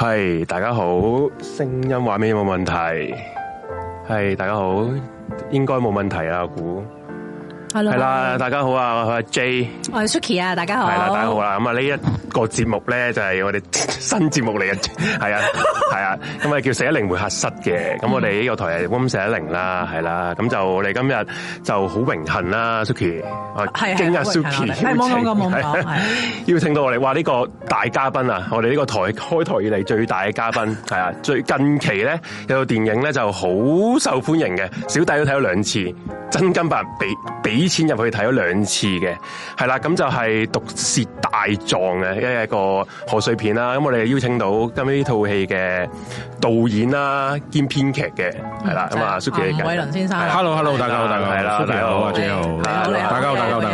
係，大家好，聲音畫面有冇問題？係，大家好，應該冇問題啊。古，係啦，大家好啊，我係 J，我係 Suki 啊，大家好，係啦，大家好啦，咁啊，呢一個節目咧就係我哋新節目嚟嘅，係啊。 係啊，咁啊叫四一零會客室嘅，咁 我哋呢個台係 warm 四一零啦，係啦，咁就我哋今日就好榮幸啦 的，Suki，係驚啊，Suki，係冇講過冇講，猜猜猜猜猜 邀請到我哋話呢個大嘉賓啊，我哋呢個台開台以嚟，最大嘅嘉賓，係啊，最近期咧有套電影咧就好受歡迎嘅，小弟都睇咗兩次，真金白畀俾俾錢入去睇咗兩次嘅，係啦，咁就係《毒舌大狀》嘅，一個賀歲片啦，咁我哋邀請到今呢套戲嘅。導演啦，兼編劇嘅，係啦咁啊，叔傑，吳偉倫先生。Hello，Hello，大家好，大家係啦，叔傑好啊，家好，大家好，G2 大家好，好，大家好。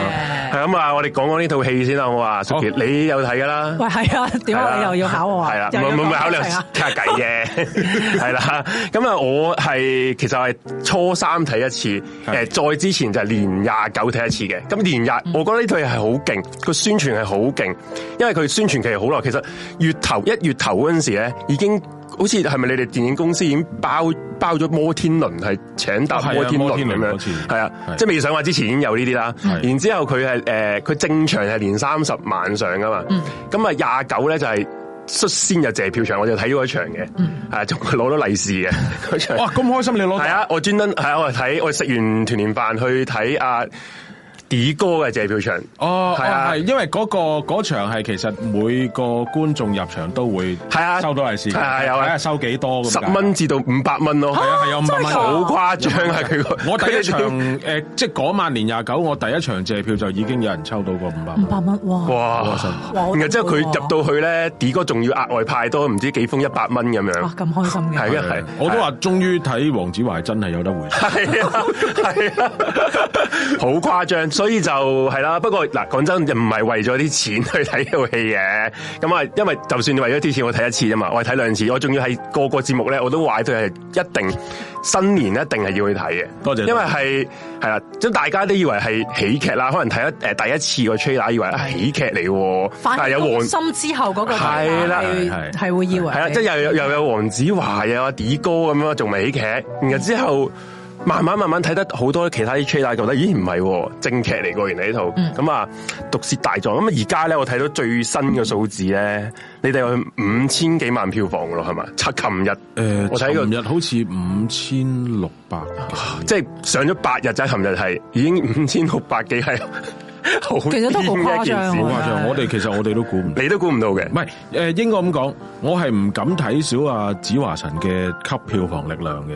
係咁啊！我哋講講呢套戲先啦。我話叔傑，你有睇㗎啦？喂，係啊，點解你又，考又要考我啊？係啦，唔唔唔，考你啊，傾下偈啫。係啦，咁啊，我係其實係初三睇一次，誒，再之前就係年廿九睇一次嘅。咁年廿，我覺得呢套戲係好勁，個、嗯、宣傳係好勁，因為佢宣傳期好耐。其實月頭一月頭嗰陣時咧，已經。好似係咪，你哋電影公司已經包包咗摩天輪，係請搭摩天輪咁樣？係、哦、啊，即係未上畫之前已經有呢啲啦。然之後佢係誒，佢正場係年三十晚上噶嘛。咁啊廿九咧就係率先就借票場，我就睇咗一場嘅，係仲攞到利是嘅。哇，咁開心你攞？係啊，我專登係我睇，我食完團年飯去睇啊。二哥嘅借票場哦，係啊，係因為嗰、那個嗰場係其實每個觀眾入場都會係啊，收到利是啊，有看看啊，收幾多，十蚊至到五百蚊咯，係啊，係、啊啊、有五百、啊、蚊，好誇張嘅。我第一場誒， 即係嗰晚年廿九，我第一場借票就已經有人抽到個五百五百蚊，哇嘩，哇，然後、啊、之後佢入到去咧，二哥仲要額外派多唔知幾封一百蚊咁樣，咁、啊、開心嘅係啊係、啊啊啊啊啊，我都話終於睇黃子華真係有得回場，係啊係啊，好誇張。 所以就係啦，不過嗱講真，就唔係為咗啲錢去睇套戲嘅。咁啊，因為就算你為咗啲錢，我睇一次啫嘛，我係睇兩次，我仲要係個個節目咧，我都話佢係一定新年一定係要去睇嘅。多謝，謝，因為係係啦，咁大家都以為係喜劇啦，可能睇一誒第一次個 trailer，以為喜劇嚟，但係有黃心之後嗰個係啦，係會以為係啦，即係又又有黃子華有阿 D 哥咁啊，仲未喜劇，然後之後。慢慢慢慢睇得好多其他啲 trail，覺得咦唔係正劇嚟㗎，原來呢套咁啊，毒、嗯、舌大狀。咁啊而家咧，我睇到最新嘅數字咧，你哋有五千幾萬票房㗎咯，係咪？七琴日誒，我睇過琴日好似五千六百，即係上咗八日，就係琴日係已經五千六百幾係。 一件其實都好誇張，誇張。我哋其實我哋都估唔，你都估唔到嘅。唔係，誒，應該咁講，我係唔敢睇少阿子華神嘅吸票房力量嘅。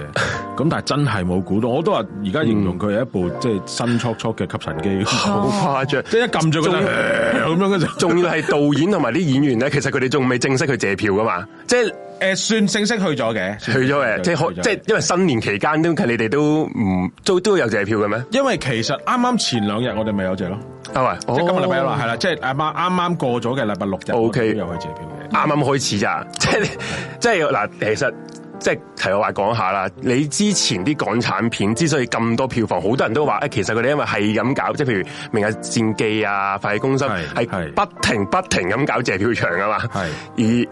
咁 但係真係冇估到，我都話而家形容佢係一部、嗯、即係新簇簇嘅吸塵機，好誇張。即係一撳住佢就咁樣嘅啫。仲要係導演同埋啲演員咧， 其實佢哋仲未正式去借票㗎嘛，即係。誒，算正式去咗嘅，去咗嘅，即係即係因為新年期間咁，你哋都唔都都有借票嘅咩？因為其實啱啱前兩、oh oh 就是、日我哋咪有借咯，係即係今日禮拜六係啦，即係啱啱過咗嘅禮拜六日，OK，又去借票嘅，啱啱開始咋，即係即係嗱，其實。即係提我話講下啦，你之前啲港產片之所以咁多票房，好多人都話誒，其實佢哋因為係咁搞，即係譬如《明日戰記》啊，《飯氣攻心》係不停不停咁搞謝票場啊嘛。係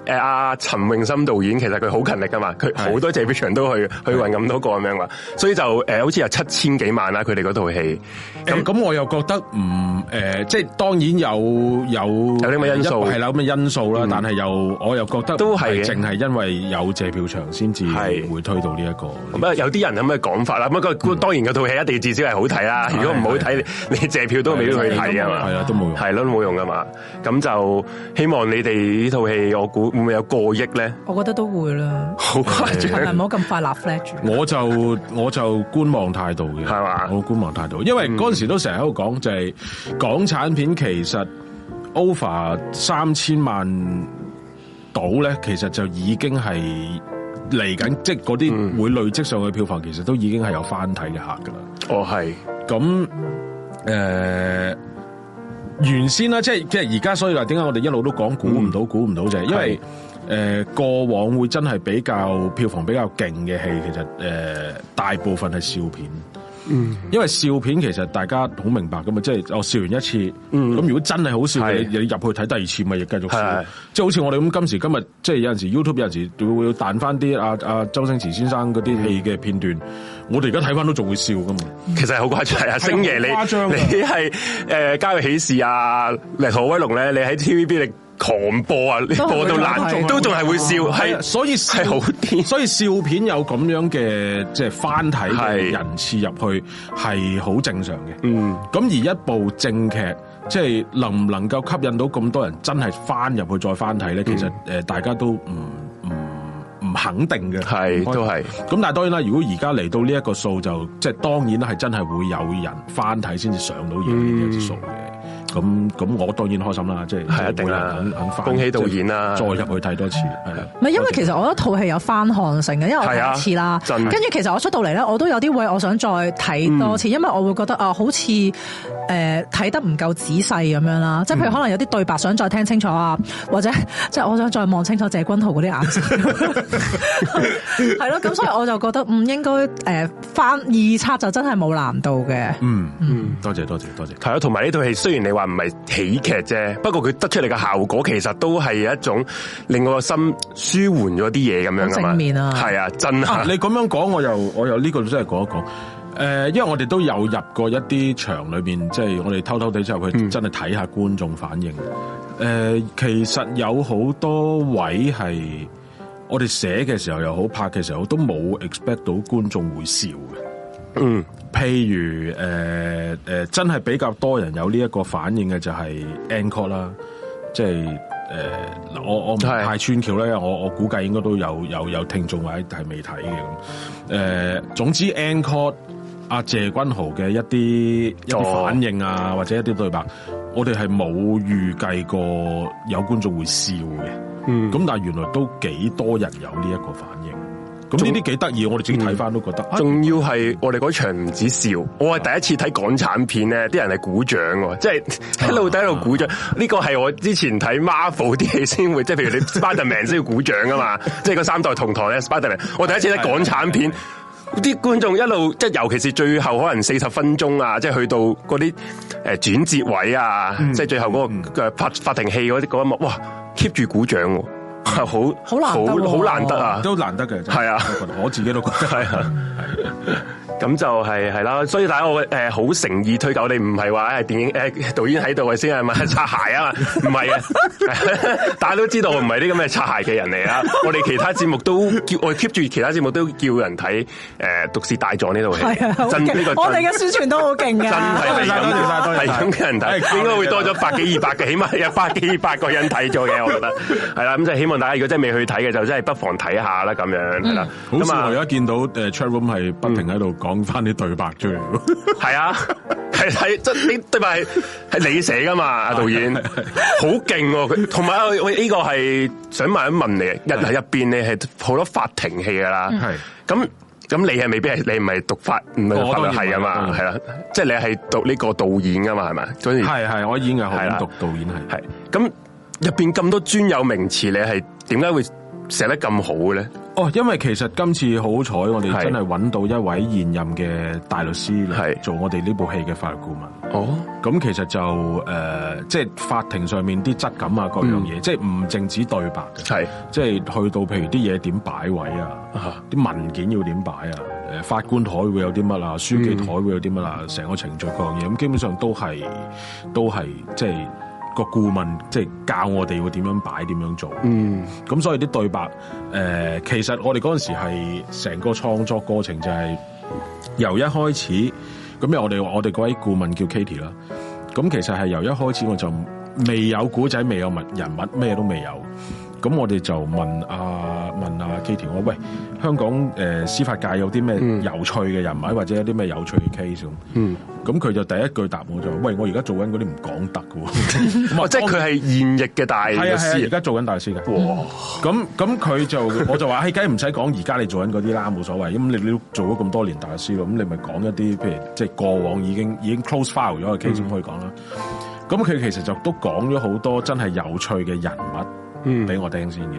而誒阿陳詠燊導演，其實佢好勤力噶嘛，佢好多謝票場都去去搵咁多個咁樣噶，所以就誒好似有七千幾萬啦，佢哋套戲。咁咁、欸、我又覺得唔誒、呃，即係當然有有有啲咩因素係啦，咁、嗯、嘅因素啦。但係又我又覺得唔係都係淨係因為有謝票場先。係會推到呢、這、一個咁啊，有啲人有咩講法啦？咁啊，當然套戲一定至少係好睇啦。嗯、如果唔好睇，對對對你借票都未必去睇啊嘛。係啊，都冇用，係咯，冇用噶嘛。咁就希望你哋呢套戲，我估會唔會有過億咧？我覺得都會啦。好誇唔好咁快 flag。我就我就觀望態度嘅，係嘛？我觀望態度，因為嗰陣時都成日喺度講，就係港產片其實 over 三千萬到咧，其實就已經係。嚟緊即係嗰啲會累積上去票房，嗯，其實都已經係有翻睇嘅客噶啦。哦，係咁誒，原先啦，即係即係而家，所以話點解我哋一路都講估唔到，嗯、估唔到就係因為誒、呃、過往會真係比較票房比較勁嘅戲，其實誒、呃、大部分係笑片。嗯，因為笑片其實大家好明白噶嘛，即係我笑完一次，咁、嗯、如果真係好笑嘅，你入去睇第二次咪，亦繼續笑。即係好似我哋咁今時今日，即係有陣時 YouTube 有陣時會會彈翻啲阿阿周星馳先生嗰啲戲嘅片段，我哋而家睇翻都仲會笑噶嘛、嗯。其實好誇張啊！星爺你你係誒、呃《家有喜事》啊，《力圖威龍》咧，你喺 TVB 力，狂播啊！播到爛，都仲係會笑，係、啊、所以係好啲。所以笑片有咁樣嘅即係翻睇嘅人次入去係好正常嘅。嗯，咁而一部正劇即係能唔能夠吸引到咁多人真係翻入去再翻睇咧、嗯？其實誒，大家都唔唔唔肯定嘅。係都係。咁但係當然啦，如果而家嚟到呢一個數就即係、就是、當然啦係真係會有人翻睇先至上到嘢呢啲數嘅。嗯咁咁，我當然開心啦！即係係一定啦，恭喜導演啦、啊，再入去睇多次，係啦。唔係因為謝謝其實我一套戲有翻看性嘅，因為我睇次啦，跟住、啊、其實我出到嚟咧，我都有啲位我想再睇多次，嗯、因為我會覺得啊、呃，好似誒睇得唔夠仔細咁樣啦。即係譬如可能有啲對白想再聽清楚啊，或者即係我想再望清楚謝君豪嗰啲眼神，係咯。 咁所以我就覺得唔、嗯、應該誒、呃、翻二刷就真係冇難度嘅。嗯嗯多，多謝多謝多謝。同埋呢套戲雖然你話。唔係喜劇啫，不過佢得出嚟嘅效果，其實都係一種令我個心舒緩咗啲嘢咁樣噶嘛，係啊，真係啊！你咁樣講，我又我又呢個真係講一講。誒，因為我哋都有入過一啲場裏邊，即係我哋偷偷哋之後去真係睇下觀眾反應。誒，其實有好多位係我哋寫嘅時候又好，拍嘅時候都冇 expect 到觀眾會笑嘅。嗯。譬如誒誒、呃呃、真係比較多人有呢一個反應嘅就係 Encore 啦，即係誒，我我唔太串橋咧，我我，我估計應該都有有有聽眾或者係未睇嘅咁。誒、呃、總之 Encore 阿謝君豪嘅一啲一啲反應啊，或者一啲對白，我哋係冇預計過有觀眾會笑嘅。嗯，咁但係原來都幾多人有呢一個反應。咁呢啲幾得意，我哋自己睇翻都覺得。仲要係我哋嗰場唔止笑，啊、我係第一次睇港產片咧，啲、啊、人係鼓、哦就是、鼓掌，即係一路睇一路鼓掌。呢個係我之前睇 Marvel 啲戲先會，即、啊、係、就是、譬如你 Spiderman 先 要鼓掌噶嘛，即係嗰三代同堂咧 Spiderman。 我第一次睇港產片，啲觀眾一路即係，就是、尤其是最後可能四十分鐘啊，即、就、係、是、去到嗰啲誒轉折位啊，即、嗯、係、就是、最後嗰、那個誒法、嗯、法庭戲嗰啲一幕，哇 keep 住鼓掌，哦。好，好難，好難得啊，都難得嘅，係啊，我自己都覺得係 係啊。 咁 就係係啦，所以大家我誒好誠意推介，我哋唔係話係電影誒導演喺度先係咪？擦鞋啊嘛，唔係啊， 大家都知道唔係啲咁嘅擦鞋嘅人嚟啦。 我哋其他節目都叫我 keep 住其他節目都叫人睇誒《毒、呃、舌大狀》呢度嘅。我哋嘅宣傳都好勁嘅， 真係係咁嘅人睇，應該會多咗百幾二百嘅，起碼有百幾二百個人睇咗嘅，我覺得係啦。咁 就希望大家如果真係未去睇嘅，就真係不妨睇下啦，咁樣係啦。好似我而家見到誒 chat room 係不停喺度講翻啲對白出嚟係 啊，係係即係對白係係你寫噶嘛，阿導演，好 勁，佢同埋我呢個係想問一問你，入喺入邊你係好多法庭戲噶啦，係，咁咁你係未必係你唔係讀法，唔係法律系噶嘛，係、嗯、啦，即係、就是、你係讀呢個導演噶嘛，係咪？所以係係我演嘅係啦，讀導演係，係，咁入邊咁多專有名詞，你係點解會？寫得咁好嘅咧？哦，因為其實今次好彩，我哋真係揾到一位現任嘅大律師嚟做我哋呢部戲嘅法律顧問。哦，咁其實就誒，即、呃、係、就是、法庭上面啲質感啊，各樣嘢，即係唔淨止對白嘅，係，即、就、係、是、去到譬如啲嘢點擺位啊，啲文件要點擺啊，誒，法官台會有啲乜啊，書記台會有啲乜啦，成、嗯、個程序各樣嘢，咁、嗯、基本上都係都係即係。就是個顧問即係教我哋要點樣擺，點樣做。嗯，咁所以啲對白，誒、呃，其實我哋嗰陣時係成個創作過程就係由一開始，咁我哋我哋嗰位顧問叫 Katie 啦。咁其實係由一開始我就未有古仔，未有物人物，咩都未有。咁我哋就問阿問阿 K 條我喂，香港誒、呃、司法界有啲咩有趣嘅人物，嗯、或者一啲咩有趣嘅 case 咁、嗯？咁佢就第一句答我就是、喂，我而家做緊嗰啲唔講得嘅喎、 哦，即係佢係現役嘅大師。而家、啊啊啊、做緊大師嘅。哇！咁咁佢就我就話，嘿，梗係唔使講，而家你做緊嗰啲啦，冇所謂。咁你你都做咗咁多年大師咯，咁你咪講一啲譬如即係過往已經已經 close f i l e 咗嘅 case 咁、嗯、可以講啦。咁佢其實就都講咗好多真係有趣嘅人物。俾、mm. 我掟先嘅，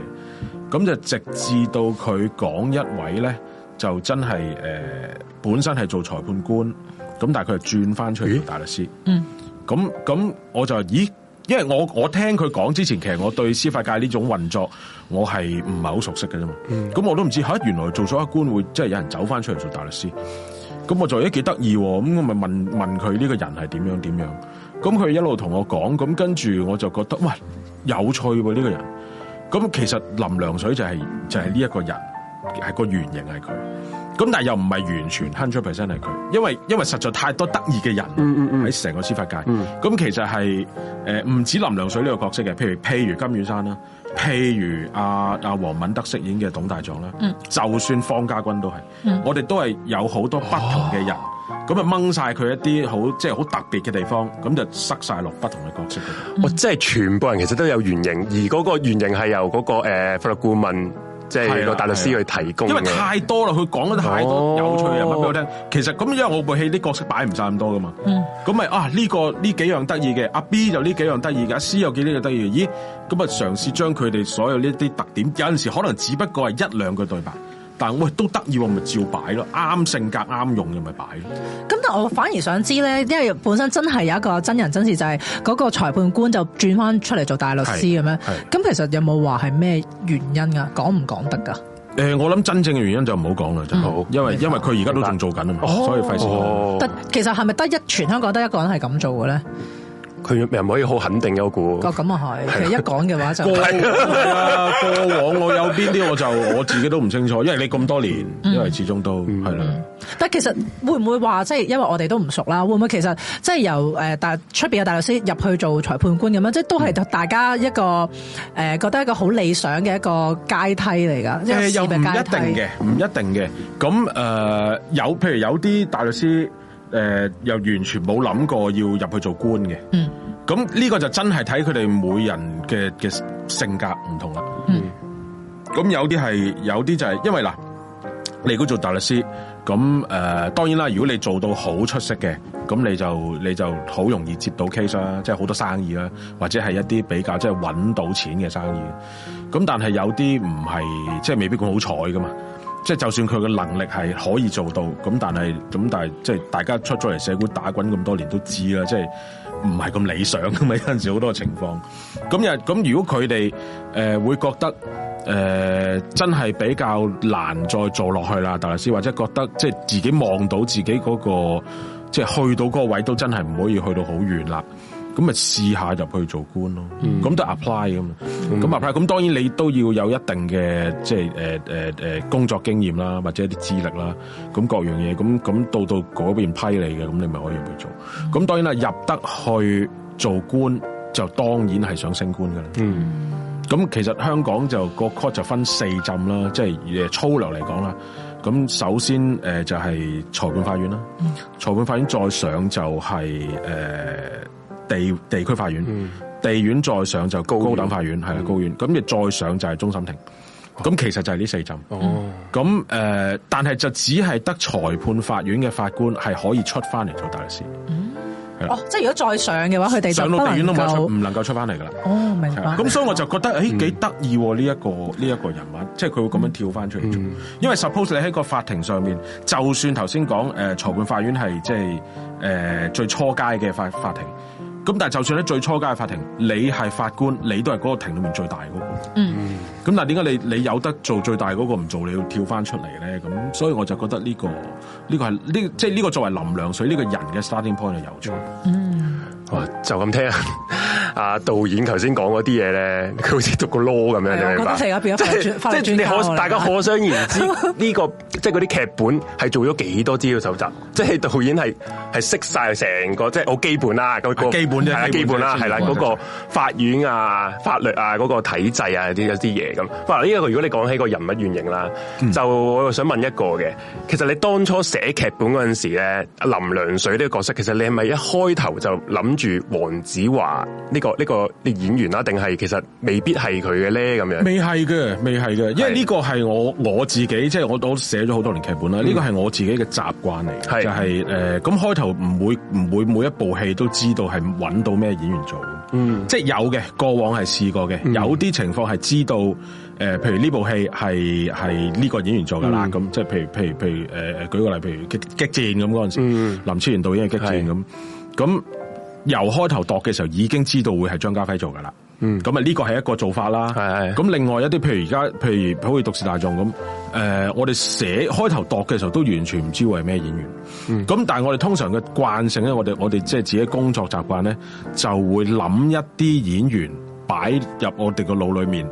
咁就直至到佢講一位咧，就真係誒、呃，本身係做裁判官，咁但係佢係轉翻出嚟做大律師。嗯、mm.，咁咁我就咦，因為我我聽佢講之前，其實我對司法界呢種運作，我係唔係好熟悉嘅啫嘛。嗯，咁我都唔知吓，原來做咗一官會，真係有人走翻出嚟做大律師，咁我就咦幾得意，咁我咪問問佢呢個人係點樣點樣，咁佢一路同我講，咁跟住我就覺得喂。這個、有趣喎，呢個人，咁其實林良水就係、是、就係呢一個人，係個原型係佢，咁但係又唔係完全百分之百係佢，因為因為實在太多得意嘅人喺成個司法界，咁、嗯嗯嗯、其實係唔止林良水呢個角色嘅，譬如譬如金宇山啦，譬如阿阿黃敏德飾演嘅董大狀啦、嗯，就算方家軍都係、嗯，我哋都係有好多不同嘅人。哦咁啊，掹晒佢一啲好即係好特別嘅地方，咁就塞晒落不同嘅角色。我、哦、即係全部人其實都有原型，而嗰個原型係由嗰、那個誒、呃、法律顧問，即、就、係、是、個大律師去提供。因為太多啦，佢講得太多、哦、有趣嘢，話俾我聽。其實咁因為我部戲啲角色擺唔晒咁多噶嘛。嗯。咁咪啊呢、這個呢幾樣得意嘅，阿 B 就呢幾樣得意嘅，阿 C 有幾呢個得意嘅。咦？咁啊嘗試將佢哋所有呢啲特點，有陣時可能只不過係一兩句對白。但係我都得意，咪照擺咯，啱性格啱用又咪擺咯。咁但我反而想知咧，因為本身真係有一個真人真事，就係、是、嗰個裁判官就轉翻出嚟做大律師咁樣。咁其實有冇話係咩原因呀？講唔講得噶？誒、呃，我諗真正嘅原因就唔好講啦，好、嗯，因為因為佢而家都仲做緊啊嘛，所以費事。得、哦，哦、其實係咪得一全香港得一個人係咁做嘅咧？佢又唔可以好肯定有股。個咁啊係，其實一講嘅話就不過，往 過往我有邊啲我就我自己都唔清楚，因為你咁多年，因為始終都係啦、嗯。但其實會唔會話即係因為我哋都唔熟啦？會唔會其實即係由誒大出邊嘅大律師入去做裁判官咁樣，即、就、係、是、都係大家一個誒、嗯、覺得一個好理想嘅一個階梯嚟㗎。誒、呃、又唔一定嘅，唔一定嘅。咁誒、呃、有譬如有啲大律師。誒、呃，又完全冇諗過要入去做官嘅。嗯，咁呢個就真係睇佢哋每人嘅嘅性格唔同啦。嗯，咁有啲係，有啲就係、是，因為嗱，你如果做大律師，咁誒、呃，當然啦，如果你做到好出色嘅，咁你就你就好容易接到 case 啦、啊，即係好多生意啦、啊，或者係一啲比較即係搵到錢嘅生意。咁但係有啲唔係，即、就、係、是、未必咁好彩噶嘛即、就、係、是、就算佢嘅能力係可以做到，咁但係，咁但係，即係大家出咗嚟社會打滾咁多年都知啦，即係唔係咁理想咁啊！有陣時好多情況，咁又咁如果佢哋、呃、會覺得、呃、真係比較難再做落去啦，大律師，或者覺得即係自己望到自己嗰、那個即係、就是、去到嗰個位都真係唔可以去到好遠啦。咁咪試下入去做官咯，咁、嗯、都 apply 㗎嘛。咁、嗯、apply 咁當然你都要有一定嘅即係誒誒誒工作經驗啦，或者一啲資歷啦，咁各樣嘢，咁咁到到嗰邊批你嘅，咁你咪可以入去做。咁、嗯、當然啦，入得去做官就當然係想升官噶啦。嗯，咁其實香港就個 court 就分四浸啦，即、就、係、是、粗略嚟講啦。咁首先誒、呃、就係、是、裁判法院啦，裁判法院再上就係、是、誒。呃地地區法院、嗯，地院再上就高高等法院，係啦、嗯，高院。咁亦再上就係終審庭。咁、哦、其實就係呢四浸。哦、嗯。咁誒、呃，但係就只係得裁判法院嘅法官係可以出翻嚟做大律師、嗯。哦，即係如果再上嘅話，佢哋上到地院都唔能夠，唔能夠出翻嚟㗎啦。哦，明白。咁所以我就覺得，誒幾得意喎呢一個呢一、呢個人物，即係佢會咁樣跳翻出嚟做、嗯。因為 suppose、嗯、你喺個法庭上面，就算頭先講誒裁判法院係即係誒最初階嘅法法庭。咁但係就算咧最初間嘅法庭，你係法官，你都係嗰個庭裏面最大嗰個。嗯。咁但係點解你你有得做最大嗰個唔做，你要跳翻出嚟咧？咁所以我就覺得呢個呢個係呢即係呢個作為林良水呢個人嘅 starting point 就有趣。嗯。嗯。就咁聽啊！導演頭先講嗰啲嘢咧，佢好似讀個 law 咁樣， 你明嘅。即係即係大家可想而知，呢、這個即係嗰啲劇本係做咗幾多資料搜集？即 係導演係係識晒成個，即、就、係、是、我基本啦、啊，咁、那個基本啫，係基本啦，係啦，嗰個，個、那個法院啊、法律啊、嗰、那個體制啊啲一啲嘢咁。嗱，呢、那個如果你講起個人物原型啦， 就我又想問一個嘅，其實你當初寫劇本嗰陣時咧，林良水呢個角色，其實你係咪一開頭就諗住黃子華呢、這個呢、這個啲演員啦，定係其實未必係佢嘅咧，咁樣未係嘅，未係嘅，因為呢個係我我自己，即、就、係、是、我都寫咗好多年劇本啦，呢個係我自己嘅習慣嚟就係、是、誒，咁、呃、開頭唔會唔會每一部戲都知道係搵到咩演員做，嗯、即係有嘅過往係試過嘅，嗯、有啲情況係知道誒、呃，譬如呢部戲係係呢個演員做噶啦，咁即係譬如譬如譬如誒，舉個例，譬如激激戰咁嗰陣時，嗯、林超賢導演嘅激戰咁咁。由開頭度嘅時候已經知道會係張家輝做噶啦，咁啊呢個係一個做法啦。咁另外一啲，譬如而家，譬如好似《毒舌大狀》咁，誒，我哋寫開頭度嘅時候都完全唔知會係咩演員。咁、嗯、但係我哋通常嘅慣性咧，我哋我哋即係自己工作習慣咧，就會諗一啲演員擺入我哋個腦裏面，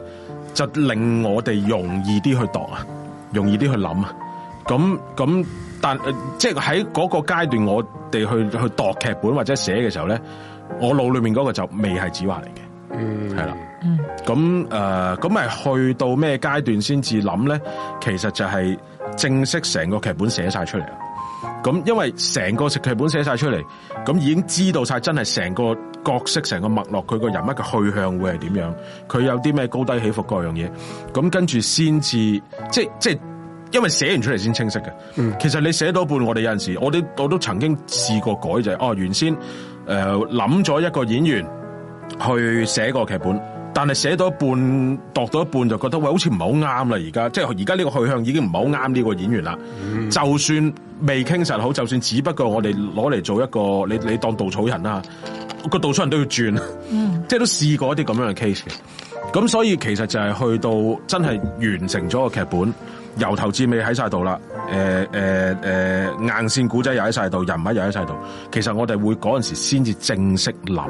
就令我哋容易啲去度啊，容易啲去諗啊。咁咁。但、呃、即係喺嗰個階段我去，我哋去去度劇本或者寫嘅時候咧，我腦裏面嗰個就未係指話嚟嘅，係、嗯、啦，咁誒，咁、嗯、咪、呃、去到咩階段先至諗咧？其實就係正式成個劇本寫晒出嚟啦。咁因為成個劇本寫晒出嚟，咁已經知道晒真係成個角色、成個脈絡，佢個人物嘅去向會係點樣？佢有啲咩高低起伏各樣嘢？咁跟住先至，即係即係。因為寫完出嚟，先清晰嘅、嗯，其實你寫到一半，我哋有陣時，我哋我都曾經試過改就係、是，哦，原先誒諗咗一個演員去寫個劇本，但係寫到一半，度到一半就覺得，喂，好似唔係好啱啦，而家即係而家呢個去向已經唔係好啱呢個演員啦、嗯。就算未傾實好，就算只不過我哋攞嚟做一個，你你當稻草人啦、啊，個稻草人都要轉、嗯，即係都試過一啲咁樣嘅 case 嘅。咁所以其實就係去到真係完成咗個劇本。由頭至尾喺晒度啦，誒誒誒硬線古仔又喺曬度，人物又喺曬度。其實我哋會嗰陣時先至正式諗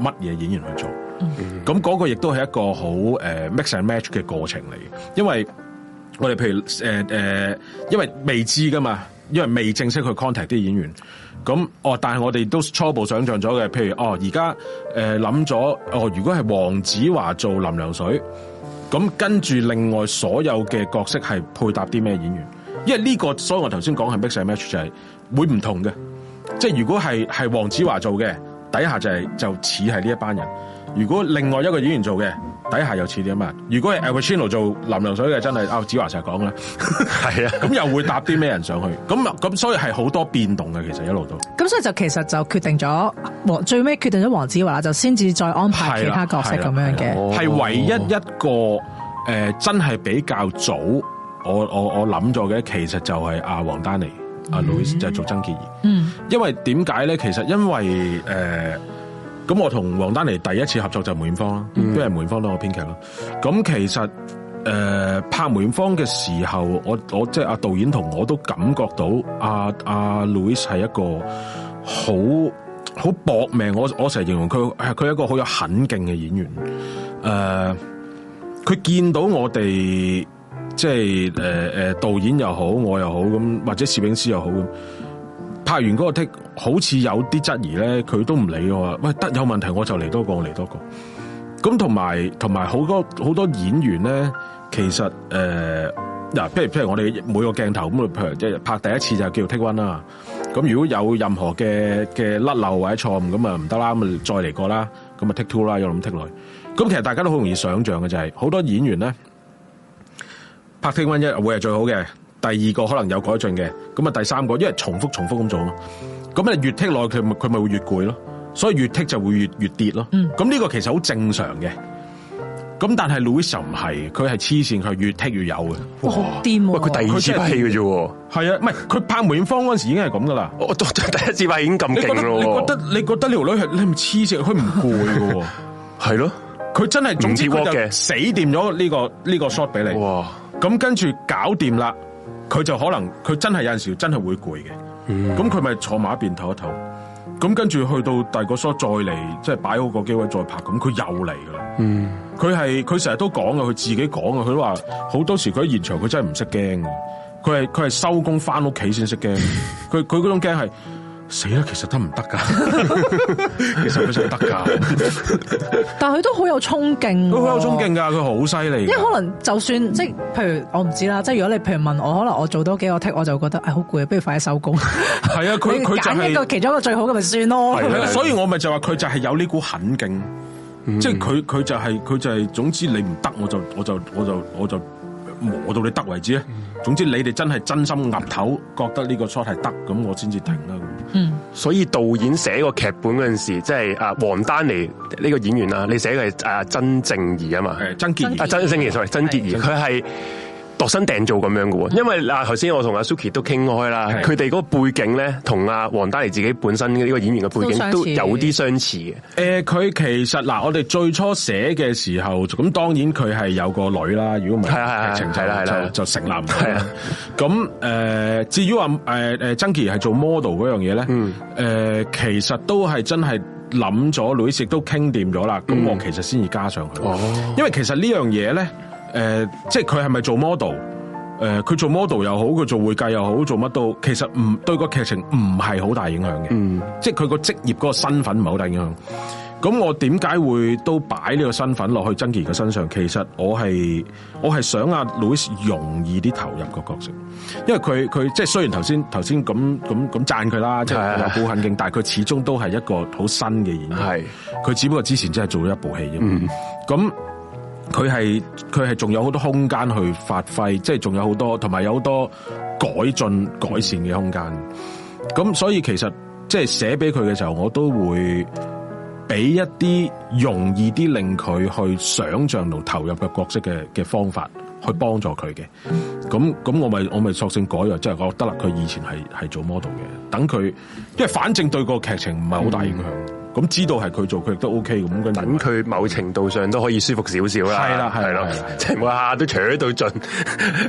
乜嘢演員去做，咁嗰、mm-hmm、個亦都係一個好 mix and match 嘅過程嚟。因為我哋譬如誒、呃、因為未知噶嘛，因為未正式去 contact 啲演員，咁哦，但係我哋都初步想象咗嘅。譬如哦，而家諗咗哦，如果係黃子華做林良水。咁跟住另外所有嘅角色係配搭啲咩演員？因為呢個，所以我頭先講係 mix match 就係會唔同嘅，即係如果係係黃子華做嘅，底下就係、是、就似係呢一班人。如果另外一個演員做嘅，嗯，底下又似點啊？如果係魏千樂做林良水嘅，真係阿子華成日講嘅，係 啊，咁 是、啊、 又會搭啲咩人上去？咁啊，咁所以係好多變動嘅，其實一路都。咁所以就其實就決定咗，最尾決定咗黃子華就先至再安排其他角色咁樣嘅，係、啊啊啊啊哦、唯一一個誒、呃、真係比較早，我我我諗咗嘅，其實就係阿黃丹妮，阿 Louis 就係做曾潔儀，嗯，因為點解咧？其實因為誒。呃咁我同王丹妮第一次合作就係梅艷芳啦，都、嗯、係梅艷芳當我編劇啦，咁其實誒、呃、拍梅艷芳嘅時候，我我即係阿導演同我都感覺到阿阿、啊啊、Louis 係一個好好搏命，我我成日形容佢係佢一個好有狠勁嘅演員。誒、呃，佢見到我哋即係誒誒導演又好，我又好咁，或者攝影師又好咁。拍完嗰個 take 好似有啲質疑咧，佢都唔理我。喂，得有問題我就嚟多個，我嚟多個。咁同埋同埋好多好多演員咧，其實誒，嗱、呃，譬如譬如我哋每個鏡頭咁啊，譬如即係拍第一次就叫 take one 啦。咁如果有任何嘅嘅甩漏或者錯誤，咁啊唔得啦，咁再嚟過啦，咁啊 take two 啦，又咁 take 落去，咁其實大家都好容易想象嘅就係，好多演員咧拍 take one 一會係最好嘅。第二個可能有改進嘅，咁啊，第三個，因為重複重複咁做囉。咁啊，越踢耐佢佢咪會越攰咯，所以越踢就會越越跌咯。咁、嗯、呢個其實好正常嘅，咁但係 Louis 唔係，佢係黐線，佢越踢越有嘅。哇，好掂！喂，佢第二次拍戲嘅啫，係啊，唔係佢拍梅艷芳嗰時已經係咁噶啦。我第一次拍已經咁勁。你覺得你覺得呢條女係你唔黐線，佢唔攰喎？係 咯，佢真係總之佢嘅、這個。死掂咗呢個呢個 shot 俾你。哇，咁跟住搞掂啦。佢就可能佢真係有陣時真係會攰嘅，咁佢咪坐埋一邊唞一唞，咁跟住去到第二個梳再嚟，即係擺好個機位再拍咁，佢又嚟噶啦。嗯、mm.，佢係佢成日都講噶，佢自己講噶，佢話好多時佢喺現場佢真係唔識驚，佢係佢係收工翻屋企先識驚，佢佢嗰種驚係。死啦！其實得唔得噶？ 其實佢想得噶， 但係佢都好有衝勁。佢好有衝勁噶，佢好犀利。因為可能就算即係，譬如我唔知啦，即係如果你譬如問我，可能我做多幾個剔，我就覺得唉好攰啊，不如快啲收工。係 啊，佢佢、揀、一個其中一個最好嘅咪算咯。所以我咪就話佢就係有呢股狠勁，即係佢佢就係佢就係、是就是，總之你唔得，我就我就我就我就磨到你得為止咧。嗯、總之你哋真係真心岌頭，嗯、覺得呢個 shot 係得，咁我先至停啦。嗯，所以導演寫個劇本嗰陣時候，即係啊，王丹妮呢個演員啊你寫嘅誒，曾正怡啊嘛，曾潔怡啊，曾靜怡，sorry，曾潔怡，佢係，度身訂造咁樣嘅喎，因為嗱頭先我同阿 Suki 都傾開啦，佢哋嗰個背景咧，同阿王丹妮自己本身呢個演員嘅背景都，都有啲相似嘅、呃。佢其實嗱、呃，我哋最初寫嘅時候，咁當然佢係有個女啦，如果唔係劇情就就就成立唔到。咁誒、呃，至於話誒誒曾係做 model 嗰樣嘢咧，其實都係真係諗咗，女食都傾掂咗啦，咁我其實先至加上佢、嗯哦，因為其實呢樣嘢咧。誒、呃，即係佢係咪做 model？誒，佢、呃、做 model 又好，佢做會計又好，做乜都，其實唔對個劇情唔係好大影響嘅。嗯、即係佢個職業嗰個身份唔係好大影響。咁我點解會都擺呢個身份落去曾妮嘅身上？其實我係我係想阿 Louis 容易啲投入個角色，因為佢佢即係雖然頭先頭先咁咁咁讚佢啦，即係話好肯勁，但係佢始終都係一個好新嘅演員。係，佢只不過之前真係做咗一部戲啫。咁、嗯。佢係佢係仲有好多空間去發揮，即係仲有好多同埋有好多改進改善嘅空間。咁、嗯、所以其實即係寫俾佢嘅時候，我都會俾一啲容易啲令佢去想象同投入嘅角色嘅嘅方法去幫助佢嘅。咁、嗯、咁我咪我咪索性改咗，即係我覺得啦。佢以前係係做 model 嘅，等佢，因為反正對個劇情唔係好大影響。嗯。咁知道係佢做，佢亦都 O K 咁，等佢某程度上都可以舒服少少啦。係啦、啊，係啦即係冇下下都扯到盡。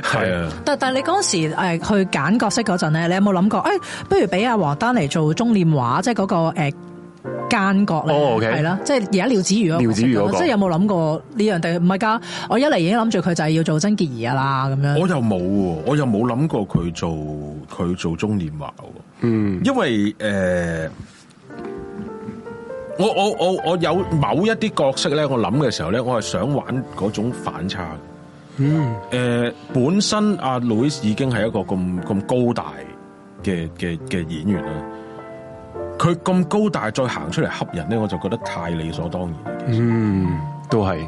係啊，呵呵呵啊 但但你嗰時誒去揀角色嗰陣咧，你有冇諗過？誒、欸，不如俾阿黃丹嚟做中年華、就是那個呃哦 okay？，即係嗰個誒奸角。哦，O K，係啦，即係而家廖子如嗰、那個，即、就、係、是、有冇諗過呢樣？定唔係㗎？我一嚟已經諗住佢就係要做曾潔儀啊啦，咁樣。我又冇，我又冇諗過佢做佢做中年華。嗯，因為誒。嗯呃我我我我有某一啲角色咧，我諗嘅時候咧，我係想玩嗰種反差嘅。嗯，誒、呃，本身阿、啊、Louis 已經係一個咁咁高大嘅嘅嘅演員啦，佢咁高大再行出嚟恰人咧，我就覺得太理所當然。嗯，都係，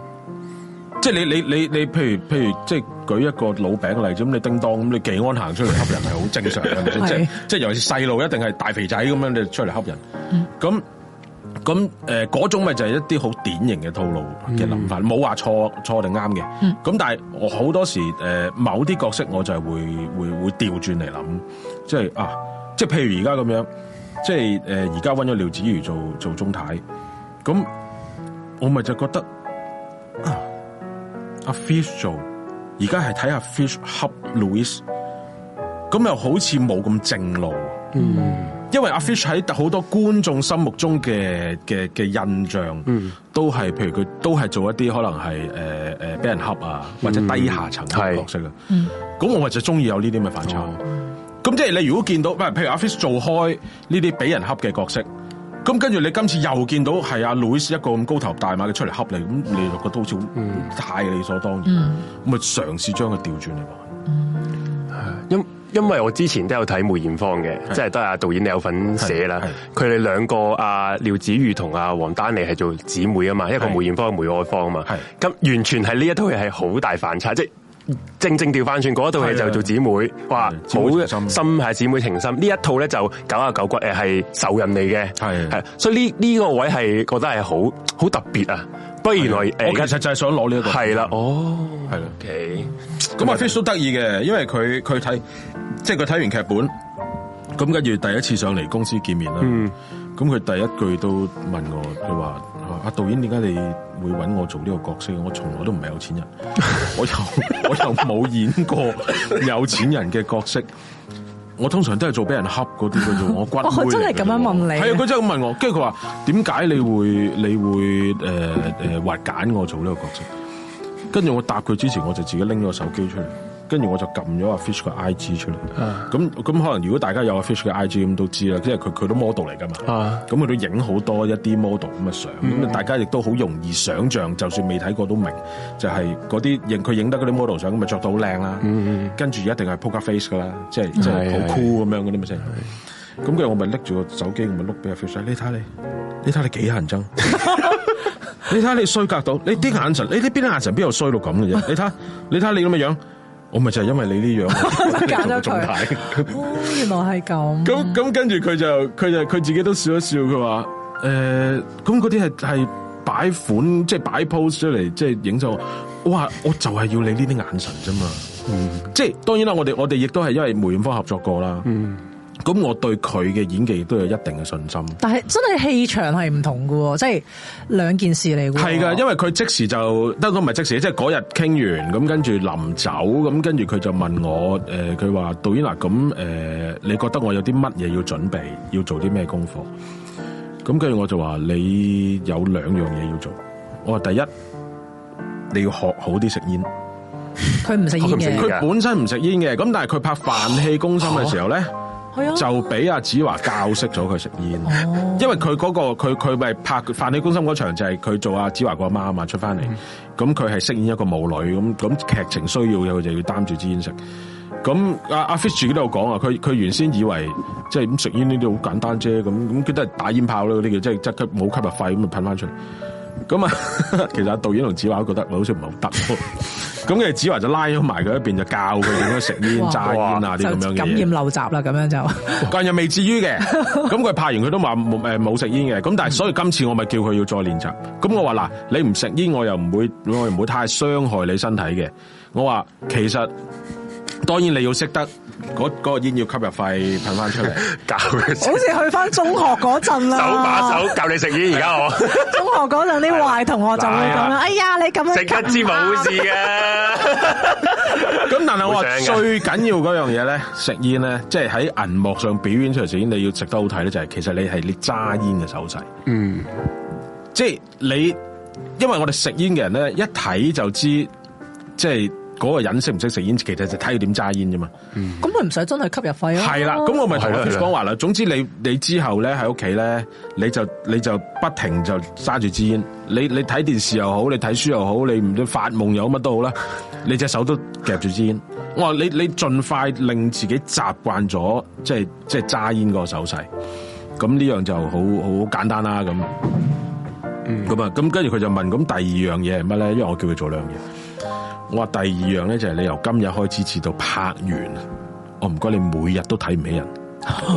即係你你你你，譬如譬如，譬如，即係舉一個老餅例子咁，你叮當咁，你技安行出嚟恰人係好正常 是是，即係即係，尤其是細路一定係大肥仔咁樣，你出嚟恰人咁。嗯咁誒嗰種咪就係一啲好典型嘅套路嘅諗法，冇、嗯、話錯錯定啱嘅。咁、嗯、但係我好多時誒、呃、某啲角色，我就會會會調轉嚟諗，即、就、係、是、啊，即係譬如而家咁樣，即係而家搵咗廖子瑜做做、做中太，咁我咪就覺得啊，阿、呃、Fish 做而家係睇下 Fish 恰 Louis，咁又好似冇咁正路。嗯嗯因為阿 Fish 喺好多觀眾心目中嘅嘅嘅印象，嗯、都係譬如佢都係做一啲可能係誒誒俾人恰啊、嗯，或者低下層嘅角色啦。咁、嗯、我咪就中意有呢啲咁嘅反差。咁、哦、即係你如果見到，唔譬如阿 Fish 做開呢啲俾人恰嘅角色，咁跟住你今次又見到係阿 Louis 一個咁高頭大馬嘅出嚟恰你，咁你就覺得好似太理所當然，咁咪嘗試將佢調轉嚟。因因為我之前有看都有睇梅艷芳嘅，即係都係阿導演你有份寫啦，佢哋兩個阿廖子妤同阿黃丹妮係做姊妹啊嘛，一個梅艷芳，一個梅愛芳啊嘛，咁完全係呢一套嘢係好大反差，即係。正正掉返轉嗰一套戲就做姊妹，哇！好心係姊妹情深呢一套咧就搞下九骨誒係仇人嚟嘅，係係，所以呢呢個位係覺得係好好特別啊！不，原來、欸、我其實就係想攞呢一個，係啦，哦，係啦，OK。咁啊，Face 都得意嘅，因為佢佢睇即係佢睇完劇本，咁跟住第一次上嚟公司見面啦，咁、嗯、佢第一句都問我話。佢話阿導演，點解你會揾我做呢個角色？我從來都唔係有錢人，我又我又冇演過有錢人嘅角色。我通常都係做俾人恰嗰啲叫做我骨。佢真係咁樣問你？係啊，佢真係咁問我。跟住佢話，點解你會你會誒誒、呃呃，或揀我做呢個角色？跟住我答佢之前，我就自己拎咗個手機出嚟。跟住我就撳咗阿 Fish 嘅 IG 出嚟，咁、啊、咁可能如果大家有阿 Fish 嘅 IG 咁都知啦，即係佢佢都 model 嚟噶嘛，咁、啊、佢都影好多一啲 model 咁嘅相，咁、嗯、大家亦都好容易想象，就算未睇過都明，就係嗰啲影佢影得嗰啲 model 相咁咪着到好靚啦，跟、嗯、住、嗯、一定係 poker face 噶啦，嗯、即係即係好 cool 咁樣嗰啲咪先，咁、嗯、佢我咪拎住個手機，咁咪碌俾阿 Fish 你睇你，你睇你幾人憎，你睇下你衰格到， 你啲眼神，你啲邊啲眼神邊度衰到咁嘅啫，你睇你睇你咁嘅樣。我咪就係因為你呢樣搞咗佢，哦，原來係咁。咁咁跟住佢就佢就佢自己都笑一笑，佢話誒，咁嗰啲係係擺款，即係擺 pose 出嚟，就是嗯，即係影相。」我話我就係要你呢啲眼神啫嘛，即係當然啦，我哋我哋亦都係因為梅艷芳合作過啦。嗯咁我對佢嘅演技都有一定嘅信心，但係真係氣場係唔同喎，即係兩件事嚟嘅。係噶，因為佢即時就，得唔咪即時，即係嗰日傾完，咁跟住臨走，咁跟住佢就問我，誒，佢話導演嗱，咁誒，你覺得我有啲乜嘢要準備，要做啲咩功課？咁跟住我就話你有兩樣嘢要做，我話第一你要學好啲食煙，佢唔食煙嘅，佢本身唔食煙嘅，咁但係佢拍飯氣攻心嘅時候咧。哦 就俾阿子華教識咗佢食煙，因為佢嗰、嗰個佢佢咪拍《飯戲攻心》嗰場就係佢做阿子華個阿媽啊嘛，出翻嚟，咁佢係飾演一個舞女咁，咁劇情需要嘅佢就要擔住支煙食。咁阿阿 Fish 嗰度講啊，佢佢原先以為即係咁食煙呢啲好簡單啫，咁咁佢都係打煙炮啦嗰啲叫，即係即冇吸入肺咁咪噴翻出嚟。咁啊，其實導演同子華都覺得我好似唔係好得，咁跟住子華就拉咗埋佢一邊就教佢點樣食煙、炸煙啊啲咁樣嘢，感染陋習啦，咁樣就，但又未至於嘅，咁佢拍完佢都話冇誒冇食煙嘅，咁但係所以今次我咪叫佢要再練習，咁我話嗱，你唔食煙我又唔會，我又唔會太傷害你身體嘅，我話其實當然你要識得。嗰、那個個煙要吸入肺，噴翻出嚟， 教好似去翻中學嗰陣啦，手把手教你食煙。而家我 中學嗰陣啲壞同學就會咁樣，哎呀，你咁樣食，即刻知冇事嘅。咁， 但係我話最緊要嗰樣嘢咧，食煙咧，即係喺銀幕上表演出嚟食煙，你要食得好睇咧，就係、是、其實你係你揸煙嘅手勢。嗯，即、就、係、是、你，因為我哋食煙嘅人咧，一睇就知，即係。嗰、那個人識唔識食煙，其實就睇佢點揸煙啫嘛。咁佢唔使真係吸入肺啊。係啦，咁我咪同佢講話啦、哦。總之你你之後咧喺屋企咧，你就你就不停就揸住支煙。你你睇電視又好，你睇書又好，你唔知發夢又好乜都好啦。你隻手都夾住支煙。我話你你盡快令自己習慣咗，即係即係揸煙個手勢。咁呢樣就好好簡單啦。咁，咁啊，咁跟住佢就問，咁第二樣嘢係乜咧？因為我叫佢做兩樣嘢。我話第二樣咧就係、是、你由今日開始至到拍完，我唔該你每日都睇唔起人。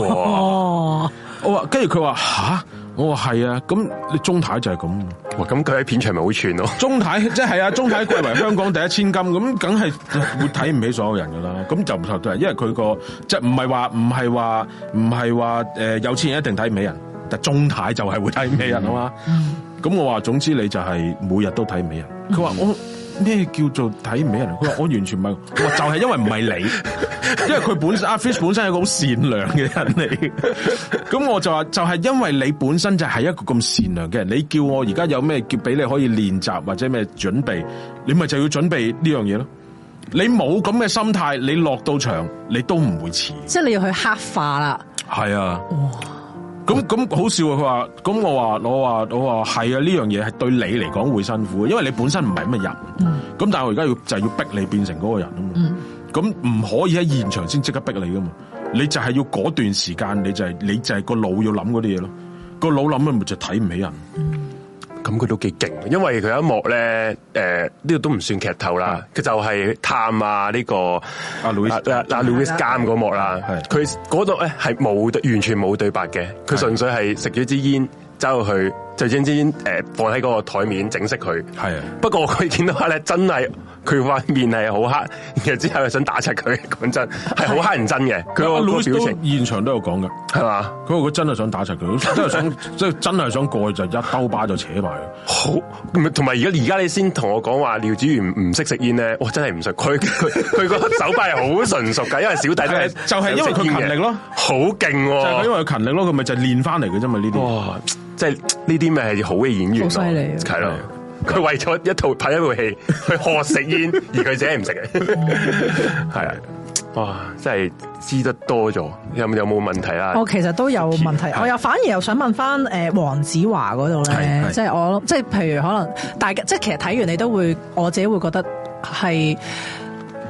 哇！我話，跟住佢話吓，我話係啊，咁你鍾太就係咁。哇！咁佢喺片場咪好串咯？鍾太即係、就是、啊，鍾太貴為香港第一千金，咁梗係會睇唔起所有人噶啦。咁就唔錯，對，因為佢個即係唔係話唔係話唔係話誒有錢人一定睇唔起人，但鍾太就係會睇唔起人啊嘛。咁、嗯、我話總之你就係每日都睇唔起人。佢話我。嗯咩叫做睇唔起人？佢話我完全唔係，我 就係因為唔係你，因為佢本身阿 Fish 本身係個好善良嘅人嚟。咁我就話，就係因為你本身就係一個咁善良嘅人，你叫我而家有咩叫俾你可以練習或者咩準備，你咪就要準備呢樣嘢咯。你冇咁嘅心態，你落到場你都唔會遲。即係你要去黑化啦。係啊。哇咁咁好笑啊！佢話咁我話我話我話係啊！呢樣嘢係對你嚟講會辛苦，因為你本身唔係咁嘅人。咁、嗯、但係我而家要就係、是、要逼你變成嗰個人啊嘛。咁、嗯、唔可以喺現場先即刻逼你噶嘛？你就係要嗰段時間，你就係、是、你就係個腦要諗嗰啲嘢咯。個腦諗咪就睇唔起人。嗯咁佢都幾勁，因為佢一幕咧，誒，呢度都唔算劇透啦。佢就係探啊呢個阿 Louis Louis 監嗰幕啦，佢嗰度咧係冇完全冇對白嘅，佢純粹係食咗支煙，走落去。就正先，誒，放喺個台面整色佢。係啊，不過佢見到下咧，真係佢塊面係好黑，然後之後又想打柒佢，講真係好乞人憎嘅。佢個表情，啊，Louis，現場都有講噶，係嘛？佢話佢真係想打柒佢，真係想，係真係想過去就一兜巴就扯埋。 好，同埋而家而家你先同我講話，廖子瑜唔識食煙咧，我真係唔識。佢佢佢個手法係好純熟噶，因為小弟都係，就係、是、因為佢勤力咯，好勁。就係因為佢勤力咯，佢咪就練翻嚟嘅啫嘛呢啲。即係呢啲咪係好嘅演員，好犀利，係咯，佢為咗一套拍一部戲去學食煙， 而佢自己唔食嘅，係、哦、哇， 真係知得多咗，有冇有冇問題啦、啊？我其實都有問題，我又反而又想問翻誒黃子華嗰度咧，即係、就是、我即係、就是、譬如可能大家即係、就是、其實睇完你都會，我自己會覺得係。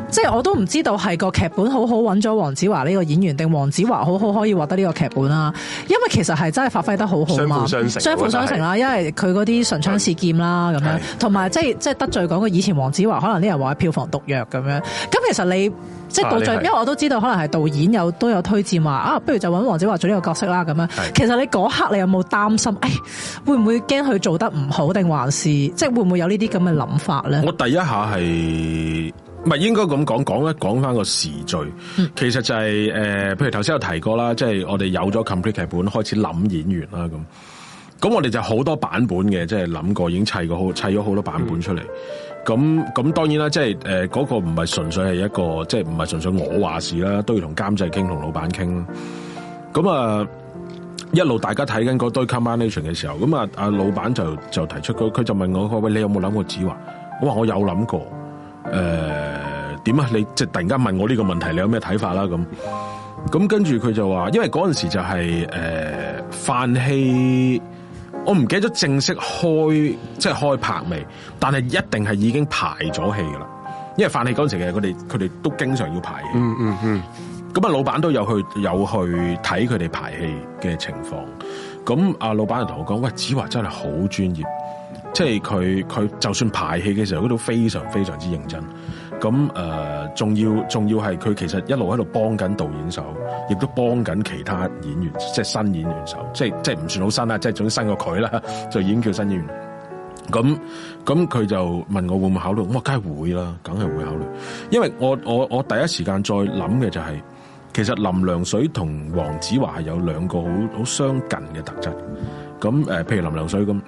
即係我都唔知道係個劇本好好揾咗黃子華呢個演員，定黃子華好好可以獲得呢個劇本啦、啊。因為其實係真係發揮得好好嘛，相輔相成，相輔相成啦。因為佢嗰啲唇槍舌劍啦，咁樣同埋即係即得罪講個以前黃子華，可能啲人話票房毒藥咁樣。咁其實你即係得罪，啊、因為我都知道可能係導演有都有推薦話啊，不如就揾黃子華做呢個角色啦。咁樣其實你嗰刻你有冇擔心？誒，會唔會驚佢做得唔好，定還是即係會唔會有呢啲咁嘅諗法呢？我第一下係。唔係應該咁講，講咧，講翻個時序，其實就係、是、誒、呃，譬如頭先有提過啦，即係我哋有咗 complete 劇本，開始諗演員啦，咁咁我哋就好多版本嘅，即係諗過已經砌過好砌咗好多版本出嚟。咁、嗯、咁當然啦，即係誒嗰個唔係純粹係一個，即係唔係純粹我話事啦，都要同監制傾，同老闆傾。咁啊，一路大家睇緊嗰堆 combination 嘅時候，咁啊阿、啊、老闆就就提出佢，佢就問我喂，你有冇諗過子華？我話我有諗過。誒、呃，點啊？你即係突然間問我呢個問題，你有咩睇法啦？咁咁跟住佢就話，因為嗰陣時就係、是、誒，飯、呃、戲，我唔記得咗正式開即係、就是、開拍未，但係一定係已經排咗戲噶啦。因為飯戲嗰陣時嘅，佢哋佢哋都經常要排戲。嗯嗯嗯。咁、嗯、啊，老闆都有去有去睇佢哋排戲嘅情況。咁阿老闆就同我講，喂，子華真係好專業。即係佢佢，就算排戲嘅時候，佢都非常非常之認真。咁誒，仲要仲要係佢其實一路喺度幫緊導演手，亦都幫緊其他演員，即係新演員手。即係即係唔算好新啦，即係總之新過佢啦，就已經叫新演員。咁咁佢就問我會唔會考慮？哇，我梗係會啦，梗係會考慮。因為我我我第一時間再諗嘅就係，其實林良水同黃子華係有兩個好好相近嘅特質。咁誒，譬如林良水咁。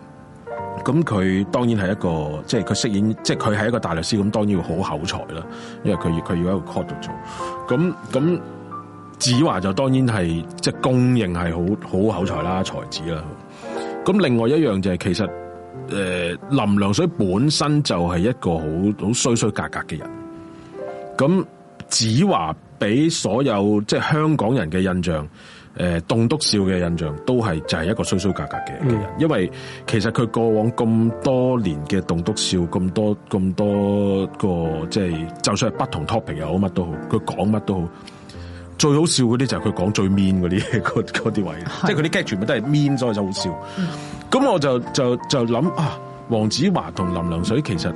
咁佢當然係一個，即係佢飾演，即係佢係一個大律師，咁當然要好口才啦。因為佢要佢要喺個 court 度做，咁咁子華就當然係即係公認係好好口才啦，才子啦。咁另外一樣就係，是，其實誒、呃、林良水本身就係一個好好衰衰格格嘅人。咁子華俾所有即係香港人嘅印象。誒，棟篤笑嘅印象都係就係一個衰衰格格嘅人，嗯、因為其實佢過往咁多年嘅棟篤笑咁多咁多個即係、就是，就算係不同 topic 又好乜都好，佢講乜都好，最好笑嗰啲就係佢講最 mean 嗰啲嗰啲位，即係佢啲 gag 全部都係 mean 所以就好笑。咁、嗯、我就就就諗啊，黃子華同林良水其實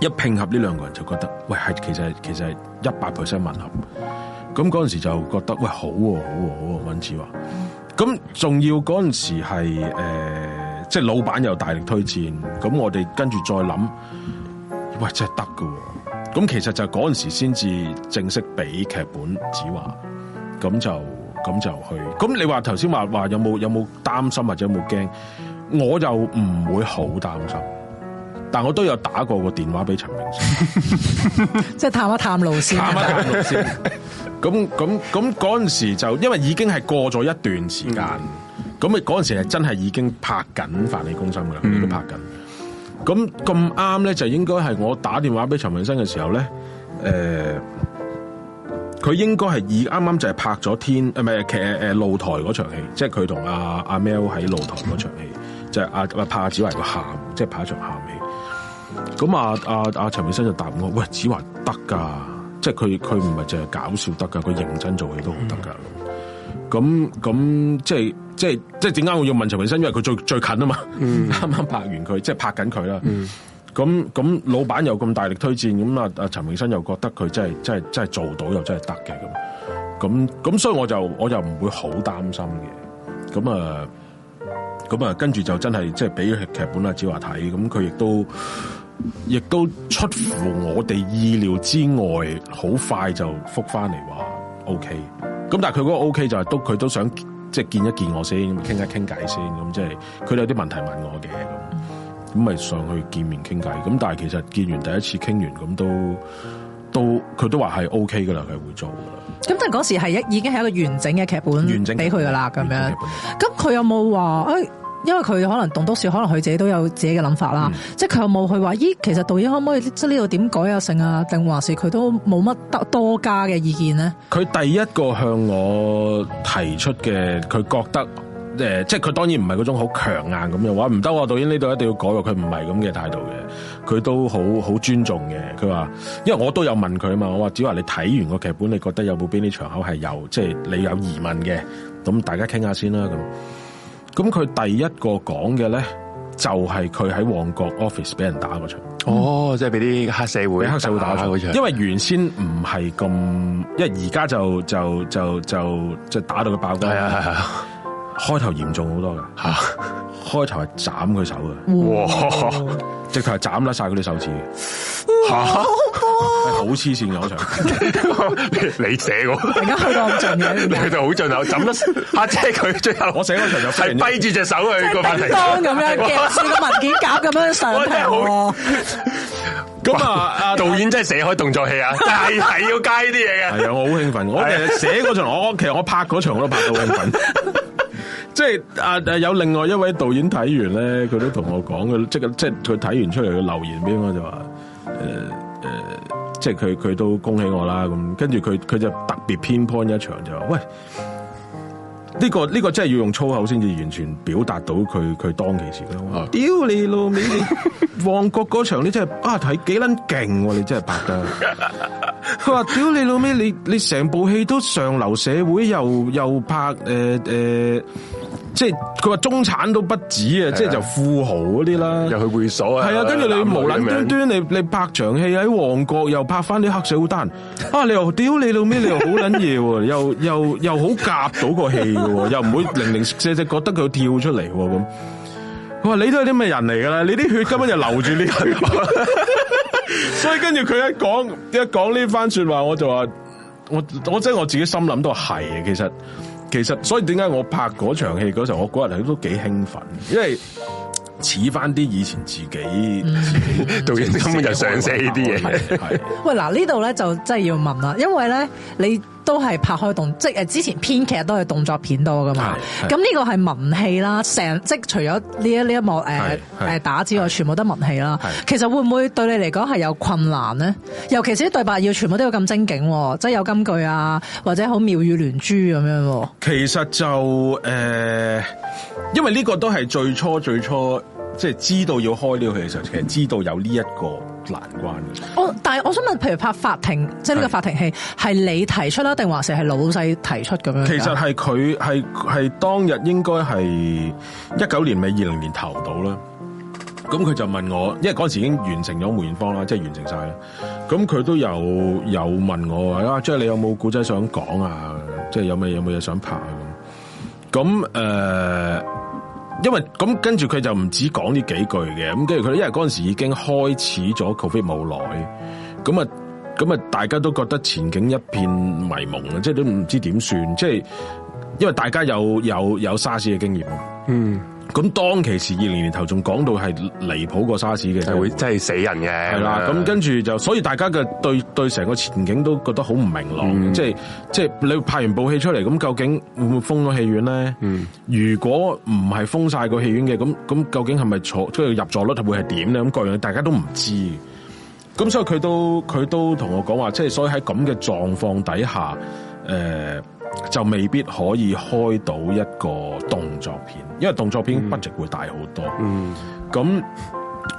一拼合呢兩個人就覺得，喂，係其實其實係一百 percent 吻合。咁嗰陣時就覺得喂，好喎、啊、好喎、啊、好喎、啊，尹子華，咁仲要嗰陣時係誒、即、呃、係、就是、老闆又大力推薦，咁我哋跟住再諗，喂，真係得噶？咁其實就嗰陣時先至正式俾劇本，子華，咁就咁就去。咁你話頭先話話有冇有冇擔心或者有冇驚，我又唔會好擔心。但我都有打過個電話俾陳明生， 即係探一探路先，探一探路先，咁咁咁嗰陣時就因為已經係過咗一段時間，咁咪嗰陣時係真係已經拍緊《法理公心》噶啦，都拍緊。咁咁啱咧就應該係我打電話俾陳明生嘅時候咧，誒、呃，佢應該係以啱啱就係拍咗天誒，唔係誒誒露台場戲，即係佢同阿阿 Mel 喺露台場戲、嗯，就係阿阿拍子維個喊，即、就、係、是、拍一場喊戲。咁啊啊啊，陳永新就答我，喂，子華得噶即係佢佢唔係淨係搞笑得噶佢認真做戲都好得噶咁、嗯、咁即係即係即係點解我要問陳永新？因為佢最最近啊嘛，啱、嗯、啱拍完佢，即係拍緊佢啦。咁、嗯、咁，老闆又咁大力推薦，咁啊啊，陳永新又覺得佢真係真係真係做到又真係得嘅咁。咁咁，所以我就我又唔會好擔心嘅。咁啊咁啊，跟住就真係即係俾劇本阿子華睇，咁佢亦都。亦都出乎我哋意料之外，好快就復翻嚟話 O K。咁但係佢嗰個 O K 就係都佢都想即係見一見我先，傾一傾偈先。咁即係佢哋有啲問題問我嘅咁，咁咪上去見面傾偈。咁但係其實見完第一次傾完，咁都都佢都話係 O K 噶啦，佢會做噶啦。咁但係嗰時係一已經係一個完整嘅劇本，完整俾佢噶啦。咁樣咁佢有冇話誒？因為佢可能動多少，可能佢自己都有自己嘅諗法啦。嗯、即係佢有冇去話，咦，其實導演可唔可以即呢度點改啊，成啊，定還是佢都冇乜得多加嘅意見咧？佢第一個向我提出嘅，佢覺得誒、呃，即係佢當然唔係嗰種好強硬咁樣話，唔得啊導演呢度一定要改喎。佢唔係咁嘅態度嘅，佢都好好尊重嘅。佢話，因為我都有問佢啊嘛，我話只話你睇完個劇本，你覺得有冇邊啲場口係有，即、就、係、是、你有疑問嘅，咁大家傾下先啦咁。咁佢第一個講嘅咧，就係佢喺旺角 office 俾人打嗰場。哦，即係俾啲黑社會，黑社會打嗰場，打過場因。因為原先唔係咁，因為而家就就就就即係打到佢爆光。係啊開頭嚴重好多嘅吓，開頭係斬佢手嘅，哇！直頭係斬甩晒佢啲手指，吓，好黐線嗰場，你寫個，而家去到好盡嘅，你去到好盡啊！斬得阿姐佢最後，我寫嗰場就係揮住隻手去個發呆咁樣，夾住個文件夾咁樣上台。咁啊，導演真係寫開動作戲啊，係 係要加呢啲嘢嘅。係 呀，我好興奮， 我其實寫嗰場， 我其實我拍嗰場我都拍到興奮。即係啊！有另外一位導演睇完咧，佢都同我講，即係即係佢睇完出嚟，嘅留言俾我就話，誒、呃、誒，即係佢佢都恭喜我啦咁。跟住佢佢就特別偏 point 一場就話，喂，呢、這個呢、這個真係要用粗口先至完全表達到佢佢當其時咯。屌、啊、 你老味，旺角嗰場你真係啊睇幾捻勁、啊，你真係拍得。佢話屌你老味，你你成部戲都上流社會又，又又拍誒誒。呃呃即係佢話中產都不止啊！即係就富豪嗰啲啦，又去會所係啊！跟住、啊、你無撚端端，端你，你你拍場戲喺旺角又拍翻啲黑水好單啊！你又屌你老咩？你 又，又，又好撚嘢，又又又好夾到個戲喎，又唔會零零舍舍覺得佢跳出嚟咁。佢話你都係啲咩人嚟噶啦？你啲血根本就流住呢個。 」 所以跟住佢一講一講呢番說話，我就話我我真係我自己心諗都係啊，其實。其實，所以點解我拍嗰場戲嗰時候，我嗰日都幾興奮，因為似翻啲以前自己、嗯、自己導演根本就的想寫呢啲嘢。對 喂，嗱呢度咧就真係要問啦，因為咧你。都係拍開動，即係之前編劇都係動作片多噶嘛。咁呢個係文戲啦，成即除咗呢一呢一幕誒誒打之外，全部都文戲啦。其實會唔會對你嚟講係有困難呢？尤其是啲對白要全部都要咁精警，即係有金句啊，或者好妙語連珠咁樣。其實就誒，因為呢個都係最初最初，即係知道要開呢個戲嘅時候，其實知道有呢一個。難關嘅。哦，我但係我想問，譬如拍法庭，即係呢個法庭戲，係你提出啦定還是係老細提出咁樣？其實係佢係係當日應該係一九年尾二零年頭到啦，咁佢就問我，因為嗰時已經完成咗梅艷芳啦，即係完成晒啦，咁佢都有有問我啊，即係你有冇古仔想講啊，即係有咩有冇嘢想拍咁。啊，咁誒。呃因為咁，跟住佢就唔止講呢幾句嘅，咁跟住佢因為嗰陣時已經開始咗 COVID 冇耐咁啊，咁啊，大家都覺得前景一片迷蒙，即係都唔知點算，即係因為大家有有有沙士嘅經驗。嗯。咁當其時，二零年頭仲講到係離譜過沙士嘅，就會真係死人嘅。係、嗯、啦，咁跟住就，所以大家嘅對對成個前景都覺得好唔明朗嘅。即係即係你拍完部戲出嚟，咁究竟會唔會封咗戲院咧？嗯、如果唔係封晒個戲院嘅，咁咁究竟係咪坐即入座率會係點咧？咁各樣大家都唔知。咁所以佢都佢都同我講話，即、就、係、是、所以喺咁嘅狀況底下，誒、呃。就未必可以開到一個動作片，因為動作片 budget 會大好多。咁、嗯嗯、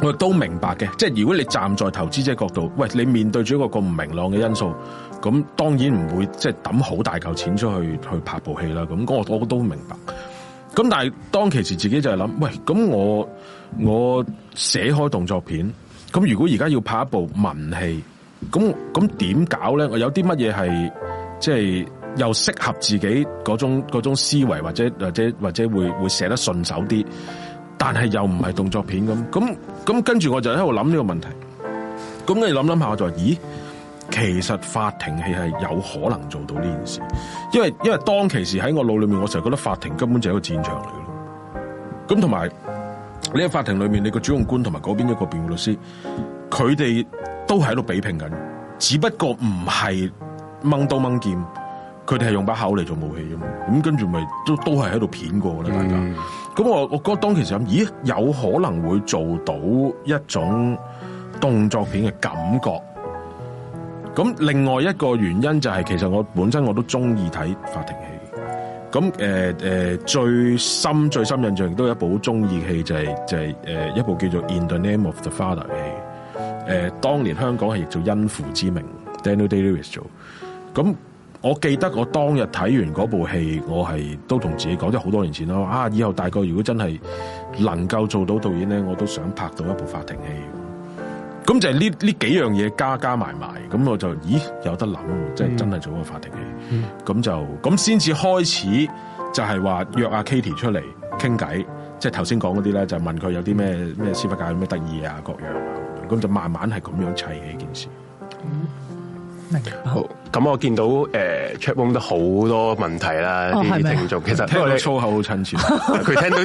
我都明白嘅，即係如果你站在投資者角度，喂，你面對住一個咁唔明朗嘅因素，咁當然唔會即係抌好大嚿錢出去去拍部戲啦。咁我我都明白。咁但係當其時自己就係諗，喂，咁我我寫開動作片，咁如果而家要拍一部文戲，咁咁點搞咧？我有啲乜嘢係即係？就是又適合自己嗰種嗰種思維，或者或者或者會會寫得順手啲，但係又唔係動作片咁咁咁，跟住我就喺度諗呢個問題。咁跟住諗諗下，我就話：咦，其實法庭戲係有可能做到呢件事，因為因為當其時喺我腦裏面，我成日覺得法庭根本就係一個戰場嚟嘅咯。咁同埋，你喺法庭裏面，你個主控官同埋嗰邊一個辯護律師，佢哋都係喺度比拼緊，只不過唔係掹刀掹劍。佢哋係用把口嚟做武器啫嘛，咁跟住咪都都係喺度片過咧，大家。咁、嗯、我我覺得當其時諗，咦，有可能會做到一種動作片嘅感覺。咁另外一個原因就係、是，其實我本身我都中意睇法庭戲。咁誒誒，最深最深印象亦都有一部好中意嘅戲，就係就係誒一部叫做《In the Name of the Father》嘅戲。誒、呃，當年香港係亦做《因父之名》，Daniel Day Lewis 做。咁我記得我當日睇完嗰部戲，我係都同自己講，咗好多年前啦。啊，以後大個如果真係能夠做到導演咧，我都想拍到一部法庭戲。咁就係呢呢幾樣嘢加加埋埋，咁我就咦有得諗，即係真係做一個法庭戲。咁、嗯、就咁先至開始就是說是說，就係話約阿 Kitty 出嚟傾偈，即係頭先講嗰啲咧，就問佢有啲咩咩司法界什麼有咩得意啊各樣啊，咁就慢慢係咁樣砌起件事。嗯，明好。咁、嗯、我見到誒 chat room 都好多問題啦，啲聽眾其實聽我哋粗口好親切，佢聽到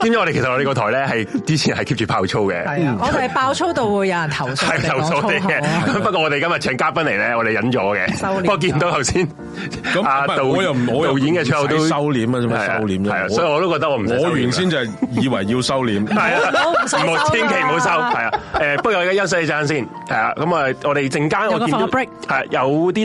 點知我哋其實我哋 聽到 個台咧係之前係 keep 住爆粗嘅，我哋爆粗到會有人投訴嘅，投粗口嘅。不過我哋今日請嘉賓嚟咧，我哋忍咗嘅、啊，不過見到頭先咁，我又我又演嘅粗口都收斂，為收斂啊，收斂啫，所以我都覺得我唔，我原先就係以為要收斂 係收斂 啊，千祈唔好收，係 啊，誒，不過我而家休息一陣先，係啊，咁啊，我哋陣間我見到 break 係有啲。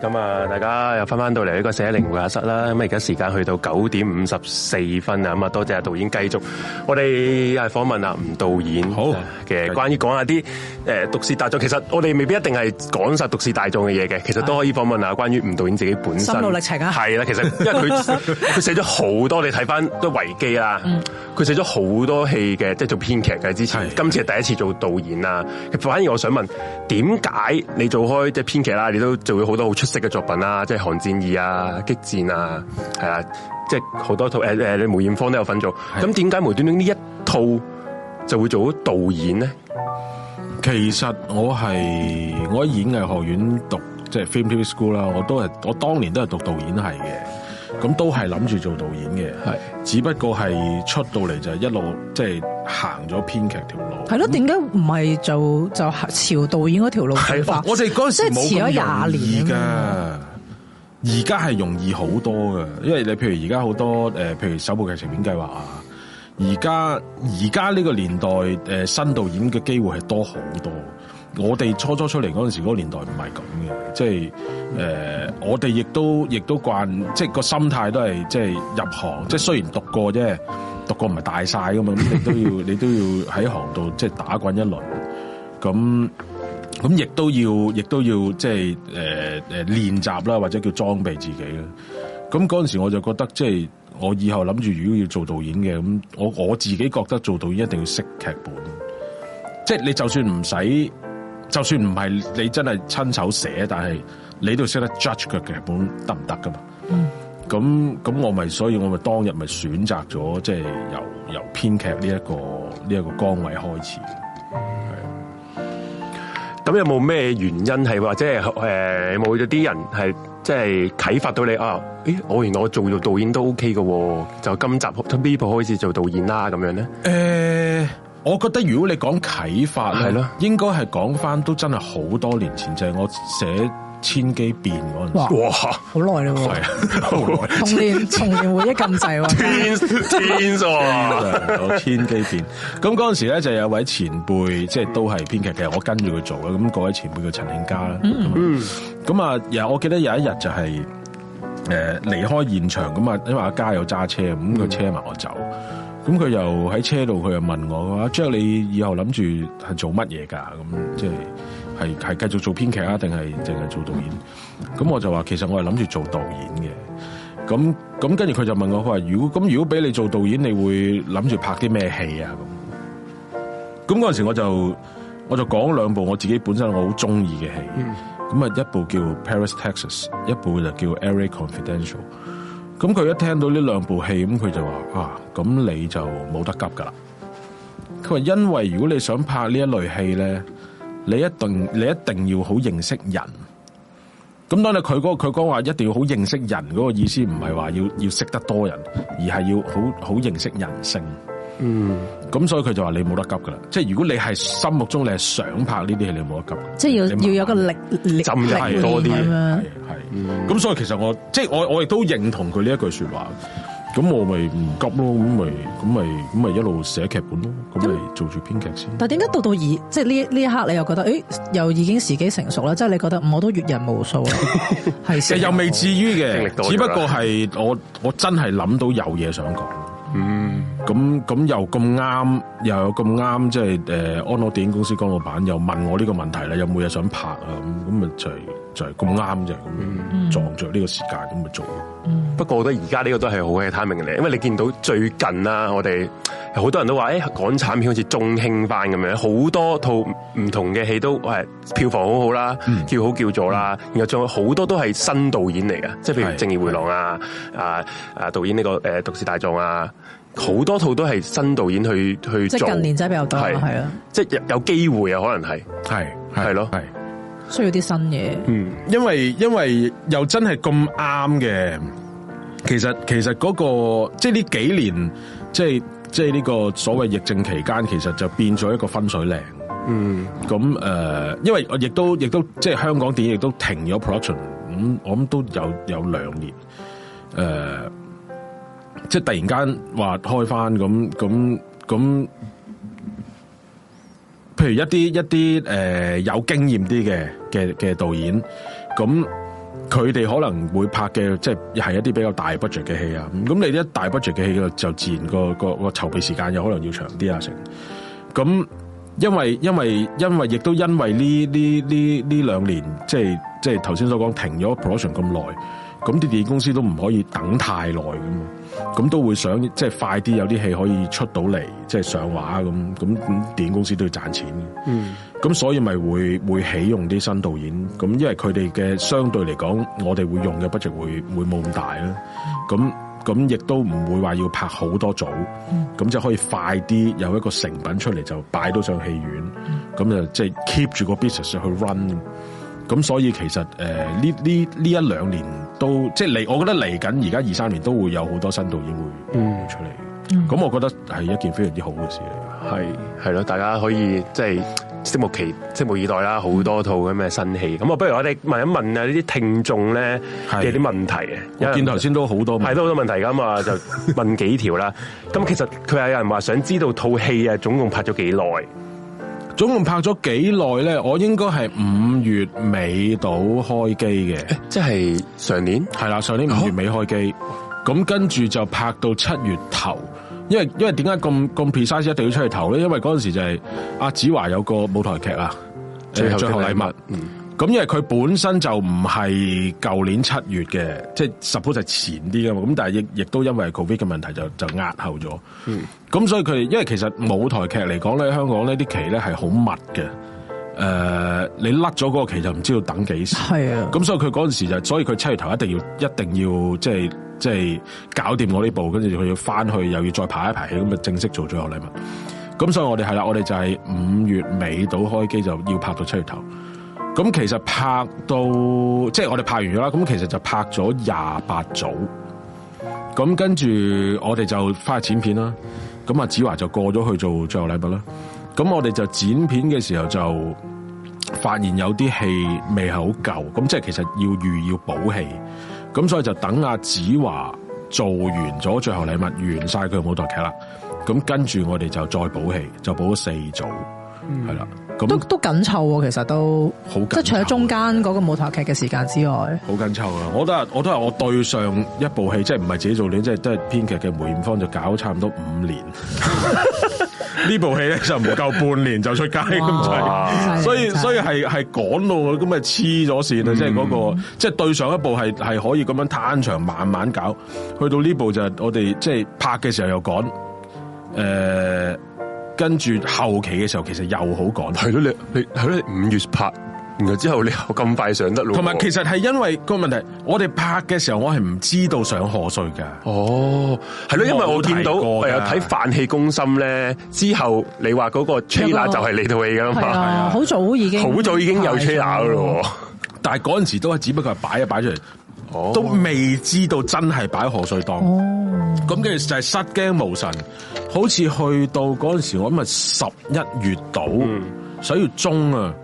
咁啊，大家又翻翻到嚟呢個寫靈魂教室啦，咁啊而家時間去到九點五十四分啊，咁啊多謝阿導演繼續，我哋又係訪問啊吳導演，好嘅，關於講下啲誒，都市大眾，其實，其實我哋未必一定係講晒獨士大眾嘅嘢嘅，其實都可以訪問下關於吳導演自己本身心勞力啊，係啦，其實因為佢佢寫咗好多， 你睇翻都維基啊。佢寫咗好多戲嘅，即係做編劇嘅之前，是今次係第一次做導演啊！反而我想問，點解你做開即係編劇啦，你都做咗好多好出色嘅作品啦，即係《寒戰二》啊，《激戰》啊，係啊，即係好多套誒誒、哎哎，你梅艷芳都有份做。咁點解無端端呢一套就會做咗導演咧？其實我係我喺演藝學院讀，即係 Film TV School 啦，我都係我當年都係讀導演系嘅。咁都係諗住做導演嘅，只不過係出到嚟就一路即係行咗編劇條路。係咯，點解唔係就就朝導演嗰條路？係，我哋嗰時即係遲咗廿年。而家而家係容易好多㗎！因為你譬如而家好多誒、呃，譬如首部劇情片計劃啊，而家而家呢個年代誒、呃，新導演嘅機會係多好多。我哋初初出嚟嗰陣時，嗰、嗰個年代唔係咁嘅，即係誒、呃，我哋亦都亦都慣，即係個心態都係即係入行，嗯、即係雖然讀過啫，讀過唔係大晒噶嘛，咁 你都要你都要喺行度即係打滾一輪，咁咁亦都要亦都要即係誒誒練習啦，或者叫裝備自己啦。咁嗰陣時我就覺得，即係我以後諗住如果要做導演嘅，咁我我自己覺得做導演一定要識劇本，即係你就算唔使。就算唔係你真係親手寫，但係你都識得 judge 腳嘅劇本得唔得噶嘛？嗯，咁咁我咪，所以我咪當日咪選擇咗即係由由編劇呢一個呢一、這個崗位開始。係，咁、嗯、有冇咩原因係話即係誒有冇啲人係即係啟發到你啊？誒，我原來我做到導演都 OK 噶，就今集同呢部開始做導演啦，咁樣咧。誒、呃。我覺得如果你講啟發，嗯、應應該係講翻都真係好多年前，就係、是、我寫《千機變》嗰陣時。哇，好耐啦，係 天啊，童年童年回憶咁滯，天天數啊，《千機變》。咁嗰陣時咧，就有一位前輩，即係都係編劇嘅，我跟住佢做嘅。咁嗰位前輩叫陳慶嘉啦。嗯，咁啊、嗯，我記得有一日就係誒離開現場咁啊，因為阿嘉有揸車，咁佢車埋我走。嗯咁佢又喺車度，佢又問我嘅話，即係你以後諗住係做乜嘢噶？咁即係係係繼續做編劇啊，定係淨係做導演？咁、嗯、我就話其實我係諗住做導演嘅。咁咁跟住佢就問我話，如果咁如果俾你做導演，你會諗住拍啲咩戲啊？咁咁嗰陣時我就我就講兩部我自己本身我好中意嘅戲，咁、嗯、啊一部叫 Paris Texas，一部就叫 L.A. Confidential。咁佢一聽到呢兩部戲咁，佢就話啊，咁你就冇得急噶啦。佢話因為如果你想拍呢一類戲咧，你一定你一定要好認識人。咁當你佢嗰個佢講話一定要好認識人嗰個意思，唔係話要要識得多人，而係要好好認識人性。嗯，咁所以佢就話你冇得急噶啦，即係如果你係心目中你係想拍呢啲嘢，你冇得急，即係要慢慢要有個力力力多啲，係咁、嗯、所以其實我即係我我亦都認同佢呢一句說話，咁我咪唔急咯，咁咪咁咪咁咪一路寫劇本咯，咁咪做住編劇先。但係點解到到而即係呢呢一刻你又覺得誒、欸、又已經時機成熟啦，即係你覺得我都閱人無數啦，係 又未至於嘅，只不過係我我真係諗到有嘢想講，嗯。咁咁又咁啱，又有咁啱，即係誒安樂電影公司江老闆又問我呢個問題咧，有冇嘢想拍啊？咁咁咪就係就係咁啱就係咁撞著呢個時間咁咪做。不過我覺得而家呢個都係好嘅 timing 嚟，因為你見到最近啦，我哋好多人都話誒港產片好似重興翻咁樣，好多套唔同嘅戲都誒票房好好啦，叫好叫座啦，然後仲有好多都係新導演嚟嘅，即係譬如《正義回廊》啊，啊啊導演呢個誒《毒舌大狀》啊。好多套都係新導演去去做，即近年仔比較多，係啦，啊，即係有，有機會啊，可能係，係係咯係，係，啊，需要啲新嘢，嗯，因為因為又真係咁啱嘅，其實其實嗰個即係呢幾年，即係即係呢個所謂疫症期間，其實就變咗一個分水嶺，嗯，咁誒，呃，因為我亦都亦都即係香港電影亦都停咗 production，咁我諗都有有兩年，誒，呃。即係突然間話開翻咁咁咁，譬如一啲一啲誒、呃、有經驗啲嘅嘅嘅導演，咁佢哋可能會拍嘅即係係一啲比較大 budget 嘅戲啊。咁你一大 budget 嘅戲就自然個個個籌備時間又可能要長啲啊成。咁因為因為因為亦都因為呢呢呢呢兩年即係即係頭先所講停咗 production 咁耐，咁啲電影公司都唔可以等太耐咁都會想即係快啲有啲戲可以出到嚟，即係上畫咁，咁電影公司都要賺錢。嗯，咁所以咪會會起用啲新導演，咁因為佢哋嘅相對嚟講，我哋會用嘅 budget 會會冇咁大啦。咁咁亦都唔會話要拍好多組，咁，嗯，就可以快啲有一個成品出嚟就擺到上戲院，咁，嗯，就即係 keep 住個 business 去 run。咁所以其實誒呢呢呢一兩年都即係嚟，我覺得嚟緊而家二三年都會有好多新導演會出嚟咁、嗯、我覺得係一件非常之好嘅事嚟嘅。係、嗯、咯，大家可以即係拭目期拭目以待啦，好多套咁嘅新戲。咁、嗯、我不如我哋問一問啊呢啲聽眾咧嘅啲問題。見頭先都好多，係都好多問題㗎嘛？問 就問幾條啦。咁其實佢係有人話想知道套戲啊總共拍咗幾耐。總共拍咗幾耐咧？我應該係五月尾到開機嘅，即係上年係啦，上年五月尾開機，咁跟住就拍到七月頭，因為因為點解咁咁偏 s i e 一定要出嚟投咧？因為嗰陣時就係阿子華有個舞台劇啊，最後禮物。最後咁因為佢本身就唔係舊年七月嘅，即係 suppose 係前啲嘅嘛，咁但係亦亦都因為 covid 嘅問題就就壓後咗。咁、嗯、所以佢因為其實舞台劇嚟講咧，香港呢啲期咧係好密嘅。誒、呃，你甩咗嗰個期就唔知要等幾時？係啊。咁所以佢嗰陣時就，所以佢七月頭一定要一定要即係即係搞掂我呢部，跟住佢要翻去又要再排一排戲，咁、嗯、就正式做咗有禮物。咁所以我哋係啦，我哋就係五月尾到開機就要拍到七月頭。咁其實拍到即係我哋拍完咗啦，咁其實就拍咗廿八組，咁跟住我哋就翻去剪片啦。咁阿子華就過咗去做最後禮物啦。咁我哋就剪片嘅時候就發現有啲戲未係好夠，咁即係其實要預要補戲，咁所以就等阿子華做完咗最後禮物，完晒佢舞台劇啦。咁跟住我哋就再補戲，就補咗四組，係、嗯、啦。都都緊湊喎，其實都、啊、即係除咗中間嗰個舞台劇嘅時間之外，好緊湊啊！我都係，我都係，我對上一部戲，即係唔係自己做嘢，即係都係編劇嘅梅艷芳就搞差唔多五年，呢 部戲咧就唔夠半年就出街咁滯，所以 所以係係趕路咁咪黐咗線啊！即係嗰個即係、就是、對上一部係係可以咁樣攤場慢慢搞，去到呢部就係我哋即係拍嘅時候又趕，誒、呃。跟住後期嘅時候，其實又好趕，係咯，你你係咯，五月拍，然後之後你又咁快上得咯。同埋，其實係因為個問題，我哋拍嘅時候，我係唔知道上賀歲㗎。哦，係咯，因為我見到誒，睇、啊啊、飯氣攻心咧，之後你話嗰個 trailer a、那個、就係、是、你套戲噶啦嘛，係啊，好早已經，好早已經有 trailer 噶啦，但係嗰陣時都係只不過係擺一擺出嚟。都未知道真係擺賀歲檔，咁跟住就係失驚無神，好似去到嗰陣時，我諗係十一月度十一月中啊，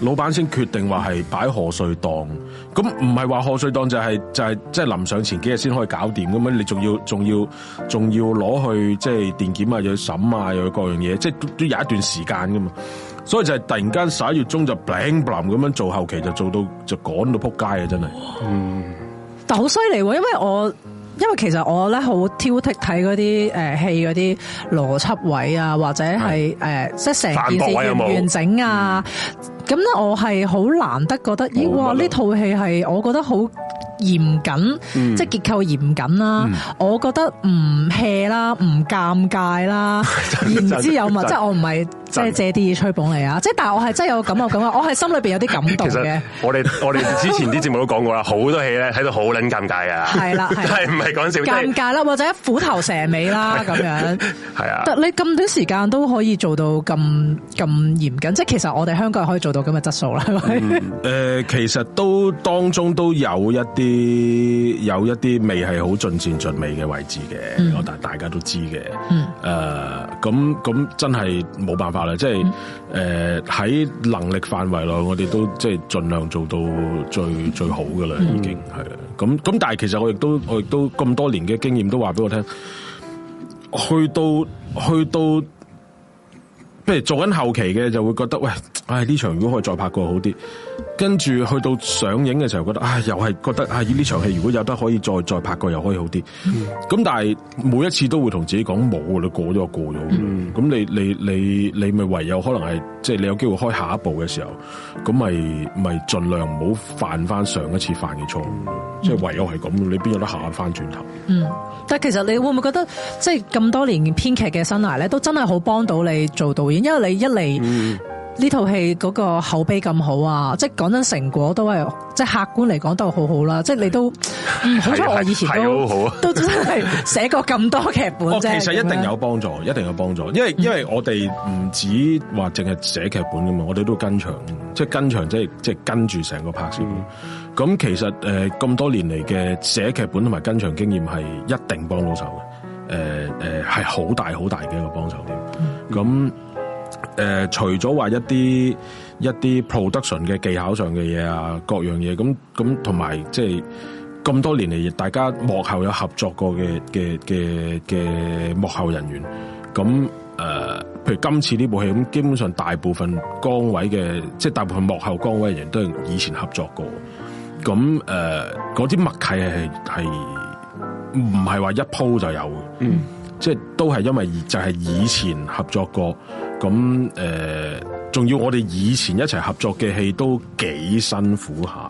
老闆先決定話係擺賀歲檔，咁唔係話賀歲檔就係、係、就係即係臨上前幾日先可以搞掂咁樣，你仲要仲要仲要攞去即係電檢啊，又審啊，又各樣嘢，即係都，都有一段時間㗎嘛，所以就係突然間十一月中就 boom 咁樣做後期就做到就趕到撲街啊，真係。但好犀利喎，因為我因為其實我咧好挑剔睇嗰啲誒戲嗰啲邏輯位啊，或者係誒即係成件事完整啊，咁咧我係好難得覺得咦、嗯、哇呢套戲係我覺得好嚴謹，即係結構嚴謹啦。我覺得唔 hea 啦，唔尷尬啦，言之有物。即係我唔係即係借啲嘢吹捧你啊！即係，但係我係真有咁嘅感覺，我係心裏邊有啲感動嘅。我哋我哋之前啲節目都講過啦，好多戲咧喺度好捻尷尬噶，係啦，係唔係講笑？尷尬啦，或者虎頭蛇尾啦，咁樣係啊。你咁短時間都可以做到咁咁嚴謹，即係其實我哋香港人可以做到咁嘅質素啦。係咪？誒，其實都當中都有一啲。啲有一啲未係好盡善盡美嘅位置嘅，嗯、我大大家都知嘅。誒、嗯呃，咁咁真係冇辦法啦，即係誒喺能力範圍內，我哋都即係盡量做到最最好噶啦，已經係咁咁。但係其實我亦都我亦都咁多年嘅經驗都話俾我聽，去到去到，譬如做緊後期嘅，就會覺得喂，唉，呢場如果可以再拍過好啲。跟住去到上映嘅時候，覺得啊，又係覺得啊，呢場戲如果有得可以再再拍過，又可以好啲。咁、嗯、但係每一次都會同自己講冇，你過咗過咗。咁、嗯、你你你你咪唯有可能係即係你有機會開下一步嘅時候，咁咪咪盡量唔好犯翻上一次犯嘅錯。即、嗯、係、就是、唯有係咁，你邊有得行翻轉頭？嗯，但係其實你會唔會覺得即係咁多年編劇嘅生涯咧，都真係好幫到你做導演，因為你一嚟。嗯呢套戲嗰個口碑咁好啊，即係講真成果都係，即係客觀嚟講都好好啦。即係你都，好彩我以前都好啊都真係寫過咁多劇本、 哦。其實一定有幫助，一定有幫助，因為、嗯、因為我哋唔止話淨係寫劇本噶嘛，我哋都跟場，即係跟場，即係即係跟住成個拍攝。咁、嗯、其實誒咁多年嚟嘅寫劇本同埋跟場經驗係一定幫到手嘅。誒誒係好大好大嘅一個幫手添。咁、嗯。誒、呃，除咗話一啲一啲 production 嘅技巧上嘅嘢啊，各樣嘢咁咁，同埋即係咁多年嚟，大家幕後有合作過嘅嘅嘅嘅幕後人員，咁誒、呃，譬如今次呢部戲，咁基本上大部分崗位嘅，即係大部分幕後崗位嘅人都係以前合作過，咁誒，嗰啲默契係係唔係話一鋪就有，嗯，即係都係因為就係以前合作過。咁誒，仲要我哋以前一齊合作嘅戲都幾辛苦下，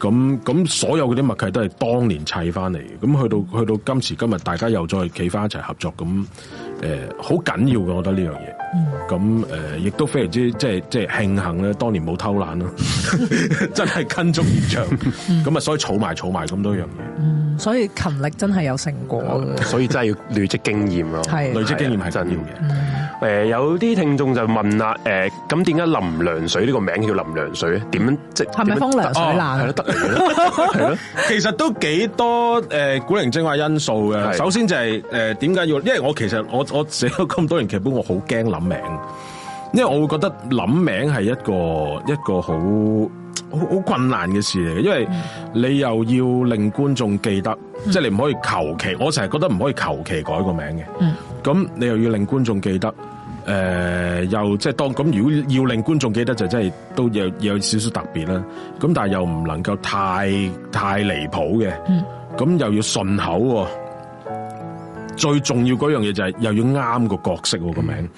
咁咁所有嗰啲默契都係當年砌翻嚟，咁去到去到今時今日，大家又再企翻一齊合作，咁誒，好緊要嘅，我覺得呢樣嘢。咁誒，亦都非常之即係即係慶幸咧，當年冇偷懶咯， 真係跟足現場。咁、嗯、啊、嗯，所以儲埋儲埋咁多樣嘢。所以勤力真係有成果，所以真係要累積經驗咯。係累積經驗係真要嘅。誒、嗯嗯呃，有啲聽眾就問啦，誒、呃，咁點解林良水呢個名叫林良水咧？點樣即係咪風涼水冷啊？係咯，得嚟嘅，係咯。 其實都幾多誒古靈精怪因素嘅。首先就係誒點解要？因為我其實我我寫咗咁多年劇本，我好驚林名，因為我會覺得諗名係一個一個好好好困難嘅事嚟嘅，因為你又要令觀眾記得，即係你唔可以求其。我成日覺得唔可以求其改個名嘅。嗯，咁你又要令觀眾記得，誒，又即係當咁，如果要令觀眾記得就真係都有有少少特別啦。咁但係又唔能夠太太離譜嘅，咁又要順口。最重要嗰樣嘢，就係又要啱個角色個名。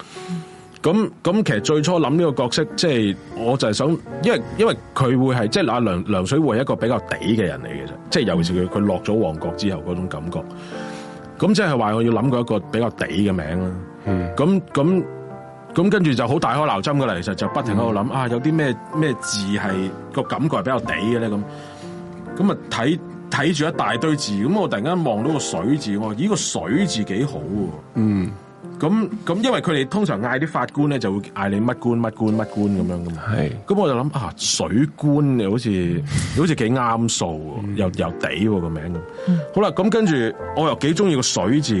咁、嗯、咁其實最初諗呢個角色，即係我就係想，因為因為佢會係即係阿梁梁水會係一個比較抵嘅人嚟嘅啫，即係尤其是佢佢落咗旺角之後嗰種感覺，咁即係話我要諗過一個比較抵嘅名啦，咁咁咁跟住就好大海撈針㗎喇，其實就不停喺度諗啊，有啲咩咩字係個感覺係比較抵嘅咧咁，咁啊睇。睇住一大堆字，咁我突然間望到個水字，我話，咦，個水字幾好喎？嗯，咁咁因為佢哋通常嗌啲法官咧，就會嗌你乜官乜官乜官咁樣噶嘛。係，咁我就諗啊，水官又好似好似幾啱數，又又抵個名咁。好啦，咁跟住我又幾中意個水字，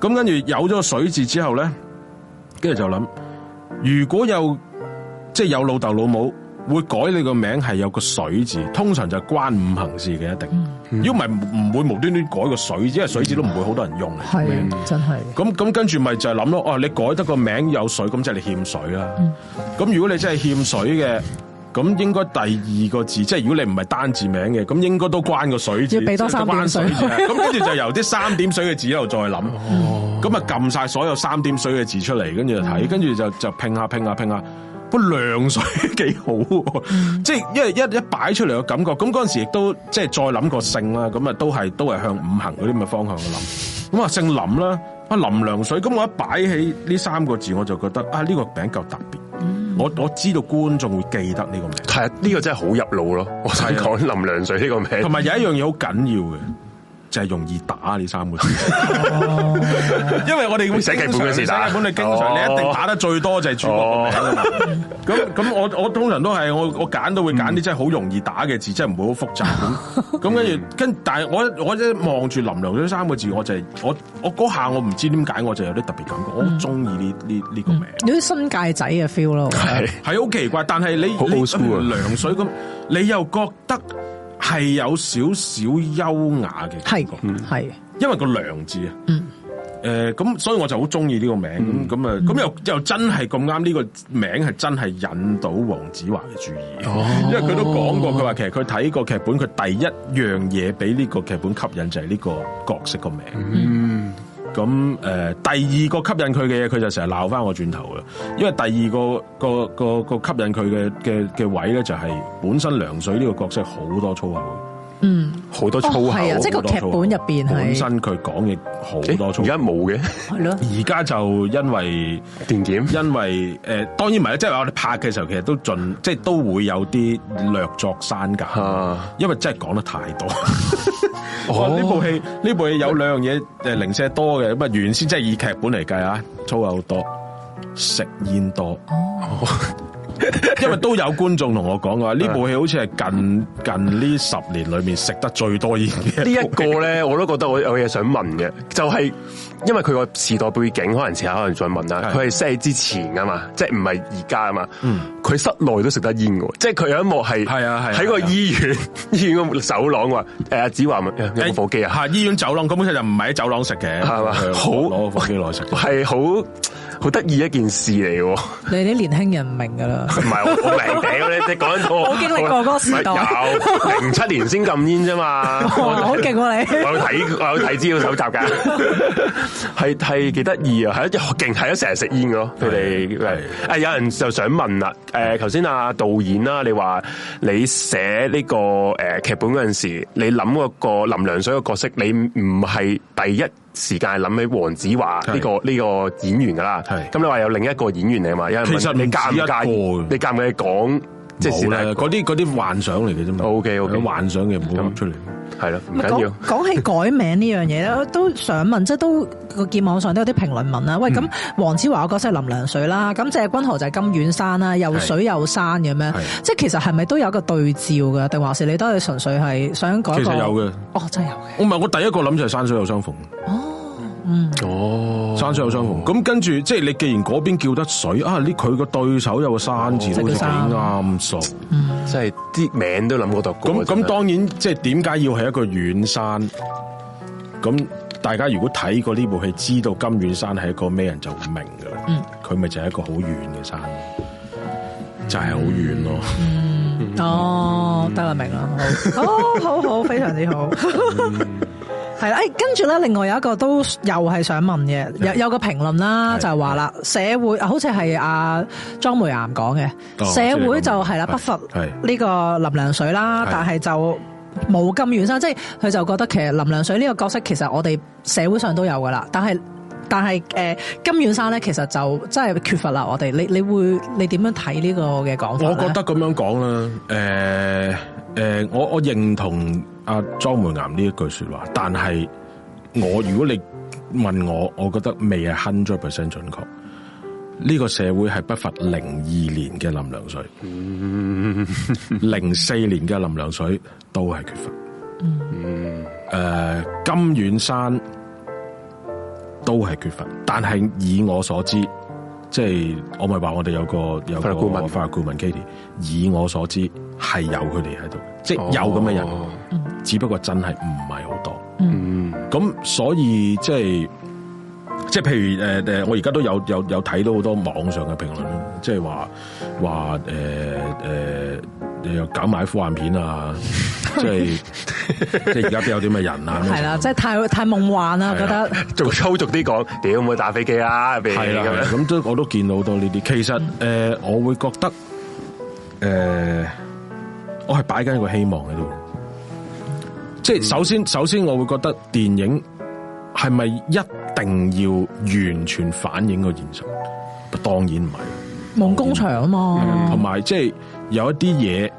咁跟住有咗個水字之後咧，跟住就諗，如果有即係有老豆老母。會改你個名係有個水字，通常就係關五行字嘅，一定，如果唔係唔會無端端改個水字，因為水字都唔會好多人用。係真係。咁咁跟住咪就係諗咯，哦，你改得個名有水，咁即係你欠水啦。咁如果你真係欠水嘅，咁應該第二個字，即係如果你唔係單字名嘅，咁應該都關個水字。要俾多三點水。咁跟住就由啲三點水嘅字喺度再諗。哦。咁啊撳晒，所有三點水嘅字出嚟，跟住就睇，跟住就就拼下拼下拼下。不涼水幾好，即係一一一擺出嚟嘅感覺。咁嗰陣時亦都即係再諗個姓啦，咁啊都係都係向五行嗰啲咁嘅方向去諗。咁啊姓林啦，啊林涼水。咁我一擺起呢三個字，我就覺得啊呢個名夠特別。我我知道觀眾會記得呢個名。係啊，呢個真係好入腦咯。我睇講林涼水呢個名。同埋有一樣嘢好緊要嘅。就係、是、容易打呢三個字，哦、 因為我哋寫劇本嘅時候，劇本你經常、哦、你一定打得最多就係主角個名咁咁、哦、 我我通常都係我我揀到會揀啲真係好容易打嘅字，真係唔會好複雜。咁咁跟住跟，但係我我一望住林涼水三個字，我就係、是、我我嗰下我唔知點解，我就有啲特別感覺，嗯、我好中意呢呢呢個名。你有啲新界仔嘅 feel 咯，係係好奇怪。但係你我你林涼水咁，你又覺得？係有少少優雅嘅，係個係，因為個良字啊，誒、嗯，咁、呃、所以我就好中意呢個名咁咁啊，咁、嗯嗯、又、嗯、又真係咁啱呢個名係真係引到黃子華嘅注意，哦、因為佢都講過，佢話其實佢睇個劇本，佢第一樣嘢俾呢個劇本吸引就係呢個角色個名。嗯嗯咁誒、呃、第二個吸引佢嘅嘢，佢就成日鬧翻我轉頭嘅，因為第二個個個個吸引佢嘅嘅嘅位咧，就係、是、本身涼水呢個角色好多粗口。嗯，好多粗口，即係個劇本入邊，本身佢講嘅好多粗口，而家冇嘅，係咯。而家就因為電檢， 因為誒、呃，當然唔係啦，即、就、係、是、我哋拍嘅時候，其實都盡，即、就、係、是、都會有啲略作刪減，啊，因為真係講得太多。呢、 哦、 部戲呢部戲有兩樣嘢誒，零、嗯、舍多嘅咁啊，原先即係以劇本嚟計啊，粗口多，食煙多。哦 因為都有觀眾同我講過，呢部戲好似係近近呢十年裏面食得最多煙嘅。呢一個咧，我都覺得我有嘢想問嘅，就係、是、因為佢個時代背景，可能遲下可能再問啦。佢係 s 之前噶嘛，即係唔係而家啊嘛。佢室內都食得煙嘅，即係佢有一幕係係啊係喺個醫院是啊是啊醫院個走廊話誒，阿子華問有冇火機啊？吓，醫院走廊根本上就唔係喺走廊食嘅，係嘛？好攞個火機來食，係好。好得意一件事嚟，你啲年輕人唔明噶啦。唔係我明屌你，你講得多。我經歷過嗰個時代。有零七年先禁煙啫嘛。我好勁喎你。我有睇我有睇資料搜集噶，係係幾得意啊！係一啲勁，係一成日食煙噶咯。佢哋係誒，有人就想問啦。誒，頭先阿導演啦，你話你寫呢個誒劇本嗰陣時，你諗嗰個林良水嘅角色，你唔係第一。時間係諗起黃子華呢、這個呢個演員噶啦，咁你話有另一個演員嚟啊嘛？因為你尷尬，你夾佢講。即咧，嗰啲嗰啲幻想嚟嘅啫嘛。O K O K，幻想嘅唔好出嚟，係啦唔緊要。講起改名呢樣嘢咧， 都想問，即係都個見網上都有啲評論問啦。喂，咁黃子華我角色係林良水啦，咁謝君豪就係金遠山啦，又水又山咁樣？即係其實係咪都有個對照㗎？定話是你都係純粹係想改？其實有嘅，哦真係有嘅。我唔係，我第一個諗就係山水有相逢。哦。哦，山水有相逢，咁跟住，即係你既然嗰邊叫得水啊，呢佢個對手有個山，哦就係山嗯，字都幾啱數，即係啲名都諗到度。咁咁當然，即係點解要係一個遠山？咁大家如果睇過呢部戲，知道金遠山係一個咩人就會明，嗯，就明噶啦。佢咪就係一個好遠嘅山，就係好遠咯。哦，得啦明啦，好、 哦，好好，非常之好。 嗯係啦，誒，跟住咧，另外有一個都又係想問嘅，有有個評論啦，就係話啦，社會好似係阿莊梅岩講嘅，社會就係啦，不乏呢個林良水啦，但係就冇金遠山，即係佢就覺得其實林良水呢個角色其實我哋社會上都有噶啦，但係但係誒金遠山咧，其實就真係缺乏啦，我哋你你會你點樣睇呢個嘅講法？我覺得咁樣講啦，誒、呃。誒、呃，我我認同阿、啊、莊梅岩呢一句說話，但係我如果你問我，我覺得未係 hundred percent 準確。呢、這個社會係不乏零二年嘅林良水，零、mm. 四 年嘅林良水都係缺乏。誒、mm. 呃，金遠山都係缺乏，但係以我所知，即係我咪話我哋有個有顧問法律顧問 Kitty 以我所知。係有佢哋喺度，即係有咁嘅人，哦、只不過真係唔係好多。嗯，咁所以即係，即係譬如誒誒，我而家都有有有睇到好多網上嘅評論，即係話話誒誒又搞埋科幻片啊，即係即係而家都有啲咩人啊？係啦，即係太太夢幻啦，覺得做粗俗啲講，屌會打飛機啊？係啦咁都我都見到好多呢啲。其實誒，我會覺得誒。呃我係擺緊一個希望喺度，即係首先，嗯、首先我會覺得電影係咪一定要完全反映個現實？當然唔係夢工場啊嘛，同埋即係有一啲嘢，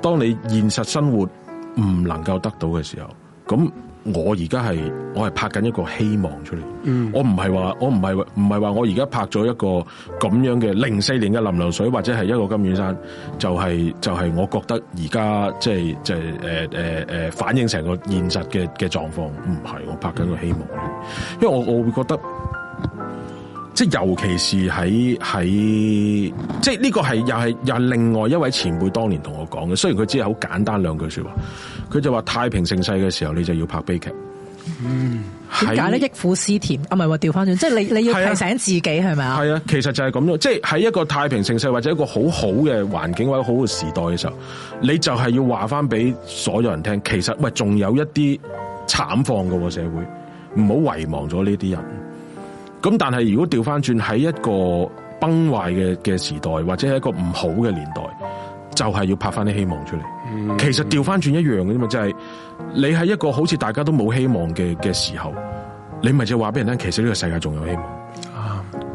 當你現實生活唔能夠得到嘅時候，咁。我而家係我係拍緊一個希望出嚟。嗯，我唔係話我唔係唔係話我而家拍咗一個咁樣嘅零四年嘅林流水或者係一個金燕山，就係，就係就係我覺得而家即係即係誒誒誒反映成個現實嘅嘅狀況，唔係我拍緊個希望，因為我我會覺得。即係尤其是喺喺，即係呢個係又係又係另外一位前輩當年同我講嘅。雖然佢只係好簡單兩句說話，佢就話太平盛世嘅時候，你就要拍悲劇。嗯，點解咧？憶苦思甜啊，唔係話調翻轉，即係你你要提醒自己係咪啊？係啊，其實就係咁樣，即係喺一個太平盛世或者一個好好嘅環境或者好嘅時代嘅時候，你就係要話翻俾所有人聽，其實喂，仲有一啲慘況嘅社會，唔好遺忘咗呢啲人。咁但係如果調翻轉，喺一個崩壞嘅嘅時代，或者係一個唔好嘅年代，就係要拍翻啲希望出嚟。嗯。其實調翻轉一樣嘅啫嘛，就係你係一個好似大家都冇希望嘅嘅時候，你咪就話俾人聽，其實呢個世界仲有希望。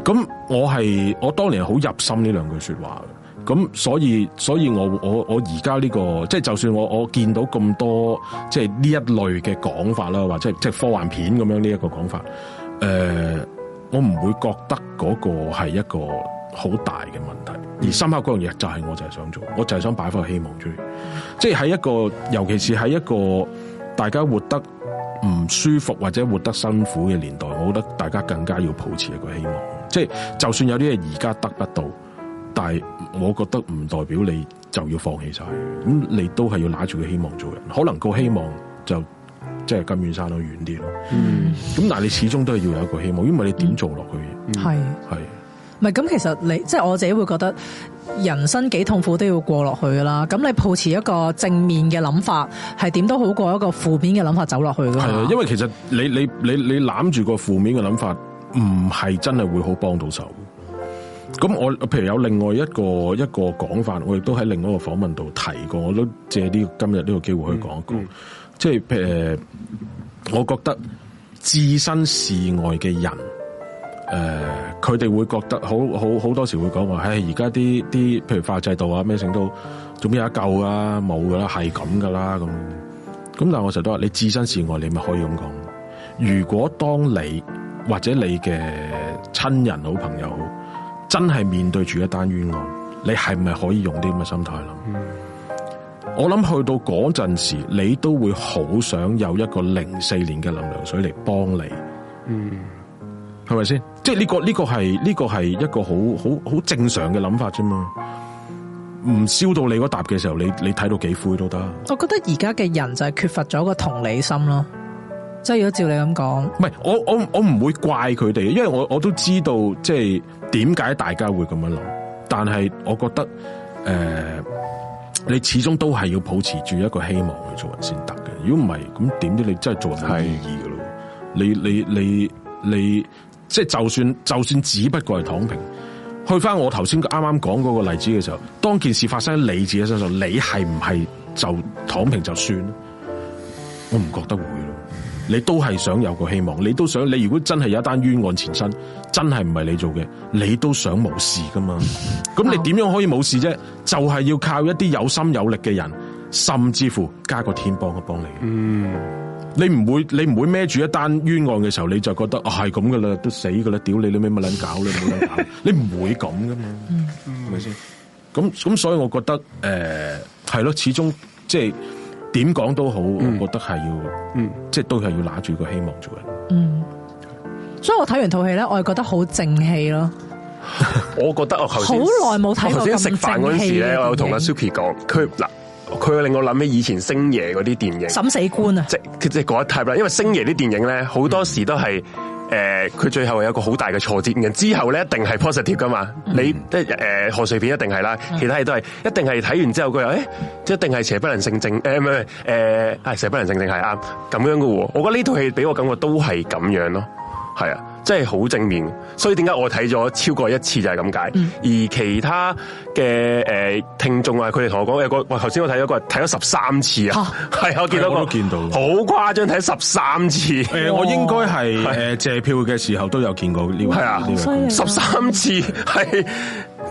咁、啊、我係我當年好入心呢兩句說話，咁所以所以我我我而家呢個即係就算我我見到咁多即係呢一類嘅講法啦，或者即係科幻片咁樣呢一個講法，誒、呃。我唔會覺得嗰個係一個好大嘅問題，而深刻嗰樣嘢就係我就係想做，我就係想擺翻個希望出嚟。即係喺一個，尤其是喺一個大家活得唔舒服或者活得辛苦嘅年代，我覺得大家更加要抱持一個希望。即係就算有啲嘢而家得不到，但係我覺得唔代表你就要放棄晒。咁你都係要拿住個希望做人。可能個希望就～即係金遠山都遠啲咯，嗯，咁但係你始終都係要有一個希望，因為你點做落去，係、嗯、係，唔係咁其實你即係我自己會覺得人生幾痛苦都要過落去噶啦，咁你抱持一個正面嘅諗法，係點都好過一個負面嘅諗法走落去咯。係啊，因為其實你你你你攬住個負面嘅諗法，唔係真係會好幫到手。咁我譬如有另外一個一個講法，我亦都喺另外一個訪問度提過，我都借啲、呢個、今日呢個機會去講一句。嗯嗯即係誒、呃，我覺得置身事外嘅人，誒、呃，佢哋會覺得好好好多時會講話，誒、欸，而家啲啲譬如法制度啊，咩成都，做咩有一舊啊，冇噶啦，係咁噶啦，咁。咁但係我成日都話，你置身事外，你咪可以咁講。如果當你或者你嘅親人、好朋友，真係面對住一單冤案，你係咪可以用啲咁嘅心態諗？嗯我諗去到嗰陣時，你都會好想有一個零四年嘅淋涼水嚟，幫你，嗯，係咪先？即係呢個呢個係呢個係一個好好好正常嘅諗法啫嘛。唔燒到你嗰笪嘅時候，你你睇到幾灰都得。我覺得而家嘅人就係缺乏咗個同理心咯。即係如果照你咁講，唔係我我我唔會怪佢哋，因為我我都知道即係點解大家會咁樣諗，但係我覺得誒。呃你始終都係要保持住一個希望去做人先得嘅，如果唔係，咁點知你真係做人冇意義嘅咯？你你你你，即係、就是、就算就算只不過係躺平，去翻我頭先啱啱講個例子嘅時候，當件事發生喺你自己身上，你係唔係就躺平就算？我唔覺得會。你都係想有個希望，你都想你如果真係有一單冤案纏身，真係唔係你做嘅，你都想冇事噶嘛？咁 你點樣可以冇事啫？就係要靠一啲有心有力嘅人，甚至乎加個天幫一幫你。嗯，你唔會你唔會孭住一單冤案嘅時候，你就覺得啊係咁噶啦，都死噶啦，屌你老味乜捻搞咧，冇得搞，你唔 會咁噶嘛？係咪先？咁咁所以我覺得誒係咯，始終即係。點講都好，嗯，我覺得係要，嗯即係都係要拿住個希望做嘅。嗯，所以我睇完套戲咧，我係覺得好正氣咯。我覺得 我頭好耐冇睇過咁正氣咧。我有同阿 Suki 講，佢嗱，佢令我諗起以前星爺嗰啲電影《審死官》啊，即係即係一 type 啦。因為星爺啲電影咧，好多時都係。嗯誒，佢最後有一個好大嘅挫折，之後咧、嗯，一定係 positive 噶嘛？你即係誒，賀歲片一定係啦，其他嘢都係，一定係睇完之後佢又一定係邪不能勝正誒，唔係誒，係、欸、邪不能勝正係啱咁樣嘅喎。我覺得呢套戲俾我感覺都係咁樣咯，係啊。真係好正面，所以點解我睇咗超過一次就係咁解，而其他嘅，誒聽眾啊，佢哋同我講，誒、嗰個，喂，頭先我睇咗個，睇咗十三次啊，係啊我見到，我都見到誇張，好誇張，睇十三次、哦，誒我應該係誒借票嘅時候都有見過呢位。係啊，十三次係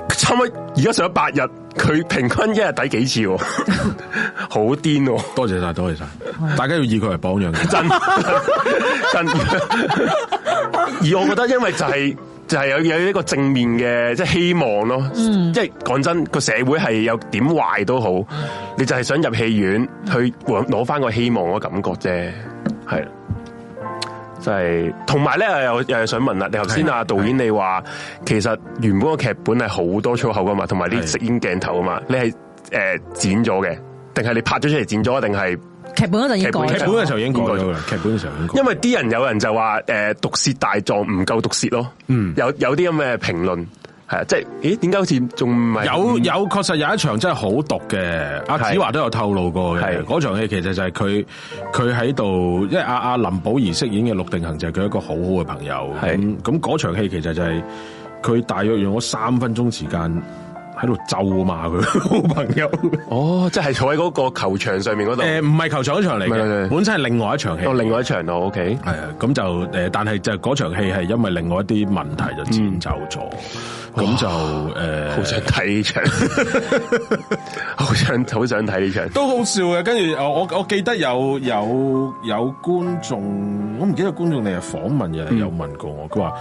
差唔多，而家上咗八日。佢平均一日睇幾次喎，好癲喎！多謝晒，多謝晒，大家要以佢為榜樣。真 真， 而我覺得因為就係、係、就係、係、有有一個正面嘅即係希望咯，即係講真個社會係有點壞都好，你就係想入戲院去攞返翻個希望嘅感覺啫，係。就係、是，同埋咧，我又想問啦。你頭先啊，導演你話，其實原本個劇本係好多粗口噶嘛，同埋啲食煙鏡頭啊嘛，你係誒、呃、剪咗嘅，定係你拍咗出嚟剪咗，定係劇本嗰陣已經改，劇本嘅時候已經改咗啦。劇本嘅時候已經，候已經，候已經因為啲人有人就話，誒、嗯，毒舌大狀唔夠毒舌咯，嗯，有有啲咁嘅評論。係啊，即係，咦？點解好似仲有有確實有一場真係好毒嘅，阿、啊、子華都有透露過嘅。嗰場戲其實就係佢佢喺度，因為阿阿林保怡飾演嘅陸定行就係佢一個好好嘅朋友。咁咁嗰場戲其實就係佢大約用咗三分鐘時間。喺度咒罵佢， 好朋友。哦，即係坐喺嗰個球場上面嗰度。誒、呃，唔係球場場嚟嘅，是是是本身係另外一場戲、哦。另外一場，好、哦、OK。係啊，咁就誒、呃，但係就嗰場戲係因為另外一啲問題就剪走咗。咁、嗯、就誒，好、呃、想睇呢場，好 想好想睇呢場，都好笑嘅。跟住我我，我記得有有有觀眾，我唔記得有觀眾你係訪問，嘅、嗯，係有問過我，佢話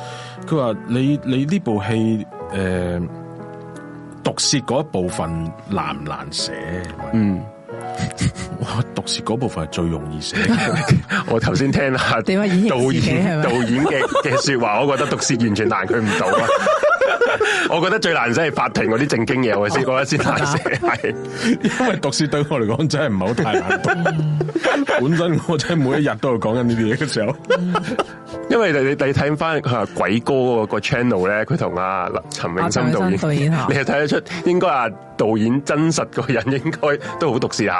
佢話你你呢部戲誒。呃毒舌嗰一部分難唔難寫？嗯。我毒舌嗰部分係最容易寫嘅。 我頭先聽下導演嘅 導演嘅嘅說話，我覺得毒舌完全難佢唔到啊！ 我覺得最難寫係法庭嗰啲正經嘢，我先覺得先難寫，係 因為毒舌對我嚟講真係唔係好太難。 本身我真係每一日都係講緊呢啲嘢嘅時候， 因為你你睇翻吓鬼哥嗰個 channel 咧，佢同阿陳永森導演，啊、你係睇得出，應該啊導演真實個人應該都好毒舌啊。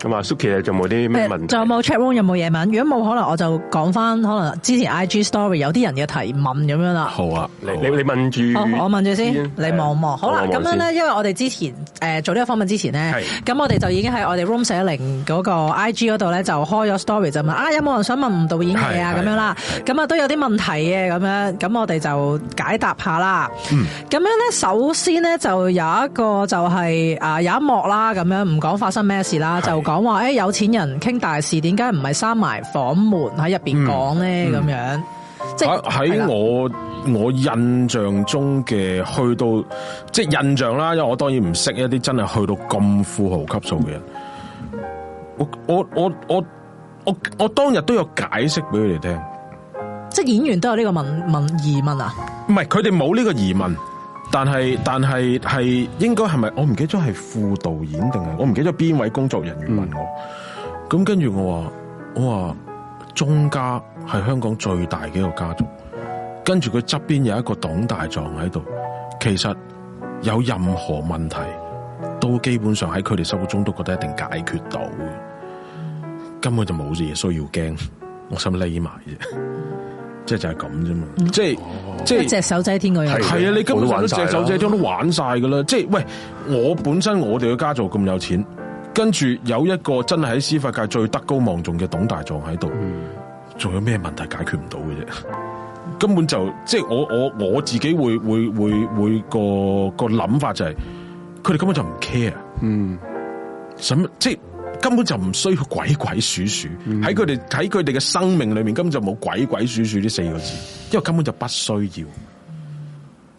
咁啊，Suki 仲冇啲咩問題？仲有冇 chat room 有冇嘢問？如果冇，可能我就講翻可能之前 IG story 有啲人嘅提問咁樣啦。好啊，你啊你問住。我我問住先，先，你望望。好啦，咁樣咧，因為我哋之前誒、呃、做呢啲訪問之前咧，咁我哋就已經喺我哋 room 舍零嗰個 IG 嗰度咧就開咗 story 就問啊，有冇人想問吳導演嘢啊咁樣啦？咁啊都有啲問題嘅咁樣，咁我哋就解答下啦。咁樣咧，首先咧就有一個就係、是、啊有一幕啦，咁樣唔講發生咩事啦，就。講話誒，有錢人傾大事，點解唔係閂埋房門喺入邊講咧？咁、嗯嗯、樣，嗯、即係喺我我印象中嘅去到，即係印象啦。因為我當然唔識一啲真係去到咁富豪級數嘅人。嗯、我我我我我我當日都有解釋俾佢哋聽，即係演員都有呢個問問疑問啊？唔係，佢哋冇呢個疑問。但係但係，係應該係咪我唔記得咗係副導演定係我唔記得咗邊位工作人員問我？咁、嗯、跟住我話我話中家係香港最大嘅一個家族，跟住佢側邊有一個董大狀喺度。其實有任何問題，都基本上喺佢哋生活中都覺得一定解決到，根本就冇嘢需要驚。我想匿埋啫即就係咁啫嘛，即係、哦、即係隻手遮天嗰樣，係啊，你根本都隻手遮天都玩晒噶啦。即係喂，我本身我哋嘅家族咁有錢，跟住有一個真係喺司法界最德高望重嘅董大狀喺度，仲、嗯、有咩問題解決唔到嘅啫？根本就即係我我我自己會會會會，會個個諗法就係、是，佢哋根本就唔 care。嗯，什麼即？根本就唔需要鬼鬼祟祟，喺佢哋喺佢哋嘅生命裏面根本就冇鬼鬼祟祟呢四個字，因為根本就不需要，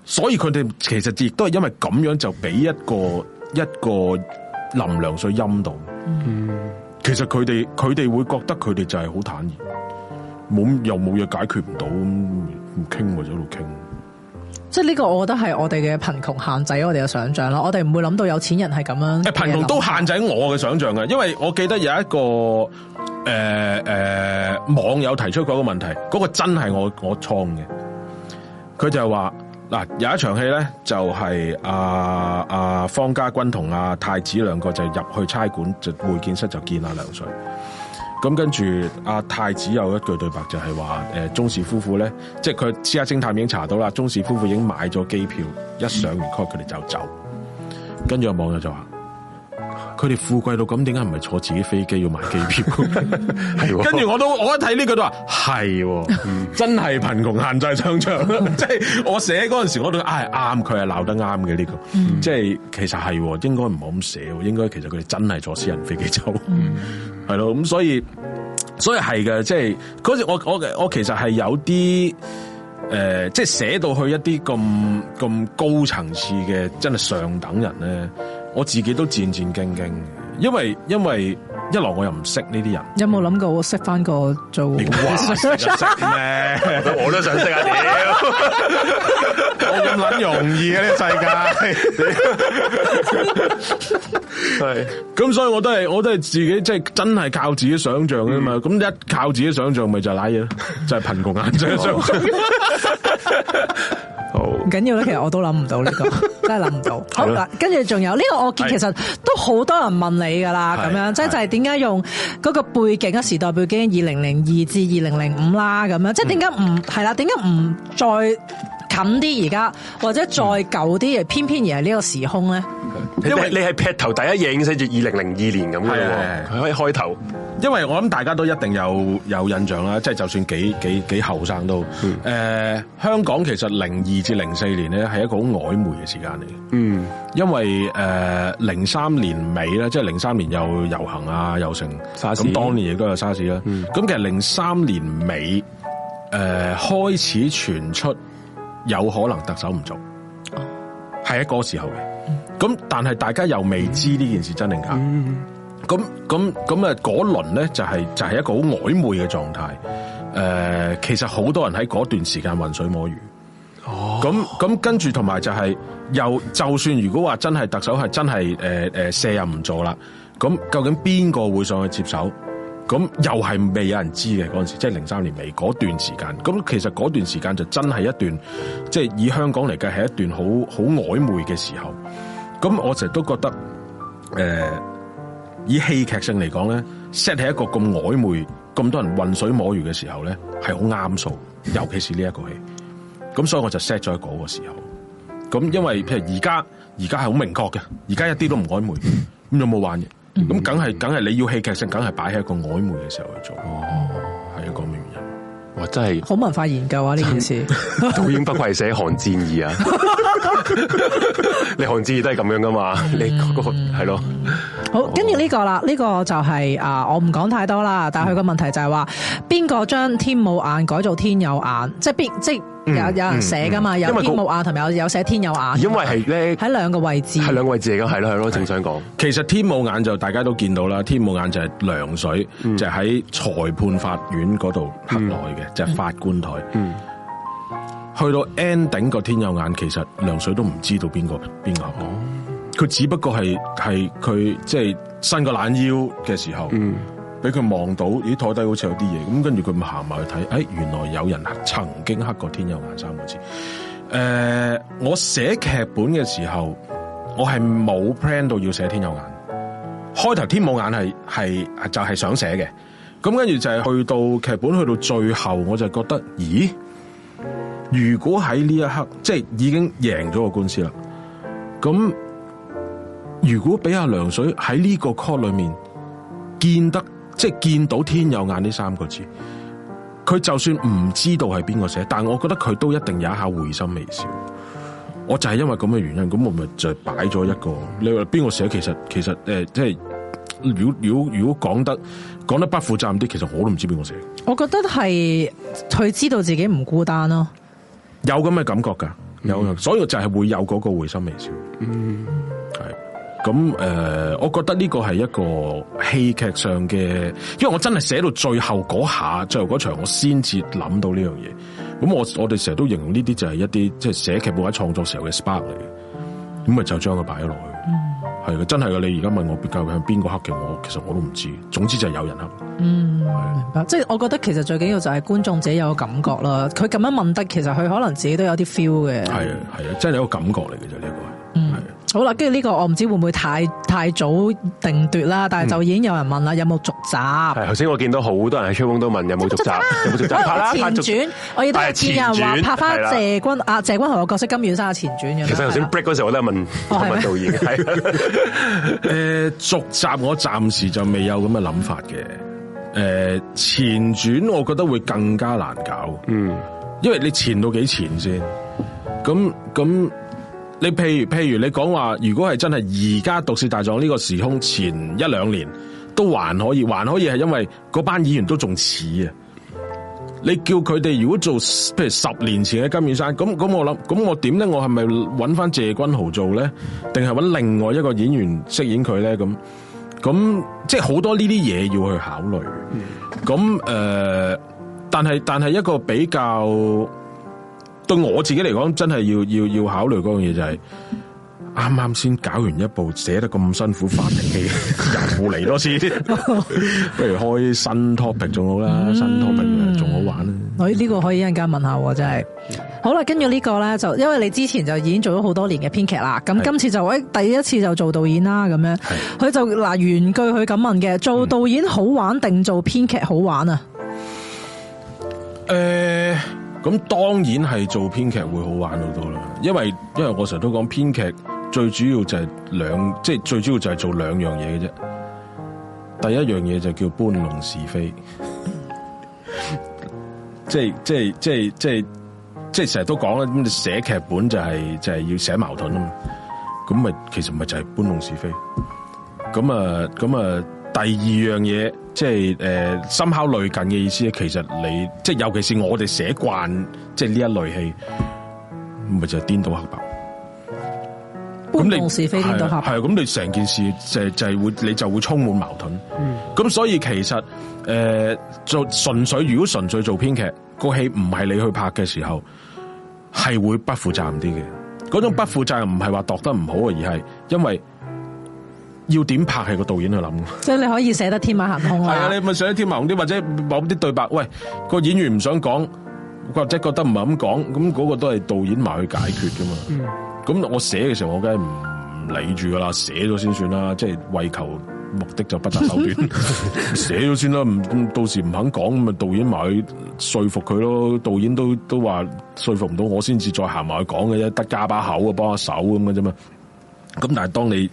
所以佢哋其實亦都係因為咁樣就俾一個一個能量衰陰到，其實佢哋佢哋會覺得佢哋就係好坦然，冇又冇嘢解決唔到，唔傾或者一路傾。即係呢個，我覺得係我哋嘅貧窮限制我哋嘅想象啦。我哋唔會諗到有錢人係咁樣。誒，貧窮都限制我嘅想象嘅，因為我記得有一個誒誒、呃呃、網友提出過一個問題，嗰、那個真係我我創嘅。佢就話嗱、啊，有一場戲咧，就係阿阿方家軍同阿太子兩個就入去差館就會見室就見阿梁水。咁跟住，阿太子有一句對白就係話：誒，鍾氏夫婦咧，即係佢私家偵探已經查到啦，鍾氏夫婦已經買咗機票，一上完 call 佢哋就走，跟住網友就話，佢哋富貴到咁，點解唔係坐自己飛機要買機票？係， 跟住我都我一睇呢句都話係、嗯，真係貧窮限制想象。嗯」即 係我寫嗰陣時候，我都唉啱，佢係鬧得啱嘅呢個。即、嗯、係、就是、其實係應該唔好咁寫，應該其實佢哋真係坐私人飛機走，係、嗯、咯。咁所以所以係嘅，即係嗰時我我我其實係有啲誒，即係寫到去一啲咁咁高層次嘅，真係上等人咧。我自己都戰戰兢兢，因為因為一來我又唔識呢啲人，有冇諗過我識翻個做的？識咩？我都想識下屌，冇咁捻容易嘅啊，呢個世界。係， 咁所以我都係，我都係自己，即係真係靠自己想象噶嘛。咁、嗯、一靠自己想象，咪就係瀨嘢咯，就係貧窮眼睜睜。 唔緊要咧，其實我都諗唔到呢個，真係諗唔到。好嗱，跟住仲有呢個，我見其實都好多人問你噶啦，咁樣即係就係點解用嗰個背景啊？時代背景二零零二至二零零五啦，咁樣即係、嗯、點解唔係啦？點解唔再近啲而家，或者再舊啲嘅，偏偏而係呢個時空咧？因為，因為你係劈頭第一影，寫住二零零二年咁嘅，佢可以開頭。因為我諗大家都一定有有印象啦，即係就算幾幾幾後生都，誒、嗯呃，香港其實零二至零四年咧，係一個好曖昧嘅時間嚟，嗯，因為誒零三年尾咧，即係零三年又遊行啊、又成沙士，咁當年亦都有沙士啦，咁、嗯、其實零三年尾誒、呃、開始傳出有可能特首唔做，係一個時候嘅。嗯咁但係大家又未知呢件事、嗯、真定假，咁咁咁啊嗰輪咧就係、是、就係、是、一個好曖昧嘅狀態，誒、呃，其實好多人喺嗰段時間渾水摸魚，哦，咁咁跟住同埋就係、是、又就算如果話真係特首係真係誒誒卸任唔做啦，咁、呃呃、究竟邊個會上去接手？咁又係未有人知嘅嗰陣時，即係零三年尾嗰段時間，咁其實嗰段時間就真係一段，即、就、係、是、以香港嚟計係一段好好曖昧嘅時候。咁我成日都覺得，誒、呃，以戲劇性嚟講咧，set 喺一個咁曖昧、咁多人渾水摸魚嘅時候咧，係好啱數，尤其是呢一個戲。咁所以我就 set 咗喺嗰個時候。咁因為譬如而家，而家係好明確嘅，而家一啲都唔曖昧，咁有冇玩嘢？咁梗係，梗係、嗯、你要戲劇性，梗係擺喺一個曖昧嘅時候去做、嗯。哦，係一個咩原因？哇，真係好文化研究啊呢件事。 導演不愧係寫《寒戰二》啊。 你韓志都係咁樣噶嘛？你、那個係咯、嗯，好，跟住呢個啦，呢、這個就係、是、啊，我唔講太多啦。但係佢個問題就係話，邊個將天冇眼改做天有眼？即係邊即有有人寫噶嘛？有天冇眼，同埋有有寫天有眼。因為係咧喺兩個位置，係兩個位置嚟噶，係咯係咯。正想講，其實天冇眼就大家都見到啦，天冇眼就係涼水，嗯、就喺、是、裁判法院嗰度黑內嘅，就是、法官台。嗯嗯去到 end 頂，個天有眼，其實梁水都唔知道邊個邊個，佢、哦、只不過係係佢即係伸個懶腰嘅時候，俾佢望到，咦，台底好似有啲嘢，咁跟住佢咪行埋去睇，誒，原來有人曾經黑過天有眼三個字。誒、呃，我寫劇本嘅時候，我係冇 plan 到要寫天有眼，開頭天冇眼係係就係、係、想寫嘅，咁跟住就係去到劇本去到最後，我就覺得，咦？如果喺呢一刻即係已經贏咗個官司啦，咁如果俾阿梁水喺呢個 call 裏面見得即係見到天有眼呢三個字，佢就算唔知道係邊個寫，但係我覺得佢都一定有一下會心微笑。我就係因為咁嘅原因，咁我咪就擺咗一個你話邊個寫？其實其實誒、呃，即係如果如果如果講得講得不負責任啲，其實我都唔知邊個寫。我覺得係佢知道自己唔孤單咯。有咁嘅感覺噶，有、mm -hmm.，所以就係會有嗰個回心微笑。嗯、mm -hmm.，係，咁、呃、誒，我覺得呢個係一個戲劇上嘅，因為我真係寫到最後嗰下，最後嗰場我，我先至諗到呢樣嘢。咁我我哋成日都形容呢啲就係一啲即係寫劇本喺創作時候嘅 spark 嚟，嘅，咁咪就將佢擺咗落去。係嘅，真係嘅。你而家問我究竟係邊個黑嘅，我其實我都唔知。總之就係有人黑。嗯，明白。即係我覺得其實最緊要就係觀眾自己有個感覺啦。佢 咁樣問得，其實佢可能自己都有啲 feel 嘅。係啊，係啊，即係一個感覺嚟嘅啫，呢一個。好啦，跟住呢個我唔知會唔會太太早定奪啦，但係就已經有人問啦，有冇續集？係頭先我見到好多人喺吹風都問有冇續集，有冇續集拍啦，拍前傳，我亦 都見有人話拍翻謝君啊，謝君豪嘅角色金遠山嘅前傳咁。其實頭先 break 嗰時我都問同問導演，誒、哦 呃、續集我暫時就未有咁嘅諗法嘅，誒、呃、前傳我覺得會更加難搞，嗯，因為你前到幾前先，咁咁。你譬如譬如你講話，如果係真係而家《毒舌大壯》呢個時空前一兩年都還可以，還可以係因為嗰班演員都仲似啊！你叫佢哋如果做譬如十年前嘅金面山，咁咁我諗，咁我點咧？我係咪揾翻謝君豪做咧？定係揾另外一個演員飾演佢咧？咁咁即係好多呢啲嘢要去考慮。咁誒、呃，但係但係一個比較。對我自己嚟講，真係要要要考慮嗰樣嘢就係、是，啱啱先搞完一部寫得咁辛苦，發脾氣又嚟多次， 不如開新 topic 仲好啦，新 topic 仲好、嗯、好玩咧。呢、這個可以問一陣間問下我真係。好啦，跟住呢個咧就，因為你之前就已經做咗好多年嘅編劇啦，咁今次就誒第一次就做導演啦，咁樣佢就嗱原句佢咁問嘅，做導演好玩定做編劇好玩啊？誒、呃。咁當然係做編劇會好玩好多啦，因為因為我成日都講編劇最主要就係兩，即係最主要就係做兩樣嘢嘅啫。第一樣嘢就叫搬弄是非， 即係即係即係即係即係成日都講啦，寫劇本就係就係要寫矛盾啊嘛，咁咪其實咪就係搬弄是非。咁啊咁啊，第二樣嘢。即係誒、呃，深考慮緊嘅意思咧，其實你即係尤其是我哋寫慣即係呢一類戲，咪就係顛倒黑白，咁你，是非，顛倒黑白係啊！咁你成件事就是、就係、是、會你就會充滿矛盾。咁、嗯、所以其實誒、呃、做純粹如果純粹做編劇個戲唔係你去拍嘅時候，係會不負責任啲嘅。嗰種不負責任唔係話度得唔好啊，而係因為。要點拍係個導演去諗，即係你可以寫得天馬行空。係啊， 你咪寫得天馬行空啲，或者某啲對白，喂，個演員唔想講，或者覺得唔係咁講，咁、那、嗰個都係導演埋去解決噶嘛。咁、嗯、我寫嘅時候，我梗係唔理住噶啦，寫咗先算啦。即係為求目的就不擇手段，寫咗先啦。唔到時唔肯講，咁咪導演埋去說服佢咯。導演都都話說服唔到，我先至再行埋去講嘅啫，得加把口啊，幫下手咁嘅啫嘛。咁但係當你。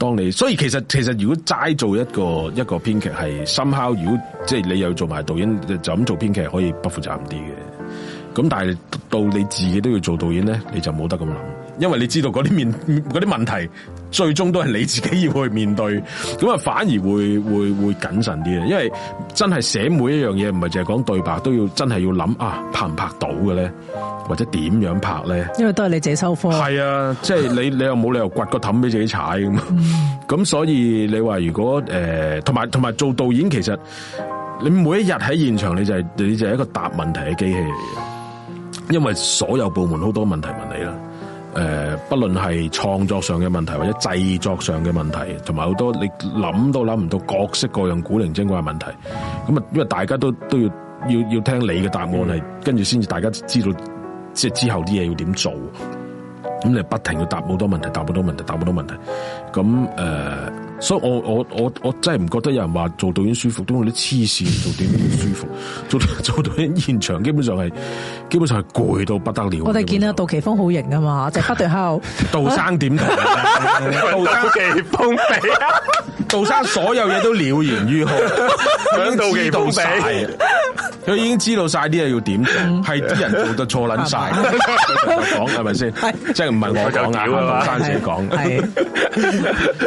當你，所以其實其實如果齋做一個一個編劇係深刻，如果即係你又做埋導演，就咁做編劇可以不負責任啲嘅。咁但係到你自己都要做導演咧，你就冇得咁諗，因為你知道嗰啲面嗰啲問題。最終都係你自己要去面對，咁啊反而會會會謹慎啲嘅，因為真係寫每一樣嘢，唔係淨係講對白，都要真係要諗啊拍唔拍到嘅咧，或者點樣拍咧？因為都係你自己收科。係啊，即、啊、係你你又冇理由掘個氹俾自己踩咁，咁所以你話如果誒，同埋同埋做導演，其實你每一日喺現場，你就係、是、你就係一個答問題嘅機器嚟嘅，因為所有部門好多問題問你啦。誒、呃，不論係創作上嘅問題，或者製作上嘅問題，同埋好多你諗都諗唔到各式各樣古靈精怪嘅問題，咁啊，因為大家都都要要要聽你嘅答案係，嗯、跟住先至大家知道即係之後啲嘢要點做，咁你不停要答好多問題，答好多問題，答好多問題，咁誒。呃所以我我我我真係唔覺得有人話做導演舒服，都冇啲黐線做導演舒服，做做導演現場基本上係基本上係攰到不得了。我哋見到杜琪峰好型啊嘛，就 不斷喺度。杜生點？杜琪峰啊！ 杜生所有嘢都了然於胸，佢 已經知道佢已，已經知道晒啲嘢要點做，係、嗯、啲人做得錯捻晒。講係咪先？係即係唔係我講啊？杜生自己講。係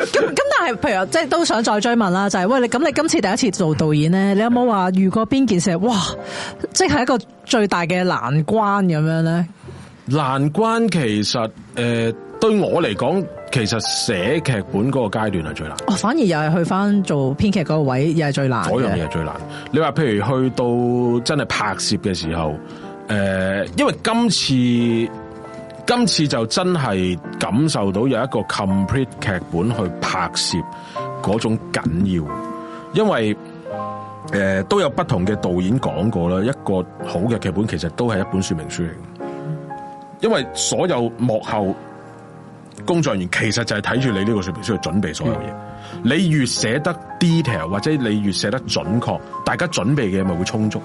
咁咁，但係譬如即係都想再追問啦，就係、是、喂你咁，你今次第一次做導演咧，你有冇話遇過邊件事哇？即係一個最大嘅難關咁樣咧？難關其實誒。呃對我嚟講，其實寫劇本嗰個階段係最難。哦，反而又係去翻做編劇嗰個位，又係最難嘅。嗰樣嘢係最難。你話譬如去到真係拍攝嘅時候，誒、呃，因為今次今次就真係感受到有一個 complete 劇本去拍攝嗰種緊要。因為誒、呃、都有不同嘅導演講過啦。一個好嘅劇本其實都係一本說明書嚟嘅，因為所有幕後。工作人員其實就係睇住你呢個水平需要準備所有嘢。嗯，你越寫得 detail 或者你越寫得準確，大家準備嘅咪會充足，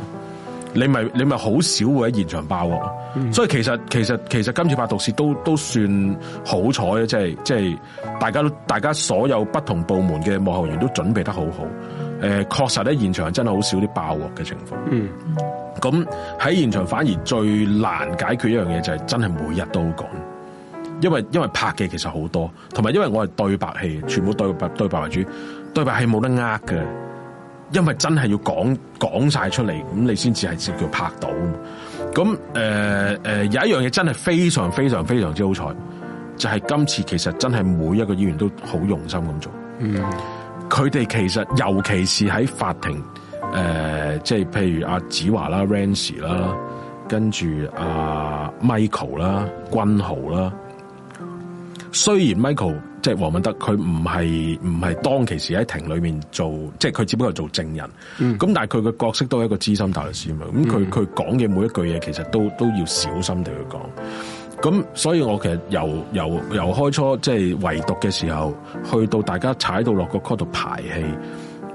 你咪你咪好少會喺現場爆鑊。嗯。所以其實其實其實今次拍毒師都都算好彩，即係即係大家都大家所有不同部門嘅幕後員都準備得好好。誒、呃，確實咧，現場真係好少啲爆鑊嘅情況。嗯，咁喺現場反而最難解決一樣嘢就係、是、真係每日都好趕。因為因為拍嘅其實好多，同埋因為我係對白戲，全部對白對白為主，對白戲冇得呃嘅，因為真係要講講晒出嚟，咁你先至係直叫拍到。咁誒誒，有一樣嘢真係非常非常非常之好彩，就係、是、今次其實真係每一個演員都好用心咁做。嗯，佢哋其實尤其是喺法庭，誒、呃，即係譬如阿子華啦、Rance 啦，跟住阿 Michael 啦、君豪啦。雖然 Michael 即係王敏德，佢唔係唔係當其時喺庭裏面做，即係佢只不過係做證人。咁、嗯、但係佢嘅角色都係一個資深大律師嘛。咁佢佢講嘅每一句嘢，其實都都要小心地去講。咁所以我其實由由由，由開初即係、就是、唯讀嘅時候，去到大家踩到落個 court 度排戲，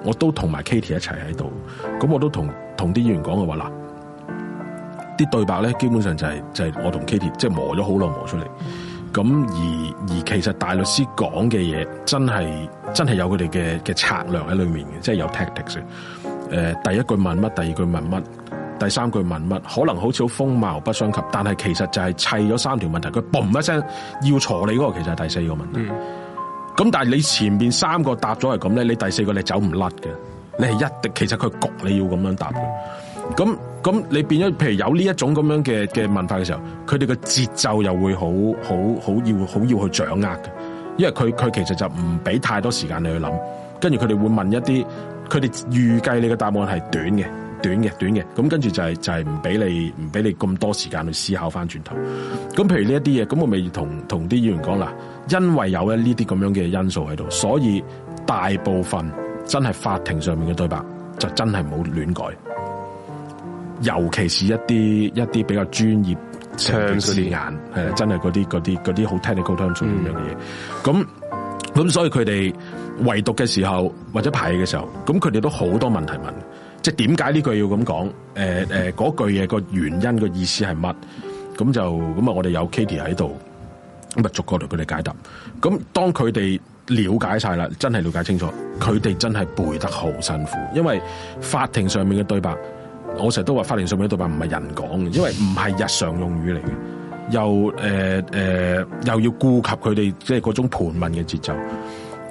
我都同埋 Kitty 一齊喺度。咁我都同同啲演員講嘅話，嗱，啲對白咧，基本上就係、是、就係、是、我同 Kitty 即係磨咗好耐磨出嚟。咁而而其實大律師講嘅嘢真係真係有佢哋嘅嘅策略喺裏面嘅，即係有 tactics。誒、呃，第一句問乜，第二句問乜，第三句問乜，可能好似好風馬牛不相及，但係其實就係砌咗三條問題，佢嘣一聲要鋤你嗰個，其實係第四個問題。咁、嗯、但係你前邊三個答咗係咁咧，你第四個你走唔甩嘅，你係一定其實佢焗你要咁樣答嘅。咁咁，你變咗，譬如有呢一種咁樣嘅嘅問法嘅時候，佢哋嘅節奏又會好好好要好要去掌握嘅，因為佢佢其實就唔俾太多時間你去諗，跟住佢哋會問一啲，佢哋預計你嘅答案係短嘅，短嘅，短嘅，咁跟住就係、是、就係唔俾你唔俾你咁多時間去思考翻轉頭。咁譬如呢一啲嘢，咁我未同同啲議員講啦，因為有呢啲咁樣嘅因素喺度，所以大部分真係法庭上面嘅對白就真係冇亂改。尤其是一啲一啲比較專業嘅人士，係真係嗰啲嗰啲嗰啲好 technical terms，咁樣嘅嘢。咁咁、嗯、所以佢哋圍讀嘅時候或者排戲嘅時候，咁佢哋都好多問題問，即係點解呢句要咁講？誒、呃、誒，嗰、呃、句嘢個原因、個意思係乜？咁就咁啊，那我哋有 Katie 喺度，咁啊逐個同佢哋解答。咁當佢哋了解晒啦，真係了解清楚，佢、嗯、哋真係背得好辛苦，因為法庭上面嘅對白。我成日都話法庭上面的對白唔係人講嘅，因為唔係日常用語嚟嘅，又誒誒、呃呃、又要顧及佢哋即係種盤問嘅節奏，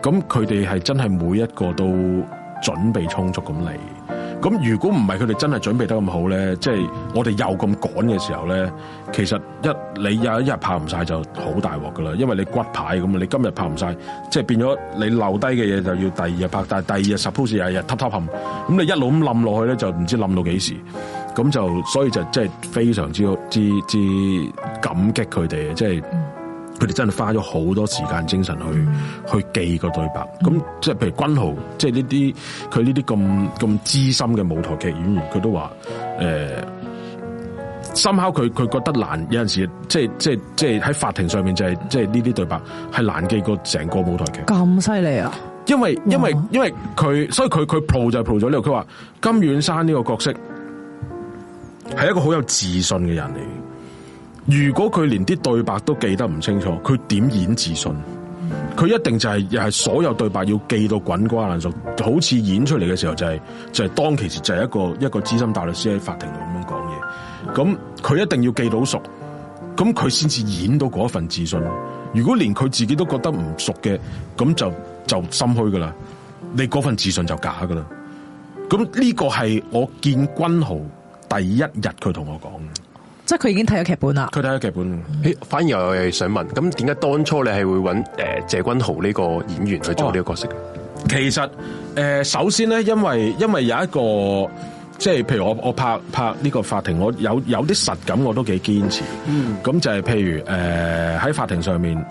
咁佢哋係真係每一個都準備充足咁嚟。咁如果唔係佢哋真係準備得咁好咧，即係我哋又咁趕嘅時候咧，其實一你有一日拍唔晒就好大鑊噶啦，因為你骨牌咁啊，你今日拍唔晒，即係變咗你留低嘅嘢就要第二日拍，但係第二日 suppose 又日日塌塌陷，咁你一路咁冧落去咧，就唔知冧到幾時，咁就所以就即係非常之之之，之感激佢哋，即係。就是佢哋真係花咗好多時間精神去，嗯，去記個對白，咁，嗯，即係譬如君豪，即係呢啲佢呢啲咁咁資深嘅舞台劇演員，佢都話誒，深考佢佢覺得難，有陣時即係即係即係喺法庭上面就係即係呢啲對白係難記過成個舞台劇。咁犀利啊！因為因為因為佢，所以佢佢 pro 就係 pro 咗呢度。佢話金遠山呢個角色係一個好有自信嘅人嚟。如果佢連啲對白都記得唔清楚，佢點演自信？佢一定就係又係所有對白要記到滾瓜爛熟，好似演出嚟嘅時候就係就係當其時就係一個一個資深大律師喺法庭度咁樣講嘢。咁佢一定要記到熟，咁佢先至演到嗰一份自信。如果連佢自己都覺得唔熟嘅，咁就就心虛噶啦，你嗰份自信就假噶啦。咁呢個係我見君豪第一日佢同我講。即係佢已經睇咗劇本啦，佢睇咗劇本。誒，反而我又係想問，咁點解當初你係會揾誒謝君豪呢個演員去做呢個角色？哦、其實誒、呃，首先咧，因為因為有一個即係、就是、譬如我我拍拍呢個法庭，我有有啲實感，我都幾堅持。嗯，咁就係譬如誒喺、呃、法庭上面，誒、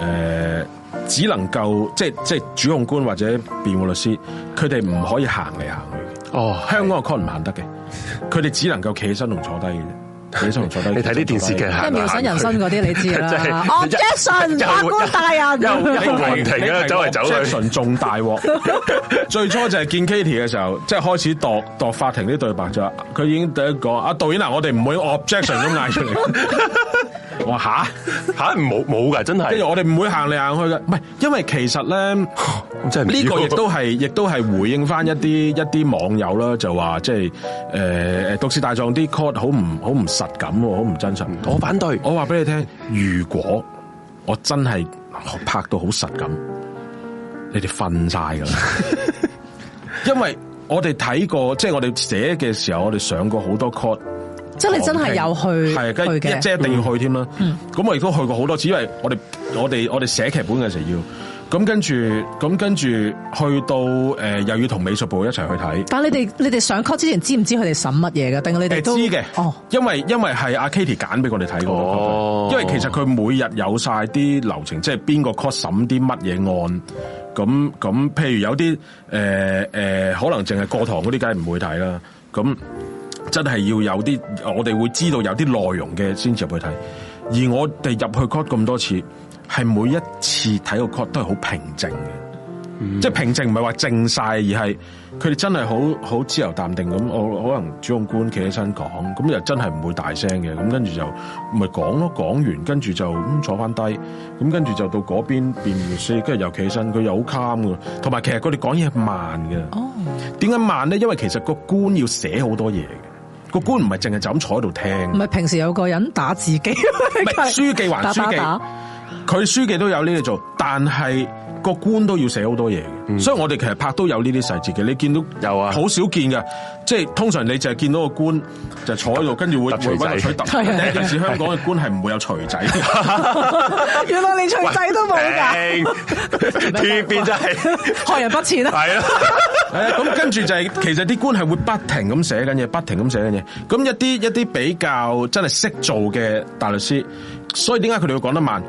呃、只能夠即係即係主控官或者辯護律師，佢哋唔可以行嚟行去嘅。哦，香港嘅 court 唔行得嘅，佢 哋只能夠企起身同坐低嘅。你睇啲電視劇係即係描寫人生嗰啲，你知啦。Objection，法官大人，又啊，周圍走去。Objection 重大鑊。最初就係見 Katie 嘅時候，即係開始度度法庭啲對白咗。佢、就是、已經第一個啊，導演嗱，我哋唔會 Objection 咁嗌出嚟。 我吓吓冇冇噶，真係。跟住我哋唔會行嚟行去噶，唔係，因為其實咧，呢、哦呢個亦都係，亦都係回應翻一啲一啲網友啦，就話即係誒誒，讀師大狀啲 court 好唔好唔實感，好唔真實、嗯。我反對，我話俾你聽，如果我真係拍到好實感，你哋瞓晒噶啦。 因為我哋睇過，即、就、係、是、我哋寫嘅時候，我哋上過好多 court。即係你真係有去，係跟即係一定要去添啦。咁、嗯、我亦都去過好多次，因為我哋我哋我哋寫劇本嘅時候要。咁跟住，咁跟住去到誒、呃，又要同美術部一齊去睇。但係你哋你哋上 course 之前知唔知佢哋審乜嘢㗎？定你哋都、呃、知嘅？哦，因為因為係阿 Kitty 揀俾我哋睇過。因為其實佢每日有晒啲流程，即係邊個 course 審啲乜嘢案。咁咁，譬如有啲誒誒，可能淨係過堂嗰啲，梗係唔會睇啦。咁。真係要有啲，我哋會知道有啲內容嘅先至入去睇。而我哋入去 court 咁多次，係每一次睇個 court 都係好平靜嘅，嗯，即係平靜唔係話靜晒，而係佢哋真係好好自由淡定咁。我可能主控官企起身講，咁又真係唔會大聲嘅。咁跟住就咪講咯，講完跟住就咁坐翻低，咁跟住就到嗰邊變秘書，跟住又企起身，佢又好 calm 噶。同埋其實佢哋講嘢係慢嘅。哦，點解慢咧？因為其實個官要寫好多嘢嘅。個官唔係淨係就咁坐喺度聽，唔係平時有個人打自己，書記還書記，佢書記都有呢嘢做，但係。個官都要寫好多嘢嘅，所以我哋其實拍都有呢啲細節嘅。你見到有啊，好少見噶即係通常你就係見到個官就坐喺度，跟住會揮筆如水。第一件事香港嘅官係唔會有錘仔，原來你錘仔都冇噶天邊就係害人不淺啦。係啦，咁跟住就係其實啲官係會不停咁寫緊嘢，不停咁寫緊嘢。咁一啲一啲比較真係識做嘅大律師，所以點解佢哋會講得慢？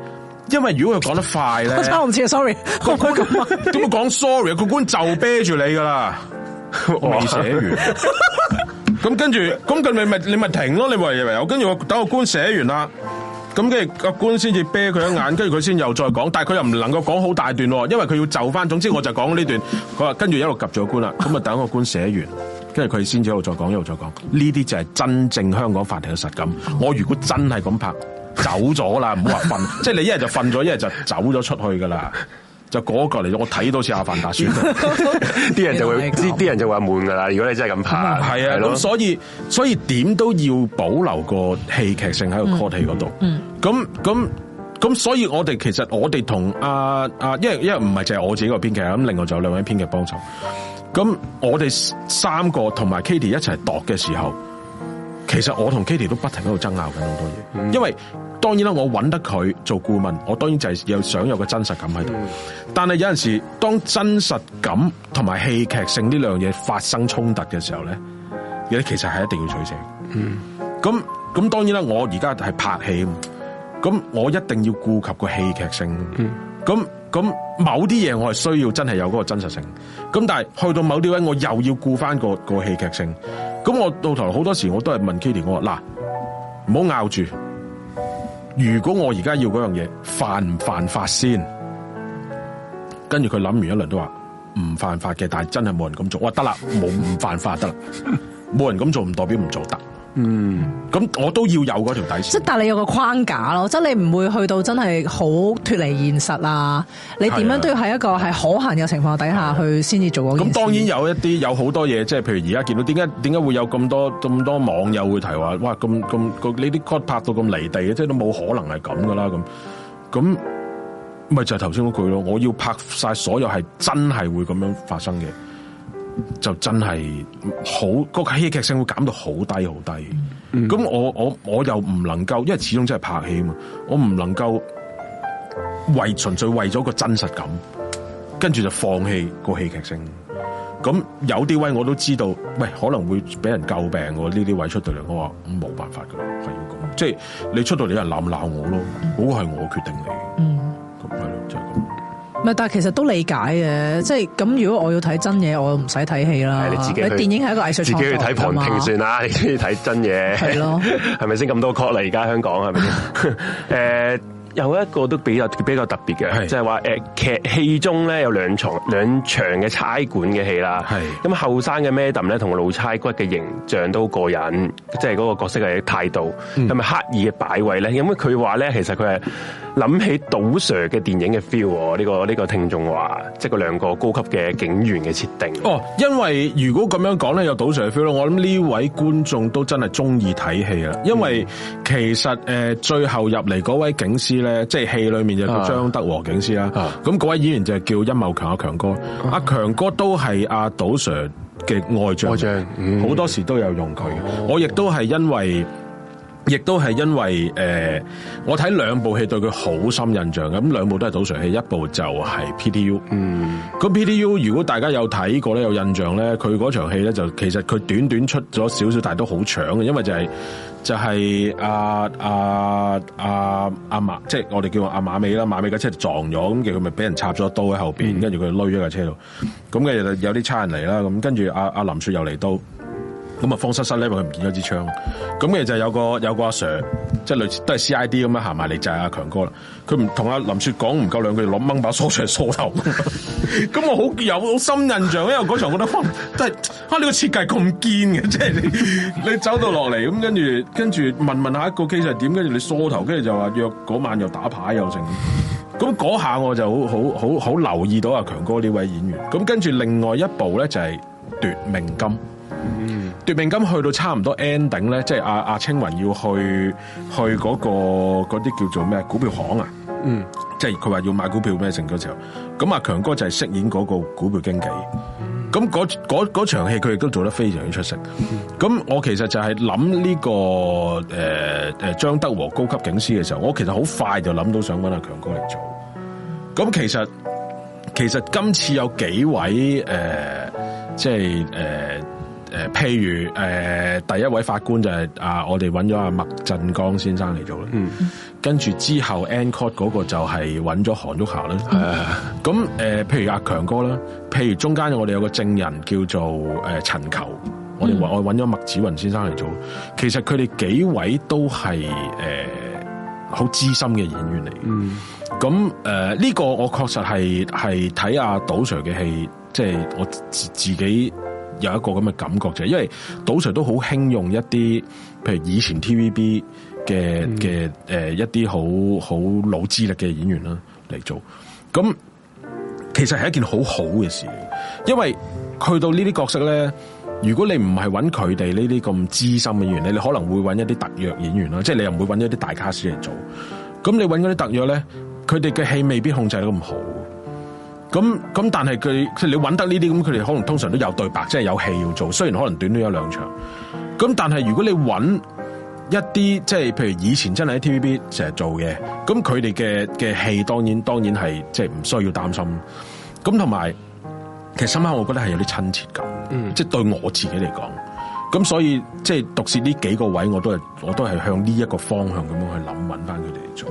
因為如果佢講得快咧，差唔知啊，sorry，佢咁點會講 sorry 啊？個官就啤住你噶啦，我未、哦、寫完。咁跟住，咁佢咪咪你咪停咯，你話係咪？我跟住我等個官寫完啦。咁跟住個官先至啤佢一眼，跟住佢先又再講。但係佢又唔能夠講好大段，因為佢要就返。總之我就講呢段。佢話跟住一路及咗官啦。咁啊等個官寫完，跟住佢先至一路再講，一路再講。呢啲就係真正香港法庭嘅實感。我如果真係咁拍。走咗啦，唔好話瞓， 即係你一日就瞓咗，一日就走咗出去噶啦，就嗰個嚟，我睇到似阿范達算，啲 人就會，啲人就話悶噶啦。如果你真係咁怕，係啊，咁所以所以點都要保留個戲劇性喺個 cut 戲嗰度。咁咁咁，所以我哋其實我哋同啊啊因為因為唔係淨係我自己個編劇，咁另外仲有兩位編劇幫手。咁我哋三個同埋 Katie 一齊度嘅時候。其實我同 Kitty 都不停喺度爭拗緊好多嘢，因為當然啦，我搵得佢做顧問，我當然就係有想有個真實感喺度。但係有陣時，當真實感同埋戲劇性呢兩樣嘢發生衝突嘅時候咧，有啲其實係一定要取捨。咁、嗯、咁當然啦，我而家係拍戲，咁我一定要顧及個戲劇性。咁咁某啲嘢我係需要真係有嗰個真實性，咁但係去到某啲位我又要顧翻、嗰個嗰個戲劇性，咁我到頭嚟好多時我都係問基廉，我話嗱，唔好拗住，如果我而家要嗰樣嘢，犯唔犯法先？跟住佢諗完一輪都話唔犯法嘅，但係真係冇人咁做，我話得啦，冇唔犯法得啦，冇人咁做唔代表唔做得。嗯，咁我都要有嗰條底線。即係但係你有個框架咯，即係你唔會去到真係好脫離現實啊！你點樣都要喺一個係可行嘅情況底下去先至做嗰。咁當然有一啲有好多嘢，即係譬如而家見到點解點解會有咁多咁多網友會提話，哇咁咁，呢啲 cut 拍到咁離地嘅，即係都冇可能係咁噶啦咁咁，咪就係頭先嗰句咯，我要拍晒所有係真係會咁樣發生嘅。就真係好、個戲劇性會減到好低好低，咁、嗯、我我我又唔能夠，因為始終真係拍戲嘛，我唔能夠為純粹為咗個真實感，跟住就放棄個戲劇性。咁有啲位我都知道，喂可能會俾人詬病，呢啲位出到嚟，我話冇辦法噶喇，係要咁，即係你出到嚟有人鬧鬧我咯，嗰、嗯嗰個係我決定嚟。嗯唔係，但係其實都理解嘅，即係咁。如果我要睇真嘢，我唔使睇戲啦。係你自己去電影係一個藝術創作，自己去睇旁聽算啦。 你中意睇真嘢係咯，係咪先咁多確啦？而家香港係咪？誒 有一個都比較比較特別嘅，即係話誒劇戲中咧有兩場兩場嘅差館嘅戲啦。係咁後生嘅 Madam 咧，同個老差骨嘅形象都過癮，即係嗰個角色嘅態度，係 咪刻意嘅擺位咧？因為佢話咧，其實佢係。諗起杜 Sir 嘅電影嘅 feel 哦，呢個呢個聽眾話，即、就、係、是、兩兩個高級嘅警員嘅設定。哦，因為如果咁樣講咧，有杜 Sir 嘅 feel 咯。我諗呢位觀眾都真係中意睇戲啦，因為其實誒，最後入嚟嗰位警司咧，即係戲裏面就叫張德和警司啦。咁、啊、嗰位演員就係叫殷茂強阿強哥，阿、啊、強哥都係阿杜 Sir 嘅愛將，好、嗯、多時都有用佢、哦。我亦都係因為。亦都係因為誒、呃，我睇兩部戲對佢好深印象。咁兩部都係賭場戲，一部就係 PTU。嗯，咁 PTU 如果大家有睇過咧，有印象咧，佢嗰場戲咧就其實佢短短出咗少少，但係都好長。嘅，因為就係、是、就係阿阿阿阿馬即係我哋叫阿馬尾啦，馬尾架車撞咗，咁佢咪俾人插咗刀喺後邊，跟住佢攞咗架車度，咁、嗯、嘅有啲差人嚟啦，咁跟住阿阿林雪又嚟刀。咁啊，慌失失咧，因為佢唔見咗支槍。咁嘅就有個有個阿 Sir，即係類似都係 C I D 咁樣行埋嚟，就係阿強哥啦。佢唔同阿林雪講唔夠兩句，攞掹把梳出嚟梳頭。咁 我好有好深印象，因為嗰場覺得真係，啊呢個設計咁堅嘅，即係你你，你走到落嚟，咁跟住跟住問問下一個 case 係點，跟住你梳頭，跟住就話約嗰晚又打牌又剩。咁嗰下我就好好好好留意到阿、啊、強哥呢位演員。咁跟住另外一部咧就係奪命金。嗯奪命金去到差唔多 ending 咧，即係阿阿青云要去去嗰個嗰啲叫做咩股票行啊，嗯，即係佢話要買股票咩成嗰時候，咁阿強哥就係飾演嗰個股票經紀，咁嗰嗰嗰場戲佢亦都做得非常之出色。咁我其實就係諗呢個誒誒張德和高級警司嘅時候，我其實好快就諗到想搵阿強哥嚟做。咁其實其實今次有幾位誒即係誒。呃就是呃誒、呃，譬如誒、呃，第一位法官就係、是、啊，我哋揾咗阿麥振剛先生嚟做啦。嗯，跟住之後 Encore 嗰個就係揾咗韓旭霞啦。係咁誒，譬如阿、啊、強哥啦，譬如中間我哋有個證人叫做誒陳、呃、球，我哋、嗯、我們找我揾咗麥子雲先生嚟做。其實佢哋幾位都係誒好資深嘅演員嚟。嗯，咁誒呢個我確實係係睇阿杜 Sir 嘅戲，即、就、係、是、我自自己。有一個咁嘅感覺就係，因為杜 Sir 都好興用一啲，譬如以前 TVB 嘅嘅誒一啲好好老資歷嘅演員啦嚟做，咁其實係一件好好嘅事，因為去到呢啲角色咧，如果你唔係揾佢哋呢啲咁資深嘅演員咧，你可能會揾一啲特約演員啦，即係你又唔會揾一啲大卡士嚟做，咁你揾嗰啲特約咧，佢哋嘅戲未必控制得咁好。咁咁，但係佢佢你揾得呢啲咁，佢哋可能通常都有對白，即係有戲要做。雖然可能短短一兩場，咁但係如果你揾一啲即係，即係、譬如以前真係喺 TVB 成日做嘅，咁佢哋嘅嘅戲，當然當然係即係唔需要擔心。咁同埋，其實深刻我覺得係有啲親切感，即、嗯、係、即係、對我自己嚟講。咁所以即係獨涉呢幾個位，我都係我都係向呢一個方向咁樣去諗，揾翻佢哋做。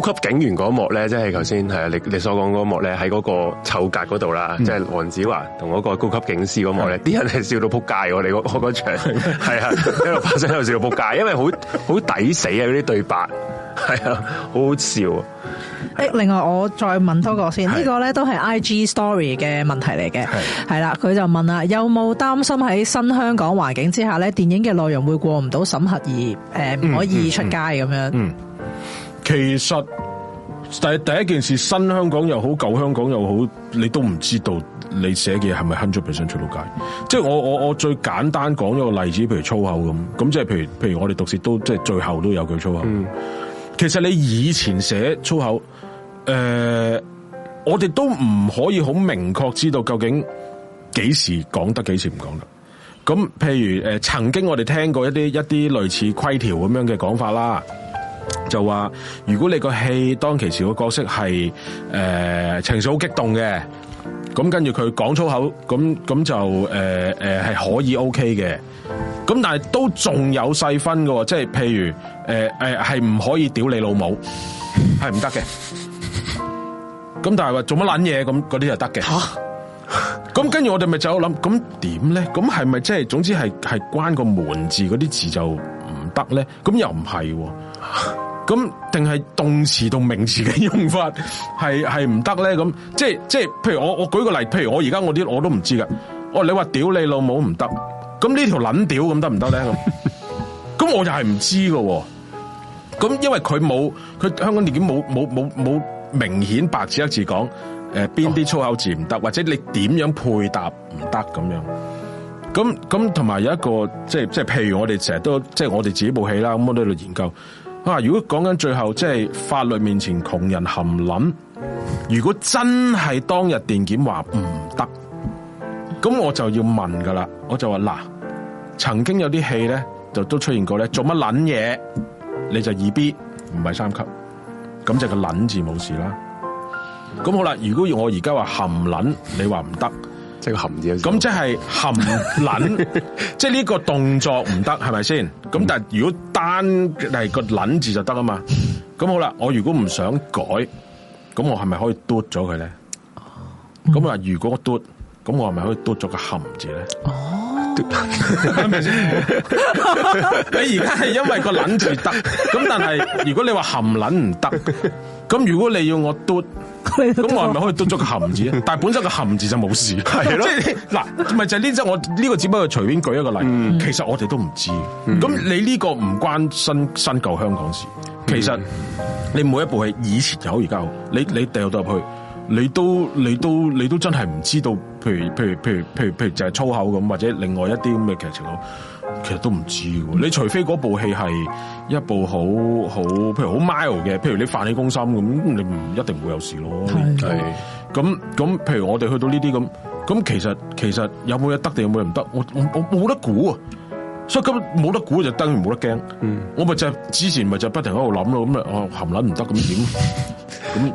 高級警員嗰幕咧，即係頭先係啊，你你所講嗰幕咧，喺嗰個臭格嗰度啦，即係黃子華同嗰個高級警司嗰幕咧，啲人係笑到扑街，我哋嗰開嗰場，係啊，一路大聲一路笑到扑街， 因為好好抵死啊啲對白，係啊，好好笑。誒，另外我再問多個先，呢個咧都係 I G Story 嘅問題嚟嘅。係啦，佢就問啦，有冇擔心喺新香港環境之下咧，電影嘅內容會過唔到審核而誒唔、嗯嗯、可以出街咁、嗯、樣？嗯其實第第一件事，新香港又好，舊香港又好，你都唔知道你寫嘅嘢係咪100%出到街。即係我我我最簡單講一個例子，譬如粗口咁，咁即係譬如譬如我哋讀書，都即係最後都有句粗口。嗯、其實你以前寫粗口，誒、呃，我哋都唔可以好明確知道究竟幾時講得，幾時唔講得。咁譬如誒、呃，曾經我哋聽過一啲一啲類似規條咁樣嘅講法啦。就話如果你個戲當其時個角色係誒、呃、情緒好激動嘅，咁跟住佢講粗口，咁咁就誒誒係可以 OK 嘅。咁但係都仲有細分嘅，即係譬如誒誒係唔可以屌你老母，係唔得嘅。咁 但係話做乜撚嘢咁嗰啲就得嘅。咁跟住我哋咪就諗，咁點咧？咁係咪即係總之係係關個門字嗰啲字就唔得咧？咁又唔係啊。咁定係動詞同名詞嘅用法係係唔得咧？咁即係即係，譬如我我舉個例，譬如我而家我啲我都唔知噶。 哦，你話屌你老母唔得，咁呢條撚屌咁得唔得咧？咁 咁我又係唔知噶。咁因為佢冇，佢香港電檢冇冇冇冇明顯白紙黑字講誒，邊、呃、啲粗口字唔得、哦，或者你點樣配搭唔得咁樣。咁咁同埋有一個即係即係，譬如我哋成日都即係我哋自己部戲啦，咁我都喺度研究。啊！如果講緊最後即係法律面前窮人含捻，如果真係當日電檢話唔得，咁我就要問噶啦，我就話嗱，曾經有啲戲咧就都出現過咧，做乜捻嘢你就二 B 唔係三級，咁就個捻字冇事啦。咁好啦，如果要我而家話含捻，你話唔得。即係含字，咁即係含捻， 即係呢個動作唔得，係咪先？咁 但係如果單係個捻字就得啊嘛？咁 好啦，我如果唔想改，咁我係咪可以嘟咗佢咧？咁啊， 如果我嘟，咁我係咪可以嘟咗個含字咧？哦，嘟，係咪先？你而家係因為、個捻字得，咁但係如果你話含捻唔得。咁如果你要我嘟，咁我係咪可以嘟咗足個含字？ 但係本身個含字就冇事，係 咯是的。嗱， 咪就係呢只我呢個只不過隨便舉一個例，嗯、其實我哋都唔知。咁、嗯、你呢個唔關新新舊香港事。其實你每一部戲以前有，而家好，你你掉到入去，你都你都你都真係唔知道。譬如譬如譬如譬如譬如就係粗口咁，或者另外一啲咁嘅劇情咯。其實都唔知喎，你除非嗰部戲係一部好好，譬如好 mild 嘅，譬如你發起公心咁，你唔一定會有事咯。係，咁咁譬如我哋去到呢啲咁，咁其實其實有冇嘢得定，有冇嘢唔得，我我我冇得估啊！所以咁冇得估就當然冇得驚。嗯，我咪就係、之前咪就不停喺度諗咯，咁啊，含捻唔得咁點？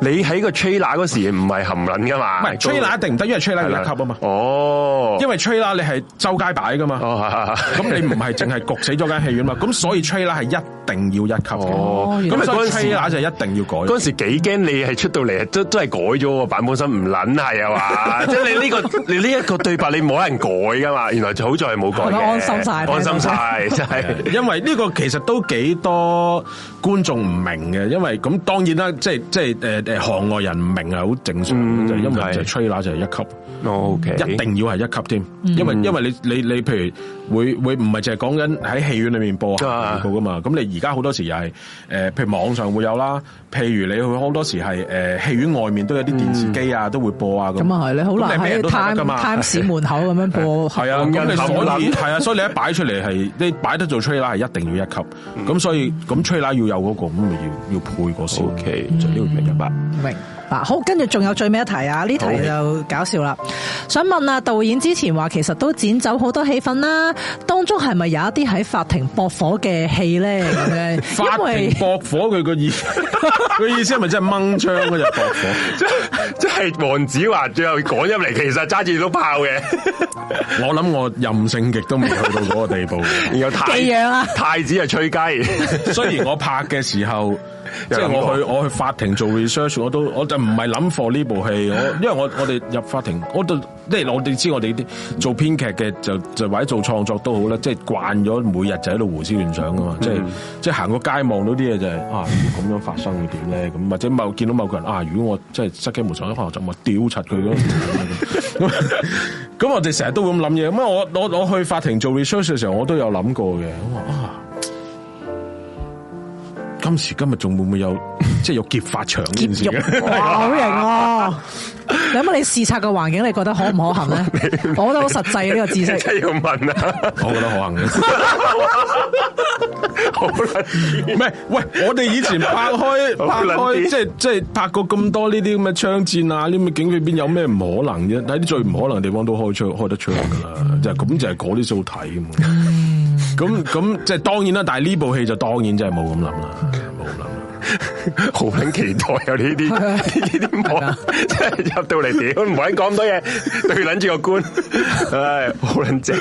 你喺個吹喇嗰時唔係含撚噶嘛？唔係吹喇一定唔得，因為吹喇一級啊嘛。哦，因為吹喇你係周街擺噶嘛。哦，咁你唔係淨係焗死咗間戲院嘛？咁所以吹喇係一定要一級嘅。哦，咁啊嗰陣時就一定要改。嗰陣時幾驚你係出到嚟，都都係改咗。版本身唔撚係啊嘛，即係你呢個你呢一個對白你冇人改噶嘛？原來就好在係冇改嘅。安心晒，安心晒，真係。因為呢個其實都幾多觀眾唔明嘅，因為咁當然啦，即係即係。誒誒，行外人唔明係好正常。就、嗯、係因為就係吹喇就係、是、一級，OK，一定要係一級添。因為、嗯、因為你你你，你譬如。會會唔係淨係講緊喺戲院裏面播的啊，廣告噶嘛？咁你而家好多時又係誒，譬如網上會有啦。譬如你好多時係誒，戲院外面都有啲電視機啊，都會播啊。咁啊係你好難喺 t i m 市門口咁樣播。係啊，咁你係啊，所以你一擺出嚟係，你擺得做吹啦係一定要一級。咁、嗯、所以咁吹啦要有嗰、那個，咁咪要要配個小企。O、嗯、K，就呢個明唔明白？明。嗱、啊、好，跟住仲有最尾一題啊！呢題就搞笑啦，想問啊導演之前話其實都剪走好多戲份啦，當中係咪有一啲喺法庭駁火嘅戲咧？法庭駁火，佢個意，個意思係咪真係掹槍嗰隻駁火？即係黃子華最後講入嚟，其實揸住都炮嘅。 我諗我任性極都未去到嗰個地步，有 太養啦、啊，太子係吹雞。 雖然我拍嘅時候即係、就是、我去我去法庭做 research，我都我就唔係諗 for 呢部戲，我因為我我哋入法庭，我，都我就即係我哋知我哋啲做編劇嘅就就或者做創作都好啦，即係慣咗每日就喺度胡思亂想噶嘛，即係即係行個街望到啲嘢就係、是、啊，咁樣發生會點咧？咁或者某見到某個人啊，如果我，、啊、如果我即係失驚冇常，可、啊、能就咁屌柒佢咯咁，咁 我哋成日都會咁諗嘢。咁我我我去法庭做 research 嘅時候，我都有諗過嘅。咁話啊。今時今日仲會唔會有？即係要結發場嘅好型啊！有 乜你，你視察嘅環境，你覺得可唔可行呢？ 我覺得好實際啊！呢個知識真係要問啊！我覺得可行的。好難，唔係喂！我哋以前拍開拍開，即係即係拍過咁多呢啲咁嘅槍戰啊！呢啲警匪片邊有咩唔可能啫？喺啲最唔可能嘅地方都開槍開得出嚟噶啦！就咁、是、就係嗰啲數睇咁。咁咁即係當然啦，但係呢部戲就當然真係冇咁諗啦，冇諗。好 捻期待啊！呢啲呢啲啲幕真係入到嚟，屌，唔好捻講咁多嘢，對捻住個官， 唉好捻正，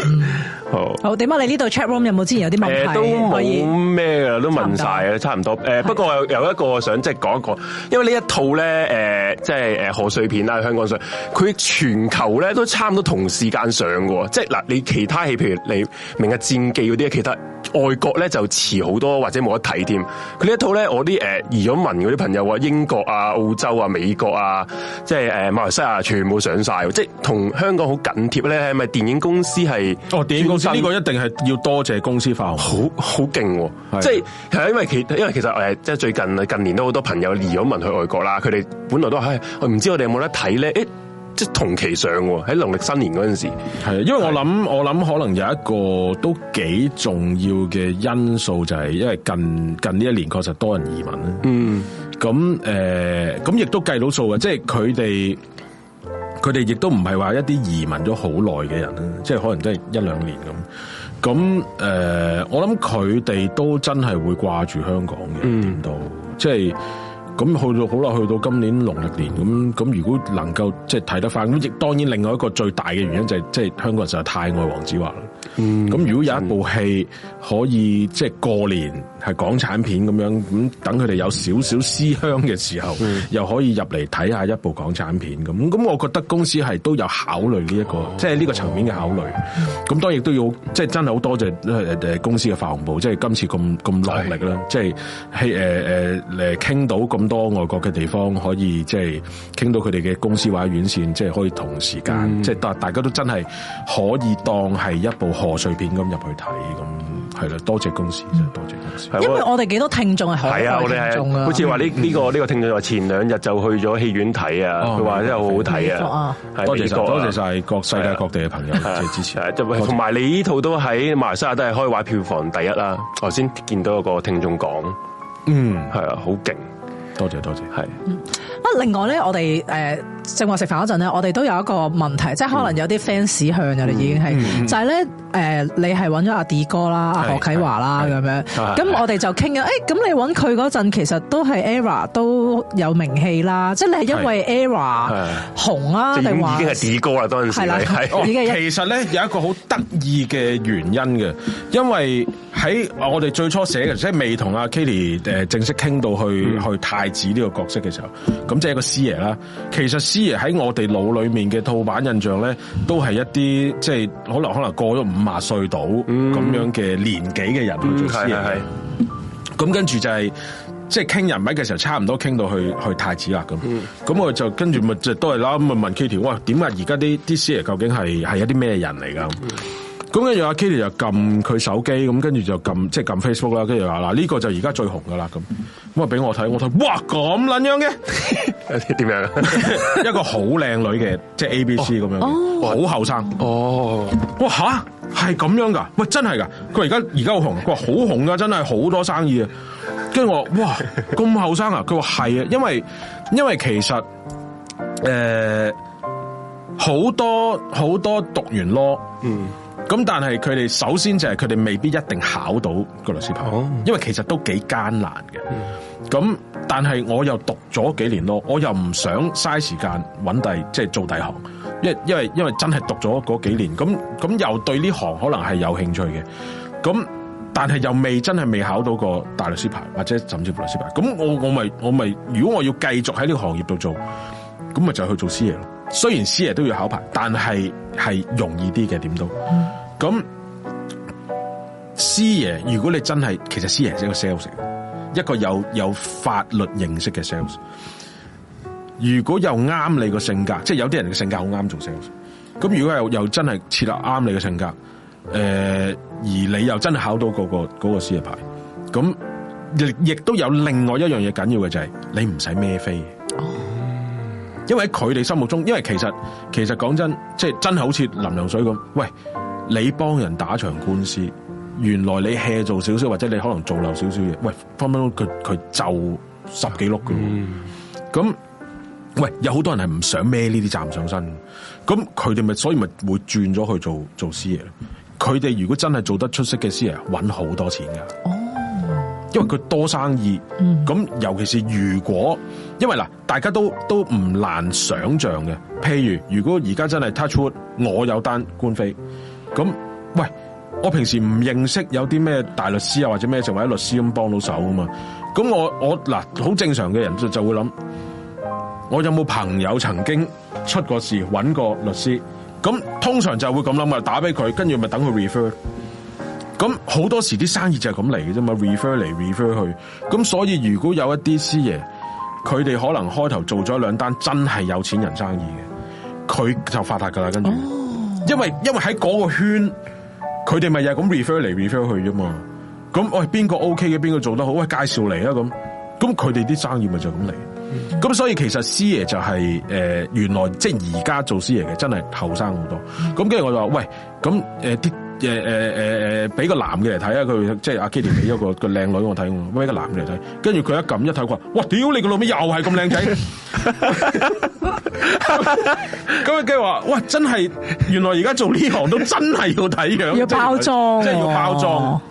好好，點啊？你呢度 chat room 有冇之前有啲問題？呃、都冇咩啊，都問晒啊，差唔多。誒，不過我有一個想即係講一個，因為呢一套咧，誒、呃，即係誒賀歲片啦，香港上，佢全球咧都差唔多同時間上嘅，即係嗱，你其他戲譬如你，你明日戰記嗰啲，其他外國咧就遲好多或者冇得睇添。佢呢一套咧，我啲誒，移咗民嗰啲朋友話英國啊、澳洲啊、美國啊，即係誒馬來西亞全部上晒，即係同香港好緊貼咧。係咪電影公司係哦，電影公司呢個一定係要多謝公司化，好好勁，啊、即係係因為其因為其實誒，即係最近近年都好多朋友移咗民去外國啦，佢哋本來都係、哎、我唔知我哋有冇得睇咧誒。哎即係同期上喎，喺農曆新年嗰陣時，係啊，因為我諗我諗可能有一個都幾重要嘅因素，就是，就係因為近近呢一年確實多人移民，嗯，咁、呃、誒，咁亦都計到數啊，即係佢哋佢哋亦都唔係話一啲移民咗好耐嘅人啦，即係可能真係一兩年咁。咁誒、呃，我諗佢哋都真係會掛住香港嘅點、嗯、都，即係。咁去到好耐，去到今年農曆年咁咁，如果能夠即係睇得翻，咁亦當然另外一個最大嘅原因就係即係香港人實在太愛黃子華啦。嗯，咁如果有一部戲可以即係、就是、過年係港產片咁樣，咁等佢哋有少少思鄉嘅時候、嗯，又可以入嚟睇下一部港產片咁，咁我覺得公司係都有考慮呢、這、一個，即係呢個層面嘅考慮。咁當然都要即係、就是、真係好多謝誒公司嘅發行部即係、就是、今次咁咁落力啦，即係係誒誒嚟傾到咁。多外國嘅地方可以即係傾到佢哋嘅公司或者院線，即、就、係、是、可以同時間，即係大大家都真係可以當係一部賀歲片咁入去睇咁，係啦，多謝公司，真係多謝公司。因為我哋幾多聽眾係海外聽眾啊，好似話呢呢個呢、這個聽眾話前兩日就去咗戲院睇啊，佢、嗯、話真係好好睇啊，多謝多謝晒各世界各地嘅朋友、就是、支持，同埋你呢套都喺馬來西亞都係開畫票房第一啦，頭先見到有個聽眾講，嗯，係啊，好勁。多謝多謝，係。另外咧，我哋誒正話食飯嗰陣咧，我哋都有一個問題，即係可能有啲 fans 向嘅、嗯就係嗯，你已經係就係咧，誒、欸、你係揾咗阿 D 哥啦，阿何啟華啦咁樣咁我哋就傾啊，誒咁你揾佢嗰陣其實都係 era 都有名氣啦，即係你係因為 era 紅啦，定話已經係 D 哥啦嗰陣時，係啦，係哦已經，其實咧有一個好得意嘅原因嘅，因為喺我哋最初寫嘅時，即係未同阿 Kelly 誒正式傾到去、嗯、去太子呢個角色嘅時候，咁即係個師爺啦，其實。師爺喺我哋腦裏面嘅套版印象咧，都係一啲即係可能可能過咗五十歲到咁樣嘅年紀嘅人、嗯、去做師爺。咁跟住就係即係傾人物嘅時候，差唔多傾到去去太子啦咁。咁、嗯、我就跟住咪就都係啦咁，問 K 條，喂，點啊？而家啲啲師爺究竟係係一啲咩人嚟噶嗯咁跟住阿 Kitty 就撳佢手機，咁跟住就撳即係撳 Facebook 啦。跟住話，嗱呢個就而家最紅噶啦咁，咁啊俾我睇，我睇哇咁撚樣嘅，點 怎樣？ 一個好靚女嘅，即係 A B C 咁樣，好後生。哦、oh.，哇、啊、吓，係咁樣噶？喂，真係噶？佢而家而家好紅，佢話好紅㗎，真係好多生意啊。跟住我哇咁後生啊？佢話係啊，因為因為其實誒好、呃、多好多讀完咯，嗯、mm.。咁但係佢哋首先就係佢哋未必一定考到個律師牌，因為其實都幾艱難嘅。咁但係我又讀咗幾年咯，我又唔想嘥時間揾第即係、就是、做第行，因因為因為真係讀咗嗰幾年，咁咁又對呢行可能係有興趣嘅。咁但係又未真係未考到個大律師牌或者甚至律師牌。咁我我咪我咪，如果我要繼續喺呢個行業度做，咁咪就，就去做師爺咯。雖然師爺都要考牌，但係係容易啲嘅點都。咁師爺，如果你真係其實師爺係一個 sales，一個有有法律認識嘅 sales，如果又啱你個性格，即係有啲人嘅性格好啱做 sales，咁如果又又真係設立啱你嘅性格，誒、呃，而你又真係考到嗰、那個嗰、那個師爺牌，咁亦亦都有另外一樣嘢緊要嘅就係、是、你唔使孭飛，因為喺佢哋心目中，因為其實其實講真，即、就、係、是、真係好似淋涼水咁，喂。你幫人打場官司，原來你 hea 做少少，或者你可能做漏少少嘢，喂，分分鐘佢佢就十幾碌喎。咁、嗯，喂，有好多人係唔想孭呢啲站上身，咁佢哋咪所以咪會轉咗去做做師爺。佢、嗯、哋如果真係做得出色嘅師爺，搵好多錢噶。哦，因為佢多生意。咁、嗯，尤其是如果，因為嗱，大家都都唔難想象嘅。譬如，如果而家真係 touch wood，我有單官非。咁喂，我平時唔認識有啲咩大律師啊，或者咩就或者律師咁幫到手噶嘛？咁我我嗱，好正常嘅人就就會諗，我有冇朋友曾經出過事，揾過律師？咁通常就會咁諗噶，打俾佢，跟住咪等佢 refer。咁好多時啲生意就係咁嚟嘅啫嘛，refer 嚟 refer 去。咁所以如果有一啲師爺，佢哋可能開頭做咗兩單真係有錢人生意嘅，佢就發達噶啦，跟住。因為因為喺嗰個圈，佢哋咪又咁 refer 嚟 refer 去啫嘛。咁喂，邊個 OK 嘅，邊個做得好，喂介紹嚟啊咁。咁佢哋啲生意咪就咁嚟。咁、嗯、所以其實師爺就係、是、誒、呃，原來即係而家做師爺嘅真係後生好多。咁跟住我就話喂，咁誒啲。呃誒誒誒誒，俾個男嘅嚟睇啊！佢即係阿 Kitty 俾一個個靚女我睇，我俾個男嘅嚟睇，跟住佢一撳一睇，佢話：哇！屌你個老味又係咁靚仔！咁佢跟住話：哇！真係原來而家做呢行都真係要睇樣，要包裝，即係要包裝。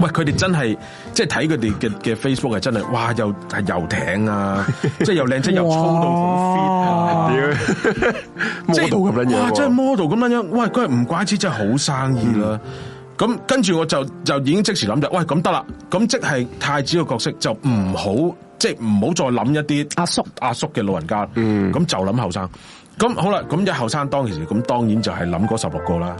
喂，佢哋真係即係睇佢哋嘅嘅 Facebook 係真係，哇，又係遊艇啊，即係又靚，即係又粗到好 fit，model 咁樣樣。哇，即係 model 咁樣樣，喂，佢係唔怪之真係好生意啦。咁跟住我就就已經即時諗住，喂，咁得啦，咁即係太子嘅角色就唔好即係唔好再諗一啲阿叔阿叔嘅老人家，咁就諗後生。咁好啦，咁一後生當其時，咁當然就係諗嗰十六個啦。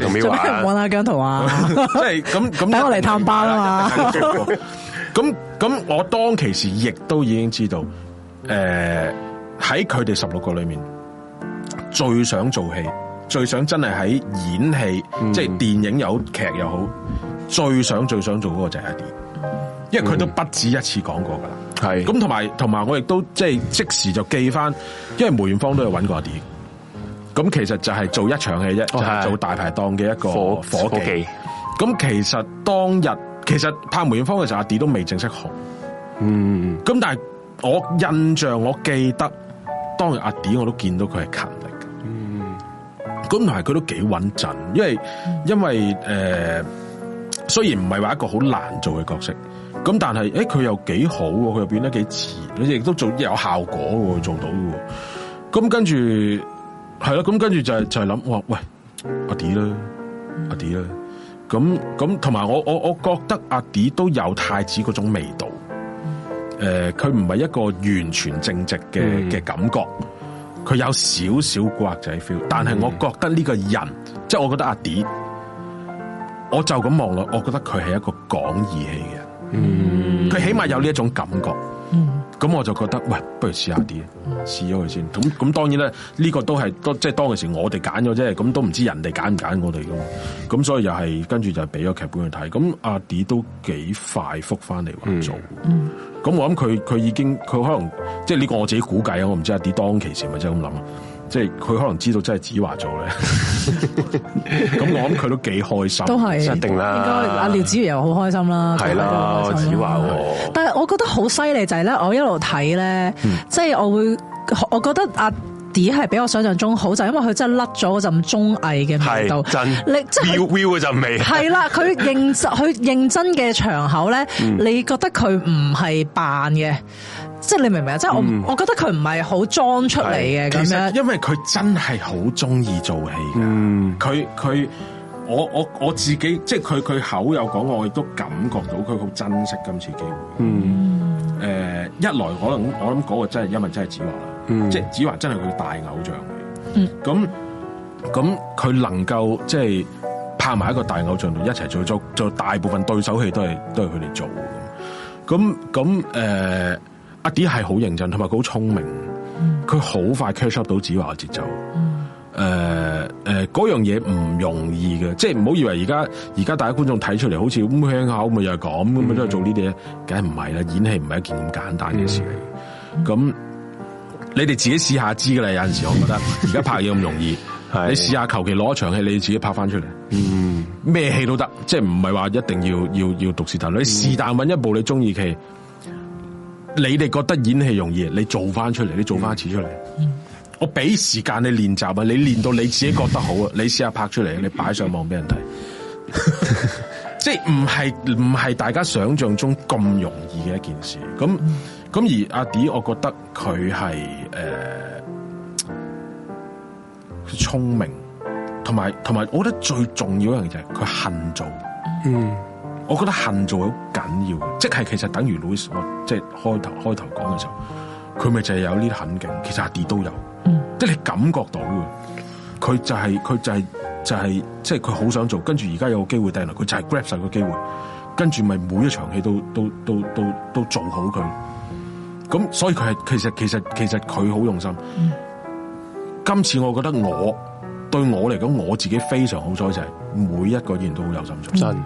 同 咩、欸、唔搵下姜濤啊？即係咁咁，等我嚟探爸啦。咁咁，我，我， 我當其時亦都已經知道，誒、呃，喺佢哋十六個裏面，最想做戲，最想真係喺演戲、嗯，即係電影又好，劇又好，最想最想做嗰個就係阿 D。因為佢都不止一次講過噶啦，係咁同埋同埋我亦都即係即時就記翻，因為梅艷芳都有搵過阿 D，咁、嗯、其實就係做一場戲啫，哦就是、做大排檔嘅一個伙伙計。咁其實當日其實拍梅艷芳嘅時候，阿 D 都未正式紅，嗯。咁但係我印象我記得當日阿 D 我都見到佢係勤力嘅，嗯。咁同埋佢都幾穩陣，因為因為誒、呃，雖然唔係話一個好難做嘅角色。咁但係，誒、欸、佢又幾好喎，佢又變得幾自然，佢亦都做有效果喎，做到喎。咁跟住係啦，咁跟住就係就係諗，喂，阿迪啦，阿迪啦。咁咁同埋，我我我覺得阿迪都有太子嗰種味道。誒、嗯，佢唔係一個完全正直嘅嘅感覺，佢、嗯、有少少古惑仔 feel。但係我覺得呢個人，即、嗯、係、就是、我覺得阿迪，我就咁望落，我覺得佢係一個講義氣嘅。.嗯，佢起碼有呢一種感覺，咁、嗯、我就覺得，喂，不如試下啲，試咗佢先。咁咁當然咧，呢、這個都係，即係當其時我哋揀咗啫，咁都唔知人哋揀唔揀我哋噶嘛。咁所以又係跟住就俾咗劇本去睇。咁阿迪都幾快覆翻嚟話做，咁、嗯、我諗佢佢已經，佢可能即係呢個我自己估計啊，我唔知阿迪當其時係咪真係咁諗啊。即係佢可能知道真係 子華做咧，咁我諗佢都幾開心，都係，一定啦。應該阿廖子如又好開心啦，係啦，子華喎。但係我覺得好犀利就係咧，我一路睇咧，即、嗯、係我會，我覺得阿。只係比我想象中好，就因為佢真係甩咗嗰陣綜藝嘅味道。真是，你真 r e l real 陣味。係啦，佢認真的，佢認真嘅場口咧，你覺得佢唔係扮嘅，即係你明唔明啊？即、嗯、係我，我覺得佢唔係好裝出嚟嘅咁樣，其實因為佢真係好中意做戲嘅。佢、嗯、佢，我我我自己，即係佢佢口有講，我亦都感覺到佢好珍惜今次機會。誒、嗯嗯呃，一來可能我諗嗰個真係因為真係紫即係子華真係佢大偶像嚟，咁咁佢能夠即係拍埋一個大偶像度一齊做，做大部分對手戲都係都係佢哋做咁咁咁誒，阿迪係好認真，同埋佢好聰明，佢、嗯、好快 catch up 到子華嘅節奏，誒誒嗰樣嘢唔容易嘅，即係唔好以為而家而家大家觀眾睇出嚟好似咁香口咪又係咁，咁咪都係做呢啲嘢。梗係唔係啦，演戲唔係一件咁簡單嘅事嚟，咁、嗯。你哋自己試下知噶啦，有陣時我覺得而家拍嘢咁容易， 你試下求其攞場戲，你自己拍翻出嚟，咩、嗯、戲都得，即係唔係話一定要要要讀、嗯、你是但揾一部你中意嘅，你哋覺得演戲容易，你做翻出嚟，你做翻一次出嚟，嗯，我俾時間你練習，你練到你自己覺得好啊，嗯，你試下拍出嚟，你擺上網俾人睇， 即係唔係唔係大家想象中咁容易嘅一件事，咁。嗯咁而阿迪，我覺得佢係誒聰明，同埋同埋，我覺得最重要一樣嘢就係佢恨做。嗯，我覺得恨做好緊要，即係、即係、其實等於 Louis，我即係開頭開頭講嘅時候，佢咪就係有呢啲狠勁。其實阿迪都有，嗯、即係你感覺到嘅，佢就係、是、佢就係、是、就係即係佢好想做，跟住而家有個機會掟落，佢就係 grab 晒個機會，跟住咪每一場戲都都都都都做好佢。咁所以佢係其實其實其實佢好用心、嗯。今次我覺得我對我嚟講，我自己非常好彩就係每一個演員都好有心重新係，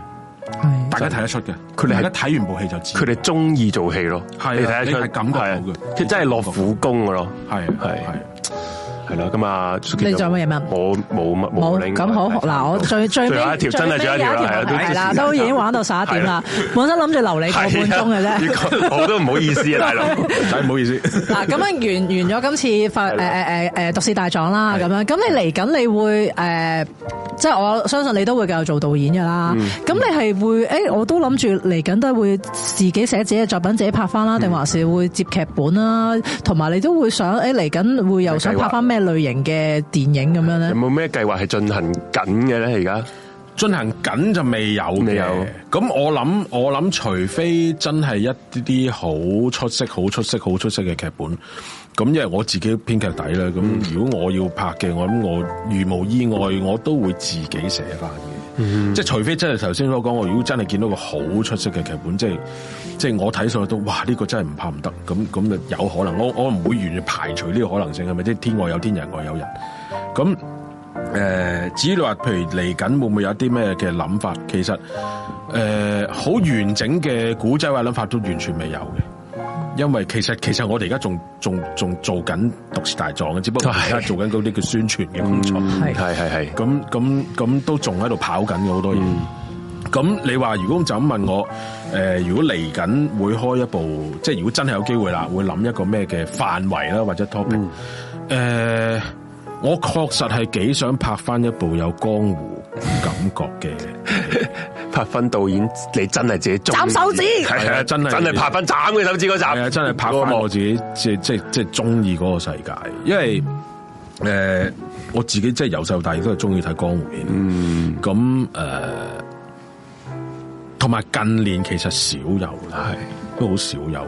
大家睇得出嘅。佢哋係一睇完部戲就知，知，佢哋中意做戲咯。係、啊、你係感覺到嘅，佢、啊啊、真係落苦功嘅咯。係係、啊。係啦，咁啊，你仲有乜嘢嘛？我冇乜冇。咁好嗱，我最最邊最尾有一條係啦，都已經玩到十一點啦，本身諗住留你個半鐘嘅啫，我都唔好意思啊，大佬，真係唔好意思。嗱，咁啊，完完咗今次發誒誒誒誒，毒舌大狀啦，咁樣，咁你嚟緊你會誒，即係我相信你都會繼續做導演噶啦。咁你係會誒，我都諗住嚟緊都會自己寫自己嘅作品，自己拍翻啦，定還是會接劇本啦？同埋你都會想誒嚟緊會又想拍翻咩？類型嘅電影咁樣咧，有冇咩計劃係進行緊嘅咧？而家進行緊就未有，未有。咁我諗，我諗，除非真係一啲啲好出色、好出色、好出色嘅劇本。咁因為我自己編劇底啦。咁如果我要拍嘅，我諗我如無意外，我都會自己寫翻嘅。嗯、即係除非真係頭先所講，我如果真係見到個好出色嘅劇本，即係。即係我睇上去都，哇！呢個真係唔怕唔得，咁咁就有可能，我我唔會完全排除呢個可能性，係咪？即係天外有天，人外有人。咁誒、呃，至於你話，譬如嚟緊會唔會有一啲咩嘅諗法？其實誒，好、呃、完整嘅古仔或諗法都完全未有嘅，因為其實其實我哋而家仲仲仲做緊《毒舌大狀》啊，只不過而家做緊嗰啲叫宣傳嘅工作，係係係，咁咁咁都仲喺度跑緊嘅，好多嘢。咁你話如果就咁問我，誒，如果嚟緊會開一部，即係如果真係有機會啦，會諗一個咩嘅範圍啦，或者 topic，誒、嗯呃，我確實係幾想拍翻一部有江湖感覺嘅、嗯嗯、拍翻導演，你真係自己斬手指，係啊，真係真係拍翻斬嘅手指嗰集，真係拍翻我自己我即即即中意嗰個世界，因為誒、嗯、我自己即係由細到大亦都係中意睇江湖片，咁、嗯、誒。呃同埋近年其實少有，係都好少有。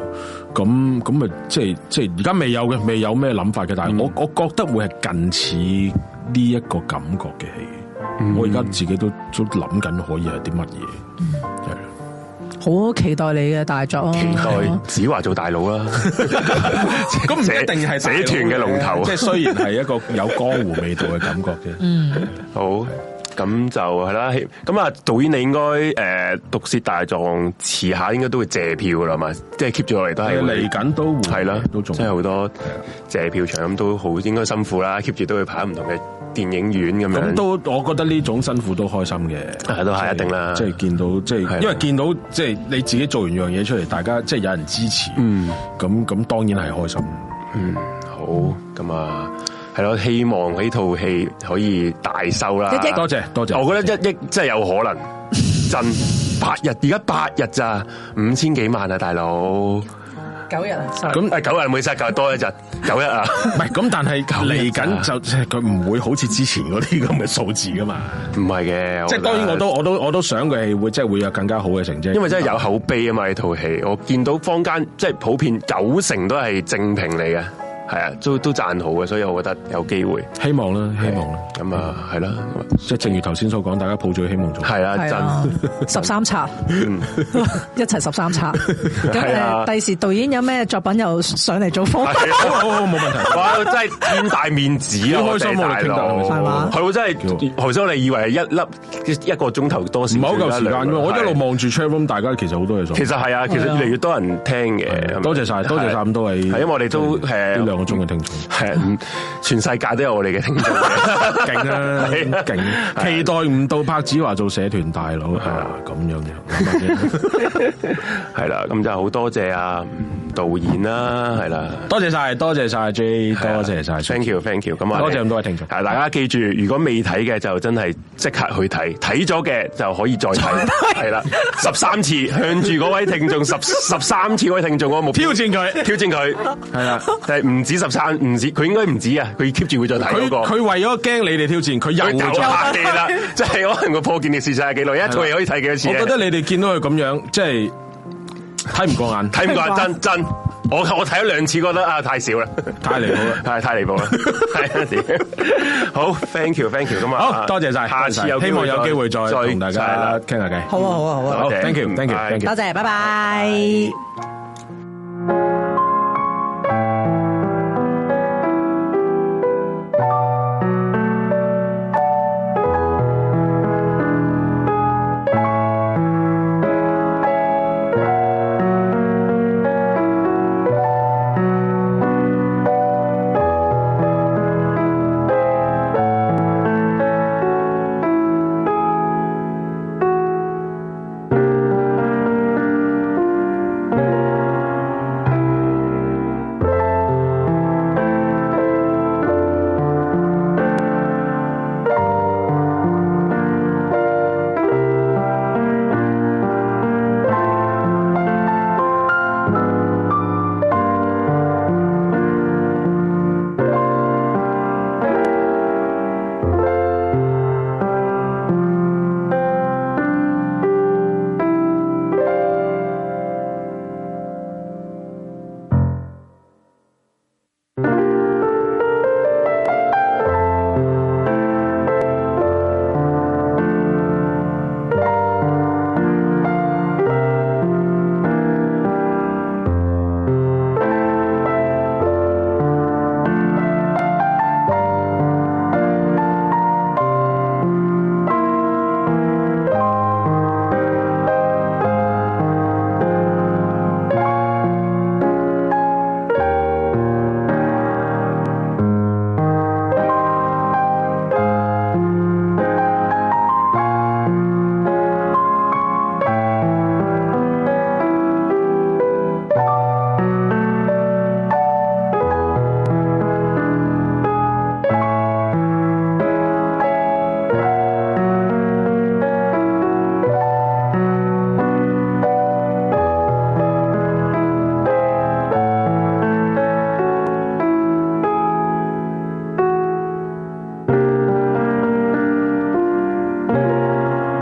咁咁啊，即係即係，而家未有嘅，未有咩諗法嘅、嗯。但係我我覺得會係近似呢一個感覺嘅戲、嗯。我而家自己都都諗緊可以係啲乜嘢。係、嗯、好期待你嘅大作、啊、期待子華、啊、做大佬啦。咁 唔 一定係社團嘅龍頭， 即係雖然係一個有江湖味道嘅感覺嘅。嗯，好。咁就係啦，咁啊導演你應該誒、呃、讀大狀《毒舌大狀》遲下應該都會謝票啦嘛，即係 keep 住落嚟都係嚟緊都會係啦，都仲即係好多謝票場咁都好應該辛苦啦，keep 住都會排唔同嘅電影院咁樣，都我覺得呢種辛苦都開心嘅，係都係一定啦，即、就、係、是就是、見到即係、就是、因為見到即係、就是、你自己做完樣嘢出嚟，大家即係、就是、有人支持，嗯，咁咁當然係開心，嗯，好咁啊。嗯係咯，希望呢套戲可以大收啦！謝謝謝謝謝謝多謝多謝、啊，我覺得一億真係有可能，真八日而家八日咋，五千幾萬啊，大佬九日咁九日冇晒，九日多一日，九日啊，唔係咁，但係嚟緊就佢唔會好似之前嗰啲咁嘅數字噶嘛？唔係嘅，即係當然我都我都我都想佢戲會即係會有更加好嘅成績，因為真係有口碑啊嘛！呢套戲我見到坊間即係普遍九成都係正評嚟嘅。係啊，都都讚好嘅，所以我覺得有機會希，希望啦，希望咁啊，係啦，即係正如頭先所講，大家抱住希望做。係啦，讚十三冊，13 一齊十三冊。咁第時導演有咩作品又上嚟做封。係好好冇問題。哇，真係咁大面子啊！開 心啊，我哋傾得係真係，頭先我哋以為係一粒一,一個鐘頭多少唔係好夠時間噶嘛？我一路望住 chat room，大家其實好多嘢想講。其實係啊，其實越嚟越多人聽嘅。多、啊啊啊、謝晒，多、啊、謝晒咁多位、啊。因為我哋都.我中意聽眾，係全世界都有我哋嘅聽眾，勁啊！勁、啊啊啊啊！期待唔到柏子華做社團大佬，係啊，咁、啊、樣嘅，係啦、啊，咁就好多謝啊！導演啦，係啦，多謝晒，多謝晒，J，多謝晒，Thank you，Thank you，咁啊，多謝咁多位聽眾，係大家記住，如果未睇嘅就真係即刻去睇，睇咗嘅就可以再睇，係啦，十三次向住嗰位聽眾十十三次可以，嗰位聽眾我冇挑戰佢，挑戰佢，係啦，但係唔止十三，唔止，佢應該唔止啊，佢 keep 住會再睇，那個。佢佢為咗驚你哋挑戰，佢又會再睇啦，即係可能個破件嘅事實係幾耐，一套可以睇幾多次。我覺得你哋見到佢咁樣，即係。睇唔過眼，睇唔過眼，真真，我我睇咗兩次，覺得啊太少啦，太離譜啦，太太離譜啦，係 啊，好，thank you，thank you，咁啊，好，多謝晒，下次有希望有機會再同大家傾下偈，好啊，好啊，好啊，thank you，thank you，thank you，多謝，拜拜。